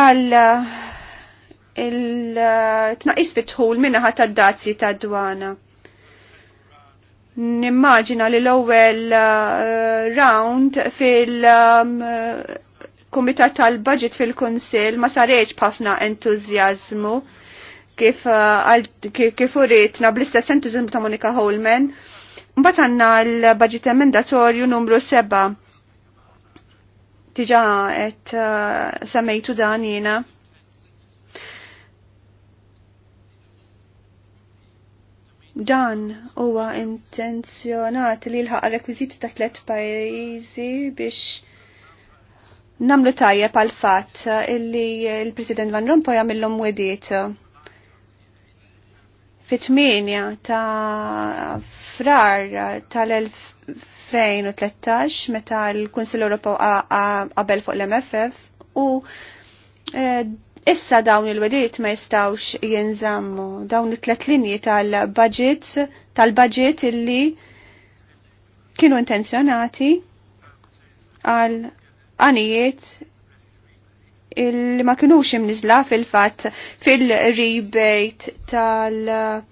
għal uh, il-tnaqis uh, fitħul minna ħat dazzi ta' dwana. Nimmaġina li l-ewwel uh, round fil- um, kumitat tal-budget fil konsil ma sareċ pafna entużjażmu kif uh, kif uritna bl-istess entużjażmu ta' Monika Holman. Mbagħad għandna l-budget emendatorju numru 7. Tiġa qed uh, semmejtu dan jiena. Dan huwa intenzjonat li l-ħaq rekwiziti ta' tliet pajjiżi biex namlu tajjeb pal fatt illi il-President Van Rompuy għamillhom wediet fit ta' frar tal-2013 meta l-Kunsill Ewropew qabel fuq l-MFF u e, issa dawn il-wediet ma jistawx jinżammu dawn it-tlet linji tal-budget tal-budget illi kienu intenzjonati għal għanijiet il ma kinux imnizla fil-fat fil-rebate tal-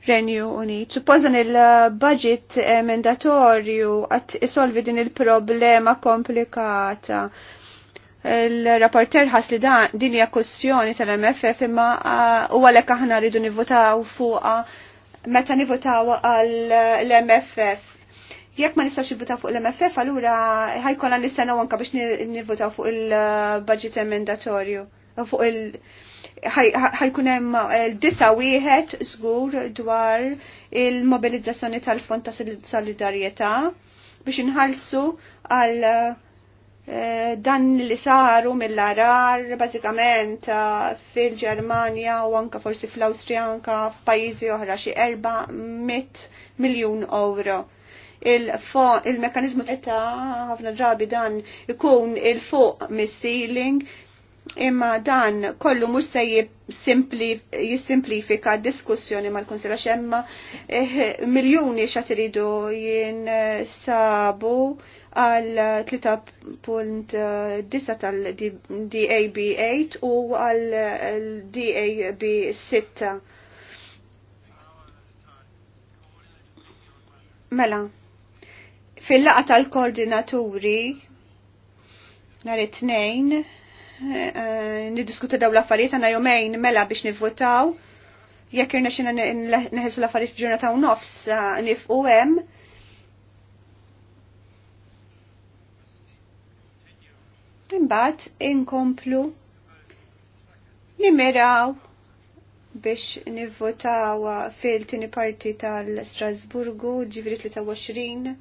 Renju Unit. Suppożan il-budget emendatorju għat isolvi din il-problema komplikata. Il-rapporter ħas li din hija kussjoni tal-MFF imma uh, u għalhekk aħna rridu nivvotaw fuqha meta nivvotaw għall-MFF. Jekk ma nistax nivvotaw fuq l-MFF, allura ħajkun għan nistennaw anka biex nivvotaw fuq il-budget emendatorju. Fuq il- ħajkun hemm eh, disa wieħed żgur dwar il-mobilizzazzjoni tal-Fond ta' Solidarjetà biex inħallsu għal eh, dan li saru mill-arar bażikament eh, fil-Ġermanja u anka forsi fl-Awstrija anka f'pajjiżi oħra xi erba' miljun euro il-mekanizmu ta' ħafna drabi dan ikun il-fuq mis-ceiling imma dan kollu mhux se jissimplifika diskussjoni mal-Kunsilla xemma eh, miljuni xa tridu jinsabu għal 3.9 tal-DAB8 u għal DAB6. Mela, Fil-laqa tal-koordinaturi nhar it-tnejn eh, eh, nidiskuta daw l-affarijiet għandna jumejn mela biex nivvotaw jekk irna xina neħesu l-affarijiet f'ġurnata u nofs eh, nifqu hemm. Imbagħad inkomplu nimiraw biex nivvotaw fil-tini parti tal-Strasburgu ġivri 23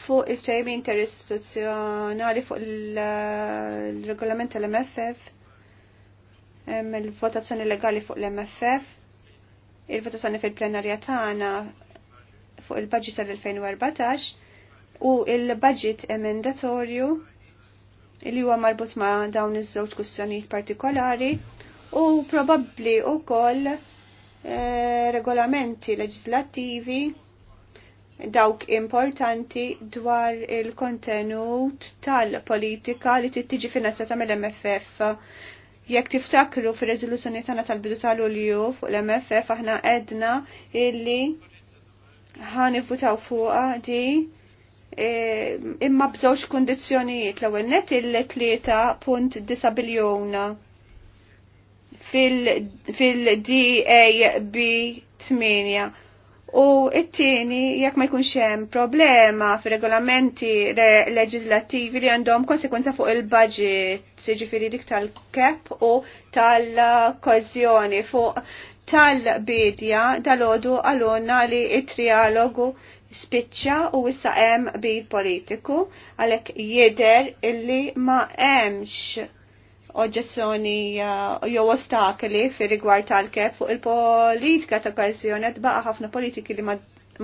fuq il-ftejmi interistituzjonali fuq il-regolament tal-MFF, il-votazzjoni legali fuq l-MFF, il-votazzjoni fil-plenarja tagħna fuq il-budget tal-2014 u il-budget emendatorju li huwa marbut ma' dawn iż-żewġ kustjonijiet partikolari u probabbli wkoll eh, regolamenti leġislattivi dawk importanti dwar il-kontenut tal-politika li tittiġi finanzjata mill-MFF. Jekk tiftakru fir rezoluzzjoni tagħna tal-bidu tal-Ulju fuq l-MFF aħna edna illi ħanivvutaw fuqha di e, imma bżewġ kundizzjonijiet l-ewwel net il-3.9 biljun fil-DAB 8 U it-tieni, jekk ma jkunx hemm problema fir-regolamenti leġislattivi li għandhom konsekwenza fuq il-budget, jiġifieri dik tal-kep u tal-kozzjoni fuq tal-bidja tal-għodu għalunna li it-trialogu spiċċa u issa hemm bil politiku għalhekk jidher illi ma hemmx oġġezzjoni eh, jew ostakli fir rigward tal-kep fuq il-politika ta' okkażjoni baqa' ħafna politiki li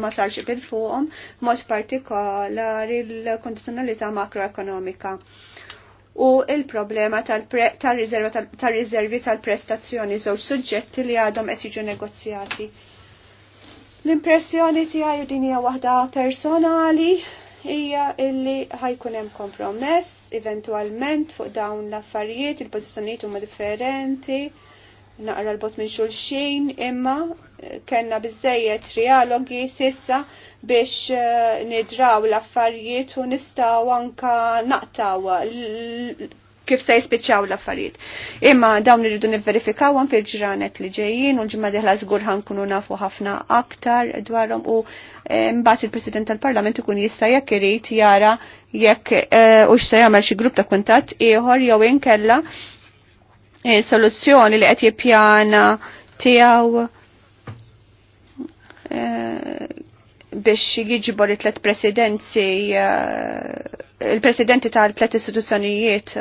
ma sarx bil fuqhom mod partikolari l kondizjonalità makroekonomika. U il-problema tal-riservi tal-prestazzjoni żewġ suġġetti li għadhom qed jiġu negozjati. L-impressjoni tiegħi din hija waħda personali hija illi ħajkun hemm kompromess eventualment fuq dawn l-affarijiet, il pozizjoniet huma differenti, naqra l-bot minn xulxin, imma eh, kellna bizzejiet trialogi sissa biex eh, nidraw l-affarijiet u nistaw anka naqtaw kif se jispiċċaw l-affarijiet. Imma dawn irridu għan fil-ġranet li ġejjin u l-ġimgħa deħla żgur kunu nafu ħafna aktar dwarhom u eh, mbagħad il-President tal-Parlament ikun jista' jekk irid jara jekk eh, u x'se jagħmel xi grupp ta' kuntatt ieħor jew inkella eh, soluzzjoni li qed jippjana tiegħu biex jiġbor it-tlet presidenzi il-presidenti tal-tlet istituzzjonijiet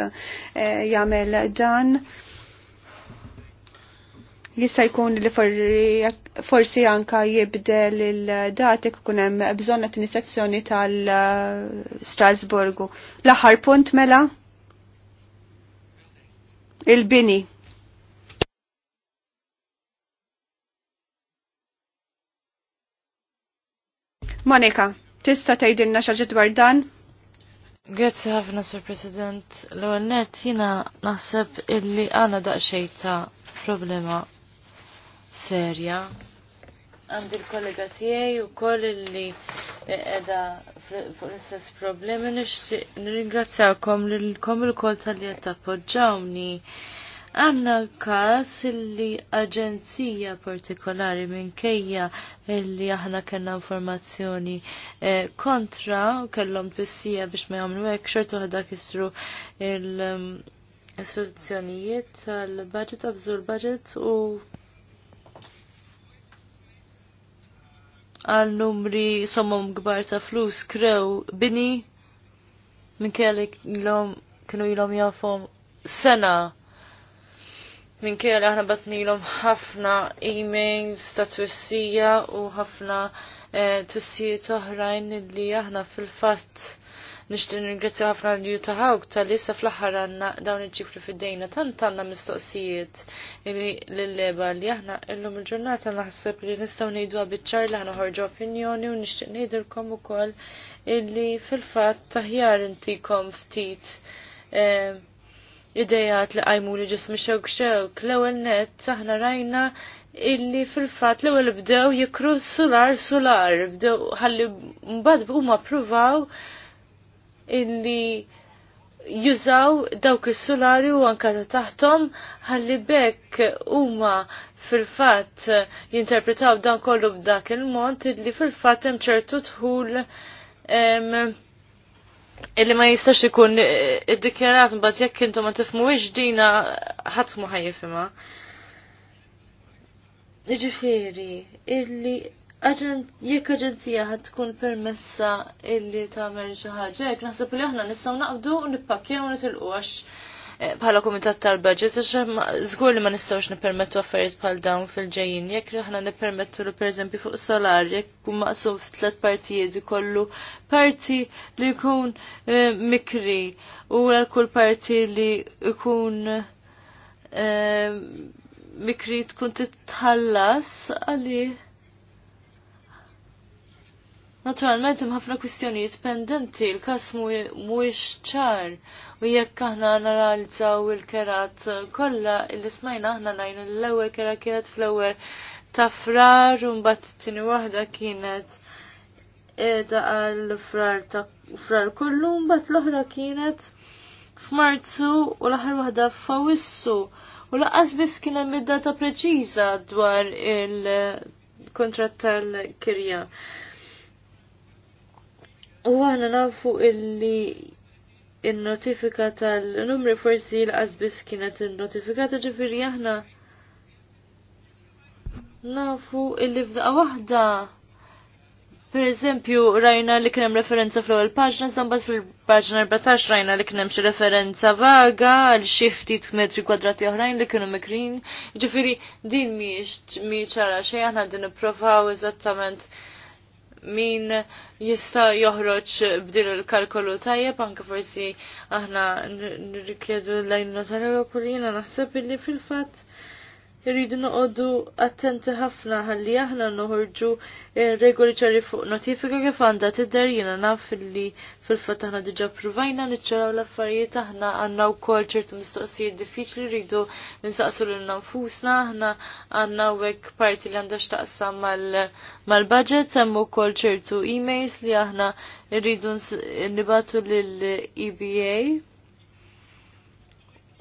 eh, jagħmel dan jista' jkun li forsi anka jibdel il-dati kun hemm bżonn sezzjoni tal-Strasburgu. L-aħħar punt mela il-bini. Monika, tista' tgħidilna xi dwar dan? Grazzi ħafna, Sur President. L-ewwel net jiena naħseb illi għana daqsxejn ta' problema serja. Għandi l-kollega tiegħi wkoll illi edha fuq l-istess problemi nixtieq l lilkom il-kol tal-li qed tappoġġawni għanna kas li aġenzija partikolari minkejja li aħna kena informazzjoni eh, kontra u kellhom pissija biex ma jagħmlu hekk xortu għadha kisru il um, istruzzjonijiet tal-budget abżur budget u għal numri sommom gbar ta' flus krew bini minn kellek l-om kienu jilom jafom sena minn kera aħna batnilom ħafna emails ta' twissija u ħafna eh, twissijiet oħrajn li aħna fil-fatt nishtin ringrazzja ħafna li jutaħawk tal-issa fl-ħar għanna dawn iċifri fid-dejna tant tanna mistoqsijiet l-leba li aħna illum il-ġurnata naħseb li nistaw nejdu għabitċar li aħna ħorġu opinjoni u nishtin nejdilkom u koll illi fil-fat taħjar intikom ftit eh, idejat li għajmu li ġismi xewk xewk, l ewwel net aħna rajna illi fil-fat l ewwel bdew jikru solar solar, bdew ħalli mbagħad huma pruvaw illi jużaw dawk is-solari u anka ta' taħtom ħalli bekk huma fil-fatt jinterpretaw dan kollu b'dak il mont illi fil-fatt hemm ċertu tħul illi ma jistax ikun eh, iddikjarat mbagħad jekk intom ma tifmuwix dina ħadd mu ħajjifhimha. Ġifieri, illi jekk aġenzija ħad tkun permessa illi tagħmel xi ħaġa, jekk naħseb li aħna nistgħu naqbdu u nippakkew nitilqu għax Eh, bħala komitat tal-budget, għax żgur li ma nistgħux nippermettu affarijiet bħal dawn fil-ġejjin. Jekk aħna nippermettu li pereżempju fuq solar, jekk kun maqsum f'tliet partijiet kollu, parti li jkun eh, mikri u għal kull parti li jkun eh, mikri tkun titħallas għalli. Naturalment hemm ħafna kwistjonijiet pendenti, il-każ mhuwiex ċar u jekk aħna naralzaw il-kerat kollha il-ismajna aħna najn l ewel kera kienet fl ewel ta' frar u mbagħad t tieni waħda kienet edha għal frar ta' frar kollu mbagħad l-oħra kienet f'Marzu u l-aħħar waħda f'Awissu. U laqqas biss kien hemm id-data preċiża dwar il-kontratt tal-kirja. U għana nafu illi in-notifika tal-numri forsi l-qasbis kienet in-notifikata ġifiri aħna nafu illi f'daqqa waħda Per eżempju, rajna li kienem referenza fl ewwel paġna, sambat fil-paġna 14 rajna li kienem xi referenza vaga għal xi ftit metri kwadrati oħrajn li kienu mikrin. Ġifieri din miex miċara ċara xejn aħna din nipprovaw eżattament min jista joħroġ b'din il-kalkolu tajjeb anke forsi aħna nirrikjedu l-lajnuna tal-Ewropa li jena naħseb illi fil-fatt irridu noqogħdu attenti ħafna ħalli aħna noħorġu eh, regoli ċari fuq notifika kif għandha tidher jiena naf li fil-fatt aħna diġà pruvajna niċċaraw l-affarijiet aħna għandna wkoll ċertu mistoqsijiet diffiċli rridu nsaqsu lil nfusna aħna għandna hekk parti li għandha x'taqsam mal-budget hemm ukoll ċertu emails li aħna rridu nibatu lill EBA.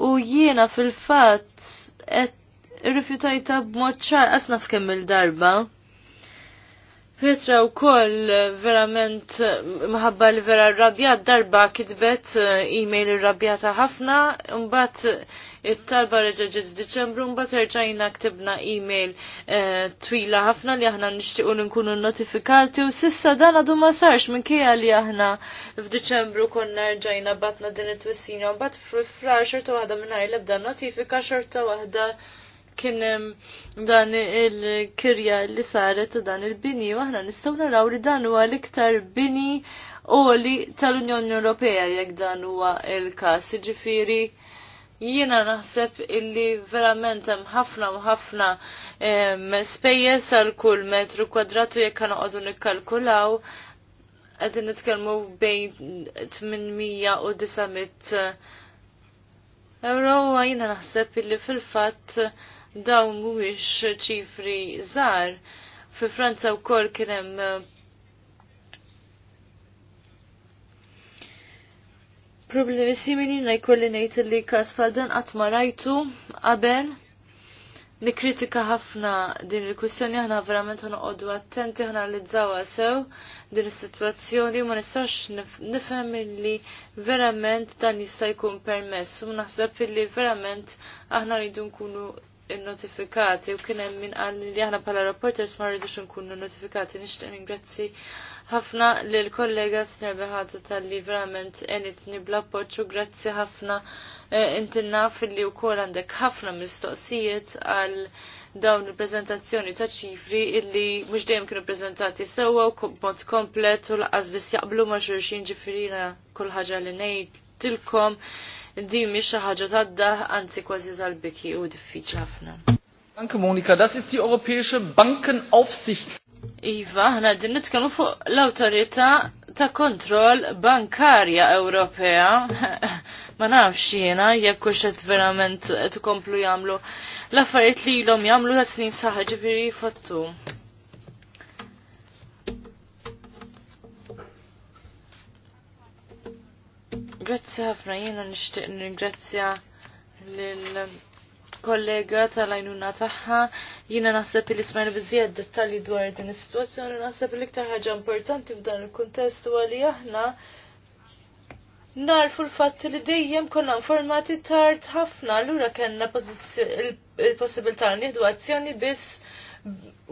U jiena fil-fatt qed irrifjutajta b'mod ċar asna kemm il-darba. Petra u koll eh, verament eh, maħabba li vera rrabjat darba kitbet eh, e-mail rrabjata ħafna, mbat it-talba reġaġet f'Diċembru mbagħad rġajna ktibna email twila ħafna li aħna nixtiequ nkunu notifikati u sissa dan għadu ma sarx kija li aħna f'Diċembru konna rġajna batna din it-twissina mbagħad fl xorta waħda mingħajr il ebda notifika xorta waħda kien dan il-kirja li saret dan il-bini, u aħna nistaw naraw li dan huwa l-iktar bini oli tal-Unjoni Ewropea jekk dan huwa il-kas. Ġifieri jiena naħseb illi verament hemm ħafna u ħafna spejjeż għal kull metru kwadratu jekk noqogħdu nikkalkulaw qegħdin nitkellmu bejn 800 u 900 eh, euro jiena naħseb illi fil-fatt dawn mhuwiex ċifri żgħar. Fi Franza wkoll kien hemm eh, problemi simili jkolli ngħid li każ bħal dan qatt ma rajtu qabel nikkritika ħafna din il-kwistjoni aħna verament noqogħdu attenti aħna li tżawa sew din is-sitwazzjoni ma nistax nifhem li verament dan jista' jkun permess u naħseb li verament aħna rridu nkunu notifikati u kien hemm min qal li aħna bħala reporters ma rridux nkunu notifikati. Nixtieq ningrazzi ħafna lil kollega snerbi ħata tal-li verament enit nibla poċu u grazzi ħafna eh, inti naf li wkoll għandek ħafna mistoqsijiet għal dawn il-prezentazzjoni ta' ċifri illi mhux dejjem kienu prezentati sewwa u mod komplet u laqas biss jaqblu ma' xurxin ġifirina kull ħaġa li ngħidilkom. tilkom din mhix xi ħaġa tad-daħ anzi kważi tal-biki u diffiċli ħafna. Danke Monika, das ist die Europäische Bankenaufsicht. Iva, ħna din nitkellmu fuq l-awtorità ta' kontroll bankarja Ewropea. Ma nafx jiena jekk hux qed verament tkomplu jagħmlu l-affarijiet li ilhom jagħmlu ta' snin saħħa ġifieri fattu. Grazzi ħafna jiena nixtieq ningrazzja lil kollega tal-għajnuna tagħha. Jiena naħseb li smajna biżjed dettalji dwar din is sitwazzjoni naħseb li iktar ħaġa importanti f'dan il-kuntest huwa li aħna narfu l-fatt li dejjem konna informati tard ħafna, allura kellna il-possibilità li nieħdu azzjoni biss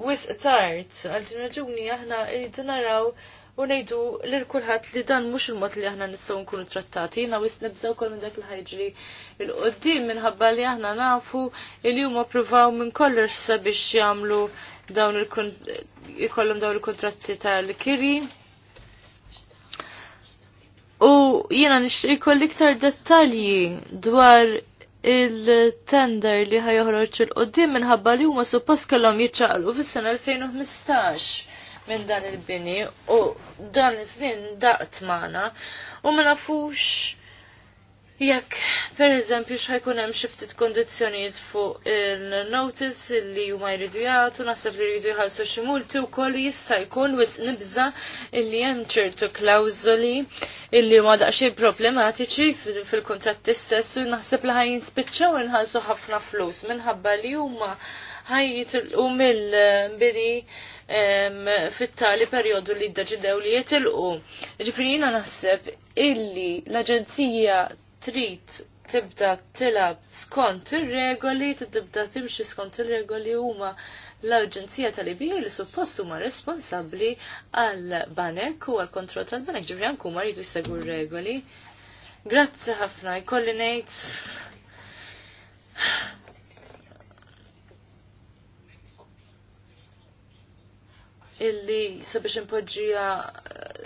wisq tard. Għal tinraġuni aħna rridu naraw u nejdu l kulħadd li dan mux il-mod li aħna nissaw nkunu trattati, na wis nibżaw kol minn dak l ħajġri il-qoddim minħabba li aħna nafu li huma provaw minn kollox sabiex jagħmlu dawn il-kollum dawn il-kontratti tal-kiri. U jiena nixtri kolli iktar dettalji dwar il-tender li ħajoħroġ il-qoddim minħabba li huma suppost kellhom jiċċaqlu fis-sena 2015 minn dan il-bini u dan iż-żmien daqt magħna u ma nafux Jekk, per eżempju, xħajkun hemm xi ftit kondizzjonijiet fuq il-notice li huma jridu jagħtu, naħseb li jridu jħallsu xi multi wkoll jista' jkun wis nibża illi hemm ċertu klawżoli illi huma daqsxejn problematiċi fil-kuntratti stess u naħseb li ħajjin spiċċaw inħallsu ħafna flus minħabba li huma ħajjitilqu mill-bini fit-tali perjodu li ddaġidew li jitilqu. Ġifri naħseb illi l-Aġenzija trid tibda tilab skont ir-regoli, tibda timxi skont ir-regoli huma l-Aġenzija tal ibija li suppost huma responsabbli għal banek u għal kontroll tal-banek ġifri anku ma rridu jsegwu regoli. Grazzi ħafna, jkolli ngħid illi sabiex impoġġija eh,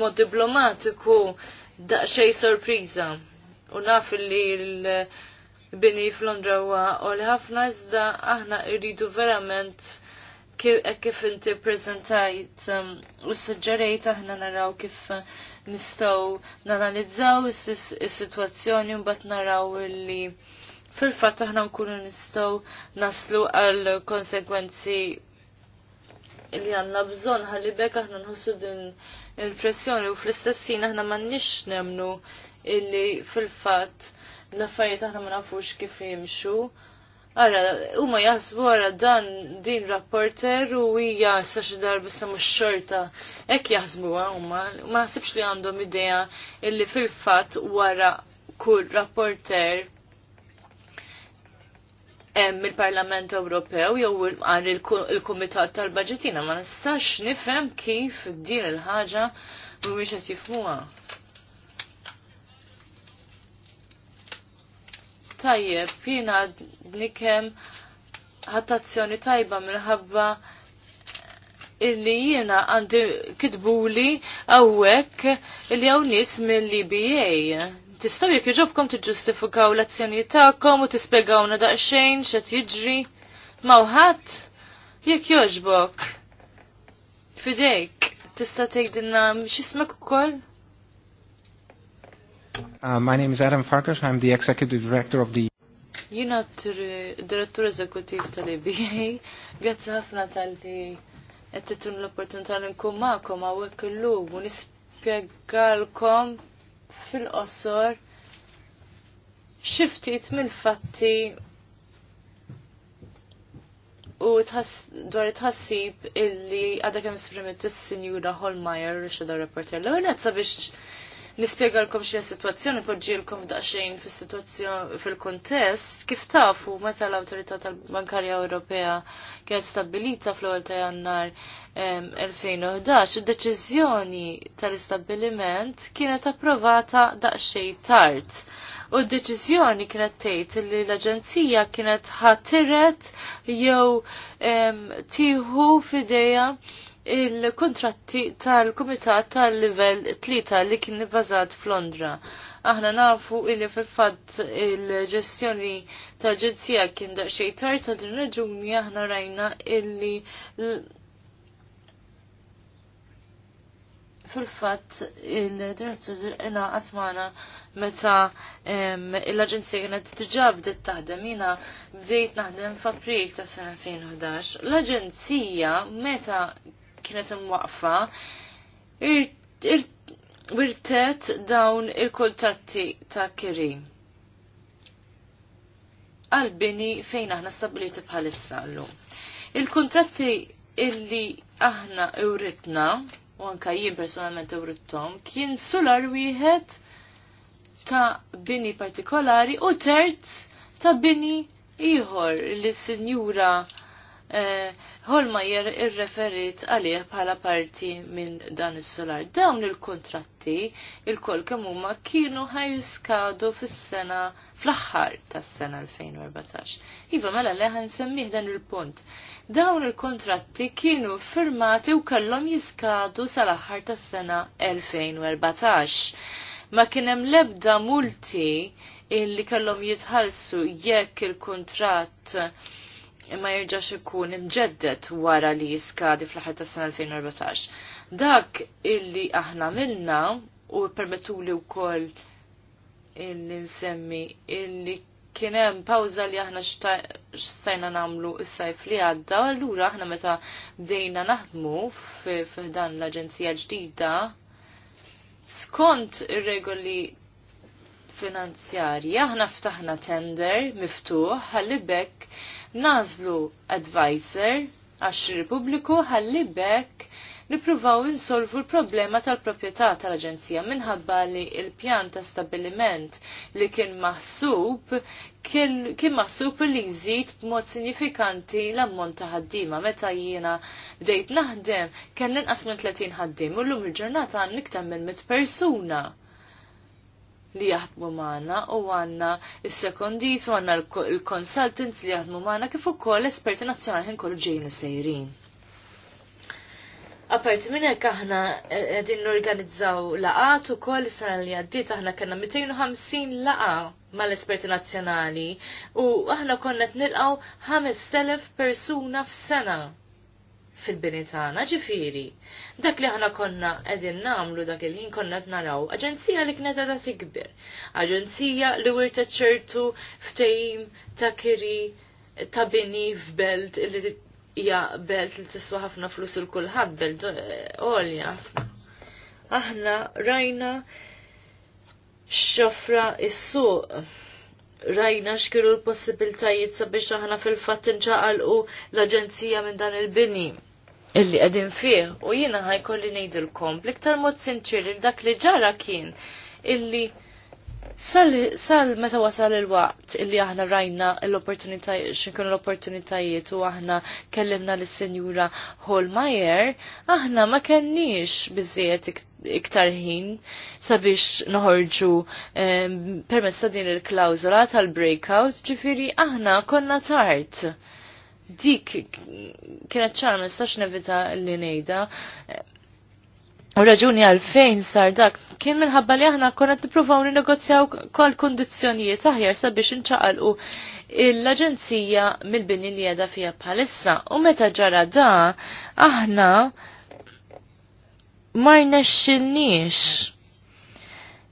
mod diplomatiku daqxej sorpriża. U naf illi l-bini f'Londra huwa li ħafna iżda aħna rridu verament eh, kif inti prezentajt eh, u suġġerejt aħna naraw kif nistaw nanalizzaw is-sitwazzjoni u mbagħad naraw illi fil-fatt aħna nkunu nistaw naslu għal konsekwenzi li għanna bżon ħalli bekk aħna nħossu din il-pressjoni u fl-istessin aħna ma nix nemnu illi fil-fat l-affarijiet aħna ma nafux kif jimxu. U huma jaħsbu ara dan din rapporter u hija sa xi darba sa mhux xorta. Hekk jaħsbuha huma, ma naħsibx li għandhom idea illi fil-fatt wara kull rapporter hemm il-Parlament Ewropew jew għan il-Kumitat tal-Baġitina ma nistax nifhem kif din il-ħaġa mhumiex qed jifhmuha. Tajjeb, jiena nikem ħattazzjoni tajba minħabba illi jiena għandi kitbuli għawek li għaw nis mill-LBA tistaw jek jġobkom ġustifikaw l-azzjonijiet tagħkom u tispjegawna daqsxejn x'qed jiġri mawħat jekk jogħġbok. Fidejk, tista' tgħidilna x'ismek ukoll? Uh, my name is Adam Farkas. I'm the executive director of the Jina direttur eżekutiv tal-EBA. Grazzi ħafna tal-li qed titun l-opportunità li nkun magħkom l-lu, u nispjegalkom fil-qosor xiftit mill-fatti u dwar tħassib illi għadha kemm sprimit is-Sinjura Holmeyer, xedha reporter l-għonet sabiex nispjegalkom xi sitwazzjoni poġġielkom l fis-sitwazzjoni fil-kuntest kif tafu meta l-Awtorità tal-Bankarja Ewropea kienet stabilita fl-ewwel ta' Jannar 2011 id-deċiżjoni tal istabiliment kienet approvata daqsxejn tard. U d-deċiżjoni kienet tgħid li l-Aġenzija kienet ħatiret jew tieħu f'idejha il-kontratti tal-Kumitat tal-Livell 3 li kien bazat f'Londra. Aħna nafu illi fil-fatt il-ġestjoni tal-ġenzija kien daqsxejn tar ta' din raġuni aħna rajna illi fil-fatt il-direttur inaqat magħna meta l-Aġenzija kienet diġà bdiet taħdem jiena bdejt naħdem f'April ta' sena 2011. L-Aġenzija meta kienet imwaqfa wirtet dawn il-kuntatti ta' Kiri. Għalbini fejn aħna stabiliti bħalissa l Il-kuntratti illi aħna uritna, u anka jien personalment urittom, kien solar wieħed ta' bini partikolari u terz ta' bini ieħor li sinjura Eh, Holmajer irreferit għalih bħala parti minn dan is-solar. Dawn il-kontratti il-kol kemm huma kienu ħajskadu fis-sena fl-aħħar tas-sena 2014. Iva mela ħan nsemmih dan il-punt. Dawn il-kontratti kienu firmati u kellhom jiskadu sal-aħħar tas-sena 2014. Ma kien hemm l-ebda multi illi kellhom jitħallsu jekk il-kontratt il kontratt imma jirġax ikun imġeddet wara li jiskadi fl-ħar tas sena 2014. Dak illi aħna minna u permettu li wkoll illi nsemmi illi kien hemm pawża li aħna xtajna nagħmlu s-sajf li għadda, allura aħna meta bdejna naħdmu f'dan l-aġenzija ġdida skont ir-regoli finanzjarji aħna ftaħna tender miftuħ ħalli bekk nazlu advisor għax Republiku ħalli bekk nipruvaw insolvu l-problema tal-proprjetà tal-Aġenzija minħabba li il-pjan ta' stabiliment li kien maħsub kien maħsub li jżid b'mod sinifikanti l-ammont ta' ħaddiema meta jiena bdejt naħdem kien inqas minn 30 ħaddiem u llum il-ġurnata għandna iktar minn 100 persuna li jaħdmu magħna u għandna il sekondis u għandna l-consultants li jaħdmu magħna kif ukoll esperti nazzjonali ħin kollu ġejnu sejrin. Aparti minn hekk aħna eh, qegħdin norganizzaw laqat ukoll sena li għaddiet aħna kellna 250 laqa mal-esperti nazzjonali u aħna konna qed nilqgħu 5000 persuna f'sena fil-bini tagħna, ġifieri. Dak li ħana konna qegħdin nagħmlu dak il-ħin konna qed naraw aġenzija li kienet qiegħda tikber. Aġenzija li wirtet ċertu ftehim ta' kiri ta' bini f'belt li hija belt li tiswa ħafna flus il kulħadd belt eh, għolja Aħna rajna xofra is-suq rajna xkiru l-possibiltajiet sabiex aħna fil-fatt u l-Aġenzija minn dan il-bini illi qegħdin fih u jiena ħajkolli ngħidilkom l-iktar mod sinċir dak li ġara kien illi Sal meta wasal il-waqt illi aħna rajna l-opportunitajiet, xinkun l-opportunitajiet u aħna kellimna l-Senjura Holmeyer, aħna ma kenniex bizziet iktar ħin sabiex noħorġu permess ta' din il-klawzola tal-breakout, ġifiri aħna konna tard dik kienet ċara mistax nevita l nejda U raġuni għalfejn sar dak kien minħabba li aħna konna nippruvaw negozjaw kol kondizjonijiet aħjar sabiex inċaqalqu l-aġenzija mill-bini li għada fija bħalissa. U meta ġara da, aħna marna nexxilniex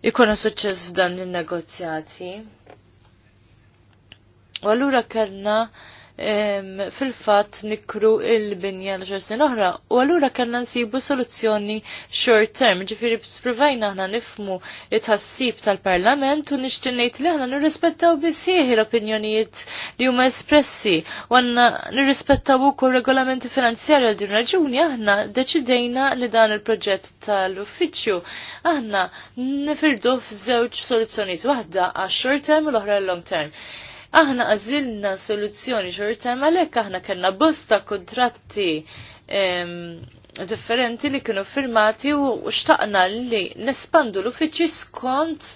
ikona suċċess f'dan il-negozjati. U allura kellna fil-fat nikru il-binja l-ġersin oħra. U għallura kellna nsibu soluzzjoni short term, ġifiri provajna ħna nifmu it-ħassib tal-parlament u nishtinnejt li ħna nirrispettaw bisieħi l-opinjonijiet li huma espressi u għanna nirrispettaw u kol regolamenti finanzjari għal din raġuni aħna deċidejna li dan il-proġett tal-uffiċju. Aħna nifirdu f'żewġ soluzzjonijiet waħda għax short term u l-oħra l-long term. Aħna għazilna soluzzjoni xortem għalek aħna kena bosta kontratti differenti li kienu firmati u xtaqna li nespandu l-uffiċi skont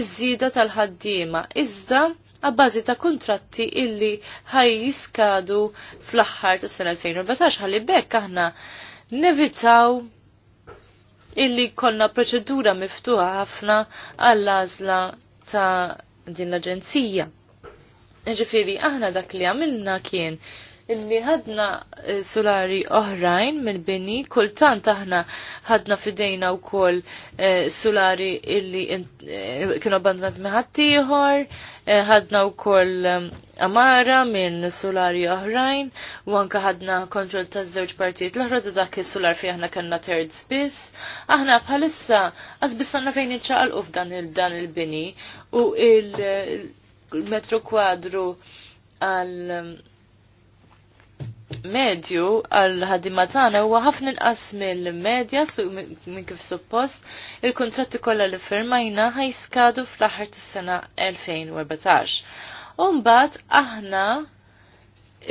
iż-żida tal-ħaddima. Iżda għabbażi ta' kontratti illi ħaj jiskadu fl-axħar ta' sena 2014 ħalli bekk aħna nevitaw illi konna proċedura miftuħa ħafna għall-għażla ta' din l-aġenzija. Ġifiri, aħna dak li għamilna kien illi ħadna eh, solari oħrajn mill-bini, kultant aħna ħadna fidejna u kol eh, solari illi eh, kienu abbandonat meħattijħor, ħadna u kol amara minn solari oħrajn, u anka ħadna kontrol ta' żewġ partijiet l-oħra da dak il-solar fi aħna kanna third biss. Aħna bħalissa, għazbissanna għanna fejn iċċaqal u f'dan il-dan il-bini, u il- metru kwadru għal um, medju għal ħadima tagħna huwa ħafna inqas mill-medja minn kif suppost il-kuntratti kollha li firmajna ħajskadu fl-aħħar tas-sena 2014. Umbagħad aħna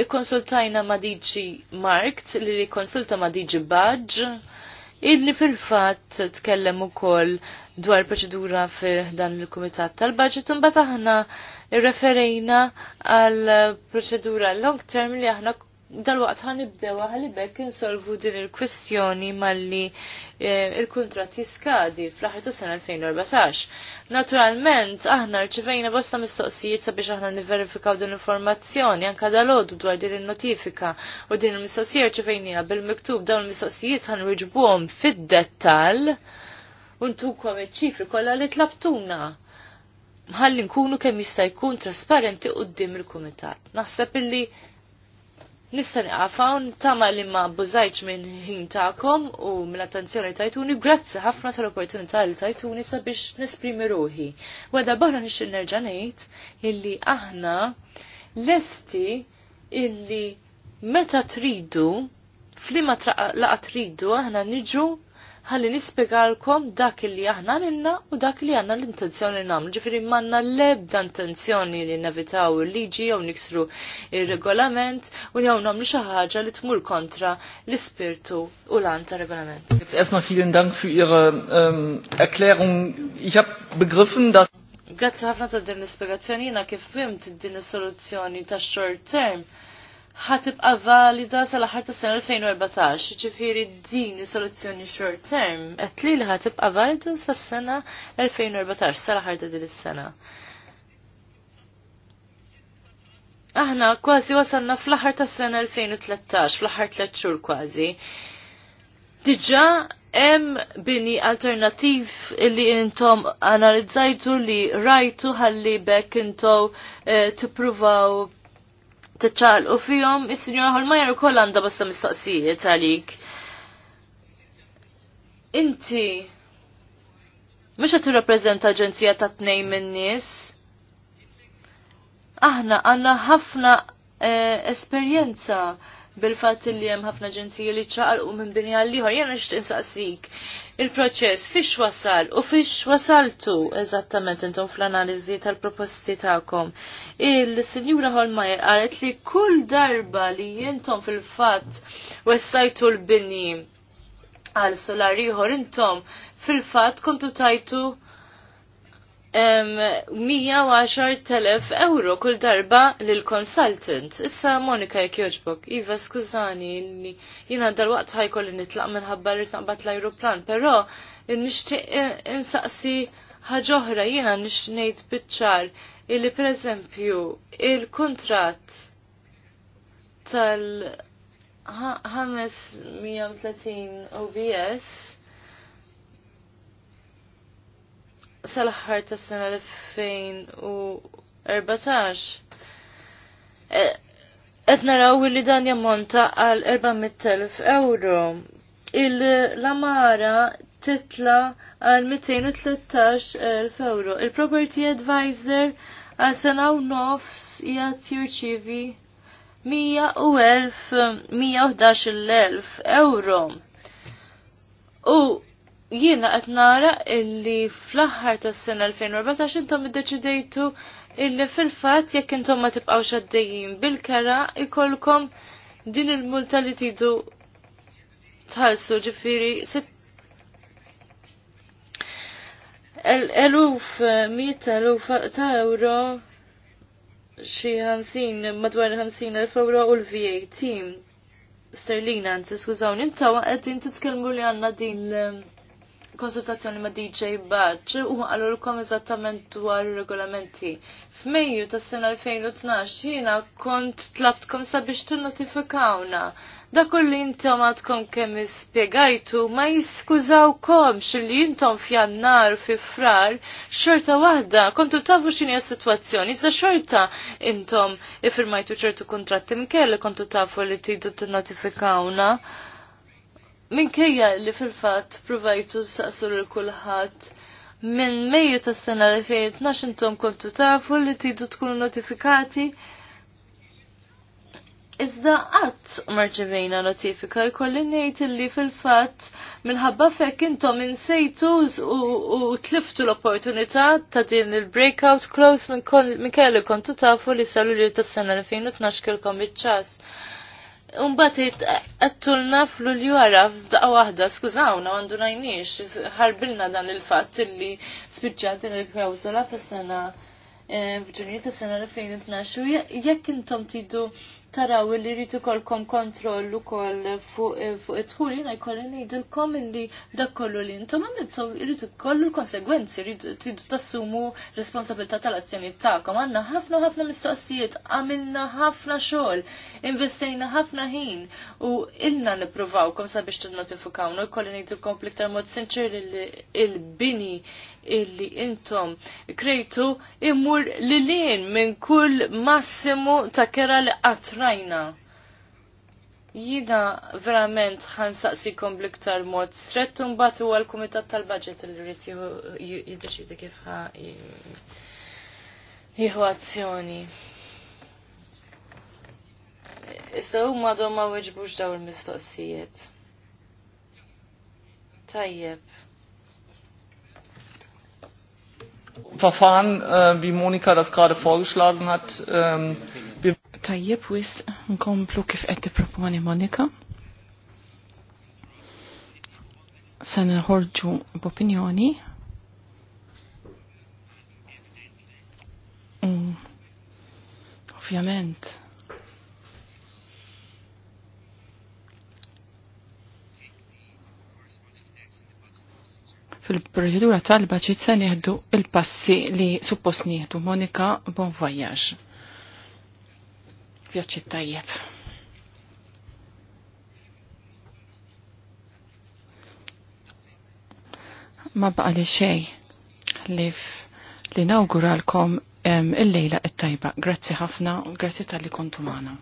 ikkonsultajna ma' diġi Markt li konsulta ma' diġi Budge illi fil-fatt tkellem ukoll dwar proċedura fi dan il-Kumitat tal-Budget imbagħad aħna referejna għal proċedura long term li aħna dal-waqt ħan ibdewa ħalibek insolvu din il-kwistjoni malli eh, il-kontrat jiskadi fl-aħħar ta' sena 2014. Naturalment, aħna rċivejna bosta mistoqsijiet sabiex aħna niverifikaw din l-informazzjoni anka dal ħodu dwar din il-notifika u din il-mistoqsija rċivejnija bil-miktub dawn il-mistoqsijiet ħan rġbuhom fid-dettal untukom iċ-ċifri kollha li tlabtuna ħalli nkunu kemm jista' jkun trasparenti qudiem il-kumitat. Naħseb illi Nista' niqafaw tama li ma bużajtx minn ħin tagħkom u mill-attenzjoni tajtuni, grazzi ħafna tal-opportunità li tajtuni sabiex nesprimi ruħi. Weda baħna nixtieq nerġa' ngħid illi aħna lesti illi meta tridu flima laqa tridu aħna niġu ħalli nispjegalkom dak li aħna minna u dak li għandna l-intenzjoni nagħmlu. Ġifiri manna l-ebda intenzjoni li nevitaw il-liġi jew niksru il regolament u jew nagħmlu xi ħaġa li tmur kontra l-ispirtu u l-an ta' regolament. Erstmal vielen Dank für Ihre ähm, Erklärung. Ich habe begriffen, dass Grazie ħafna ta' din l-ispiegazzjoni jena kif fimt din l soluzzjoni ta' short term ħatibqa valida sal-aħħar ta' sena 2014, ċifiri din soluzzjoni short term, qed li ħatibqa valida sas-sena 2014, sal-aħħar ta' din is-sena. Aħna kważi wasalna fl-aħħar tas sena 2013, fl-aħħar tliet xhur kważi. Diġà hemm bini alternativ li intom analizzajtu li rajtu ħalli bekk intom eh, tippruvaw u fihom is-Sinjora Holmajer ukoll għandha bosta mistoqsijiet għalik. Inti mux qed tirrappreżenta aġenzija ta' tnejn min-nies. Aħna għandna ħafna eh, esperjenza bil-fatt li hemm ħafna ġenziji li u minn dinja l jena jiena nixtieq insaqsik il-proċess fiex wasal u fiex wasaltu eżattament intom fl-analiżi tal-proposti tagħkom. Il-Sinjura Holmajer qalet li kull darba li intom fil-fatt wessajtu l-bini għal solari ieħor intom fil-fatt kontu tajtu 110.000 euro kull darba lil-consultant. Issa Monika jek joġbok, Iva skużani, jina dal-waqt ħajkolli nitlaq minħabba li naqbat l-aeroplan, pero nishtiq eh, insaqsi ħaġoħra jina nishtiq bitċar illi per eżempju il-kontrat tal-530 OBS sal-ħar ta' sena 2014. Qed e, naraw li dan jammonta għal 400.000 euro. Il-lamara titla għal 213.000 euro. Il-property advisor għal sena u nofs jgħat jirċivi 111.000 euro. U jiena qed nara illi fl-aħħar tas-sena 2014 intom iddeċidejtu illi fil-fatt jekk intom ma tibqgħux għaddejjin bil-kera ikolkom din il-multa li tidu tħallsu ġifieri eluf miet eluf ta' euro xi ħamsin madwar ħamsin elf euro u l-VAT sterlina, nsi skużawni, intawa qegħdin titkellmu li għandna din konsultazzjoni ma' DJ Batch u ma' l-kom eżattament dwar regolamenti. F'Mejju tas sena 2012 jiena kont tlabtkom sabiex tinnotifikawna da kulli intom għatkom kemm ispjegajtu ma kom xill intom fjannar fi frar xorta wahda kontu tafu xini situazzjoni iżda xorta intom ifirmajtu ċertu kontratti mkelli kontu tafu li t-notifikawna minkejja li fil-fatt provajtu s-saqsur il kulħadd minn ta' tas-sena 2012 intom kontu tafu li tidu tkunu notifikati Iżda qatt marġivejna notifika jkolli ngħid li fil-fatt minħabba fekk intom insejtu u tliftu l-opportunità ta' din il-breakout close minn kelli kontu tafu li salu li s sena 2012 kelkom iċ-ċas. Umbat għattulna fl-ulju għara f'daqqa wahda, skużawna, għandu najniex, ħarbilna dan il-fat illi spiċċat din il-klawzola f'sena eh, f'ġunju ta' sena 2012, jekk intom tidu taraw li rritu ikolkom kontroll ukoll fuq it-tħul jena jkolli nejdilkom illi dak kollu li intom għamiltu rritu kollu l-konsegwenzi, rritu tassumu responsabilta tal-azzjoni tagħkom. Għanna ħafna ħafna mistoqsijiet, għamilna ħafna xogħol, investejna ħafna ħin u ilna nippruvawkom sabiex tinnotifikawnu notifikawnu jkolli nejdilkom pliktar mod sinċer il-bini illi intom krejtu immur lilin minn kull massimu ta' kera li qatrajna. Jina verament ħan saqsikom bliktar mod strettu mbagħad għal l-Kumitat tal budget li rrid jiddeċidi kif ħa jihu azzjoni. Iżda huma ma weġbux daw il-mistoqsijiet. Tajjeb. Verfahren, äh, wie Monika das gerade vorgeschlagen hat. Ähm, wir Monika. Se nħorġu b'opinjoni. Ovvjament. Mm Fil-proċedura tal-baċit se nieħdu il-passi li suppost nieħdu Monika Bon Voyage. Vjaċċi tajjeb. Ma baqa li xej li li nawguralkom il-lejla it-tajba. Grazzi ħafna u grazzi tal-li kontu maħna.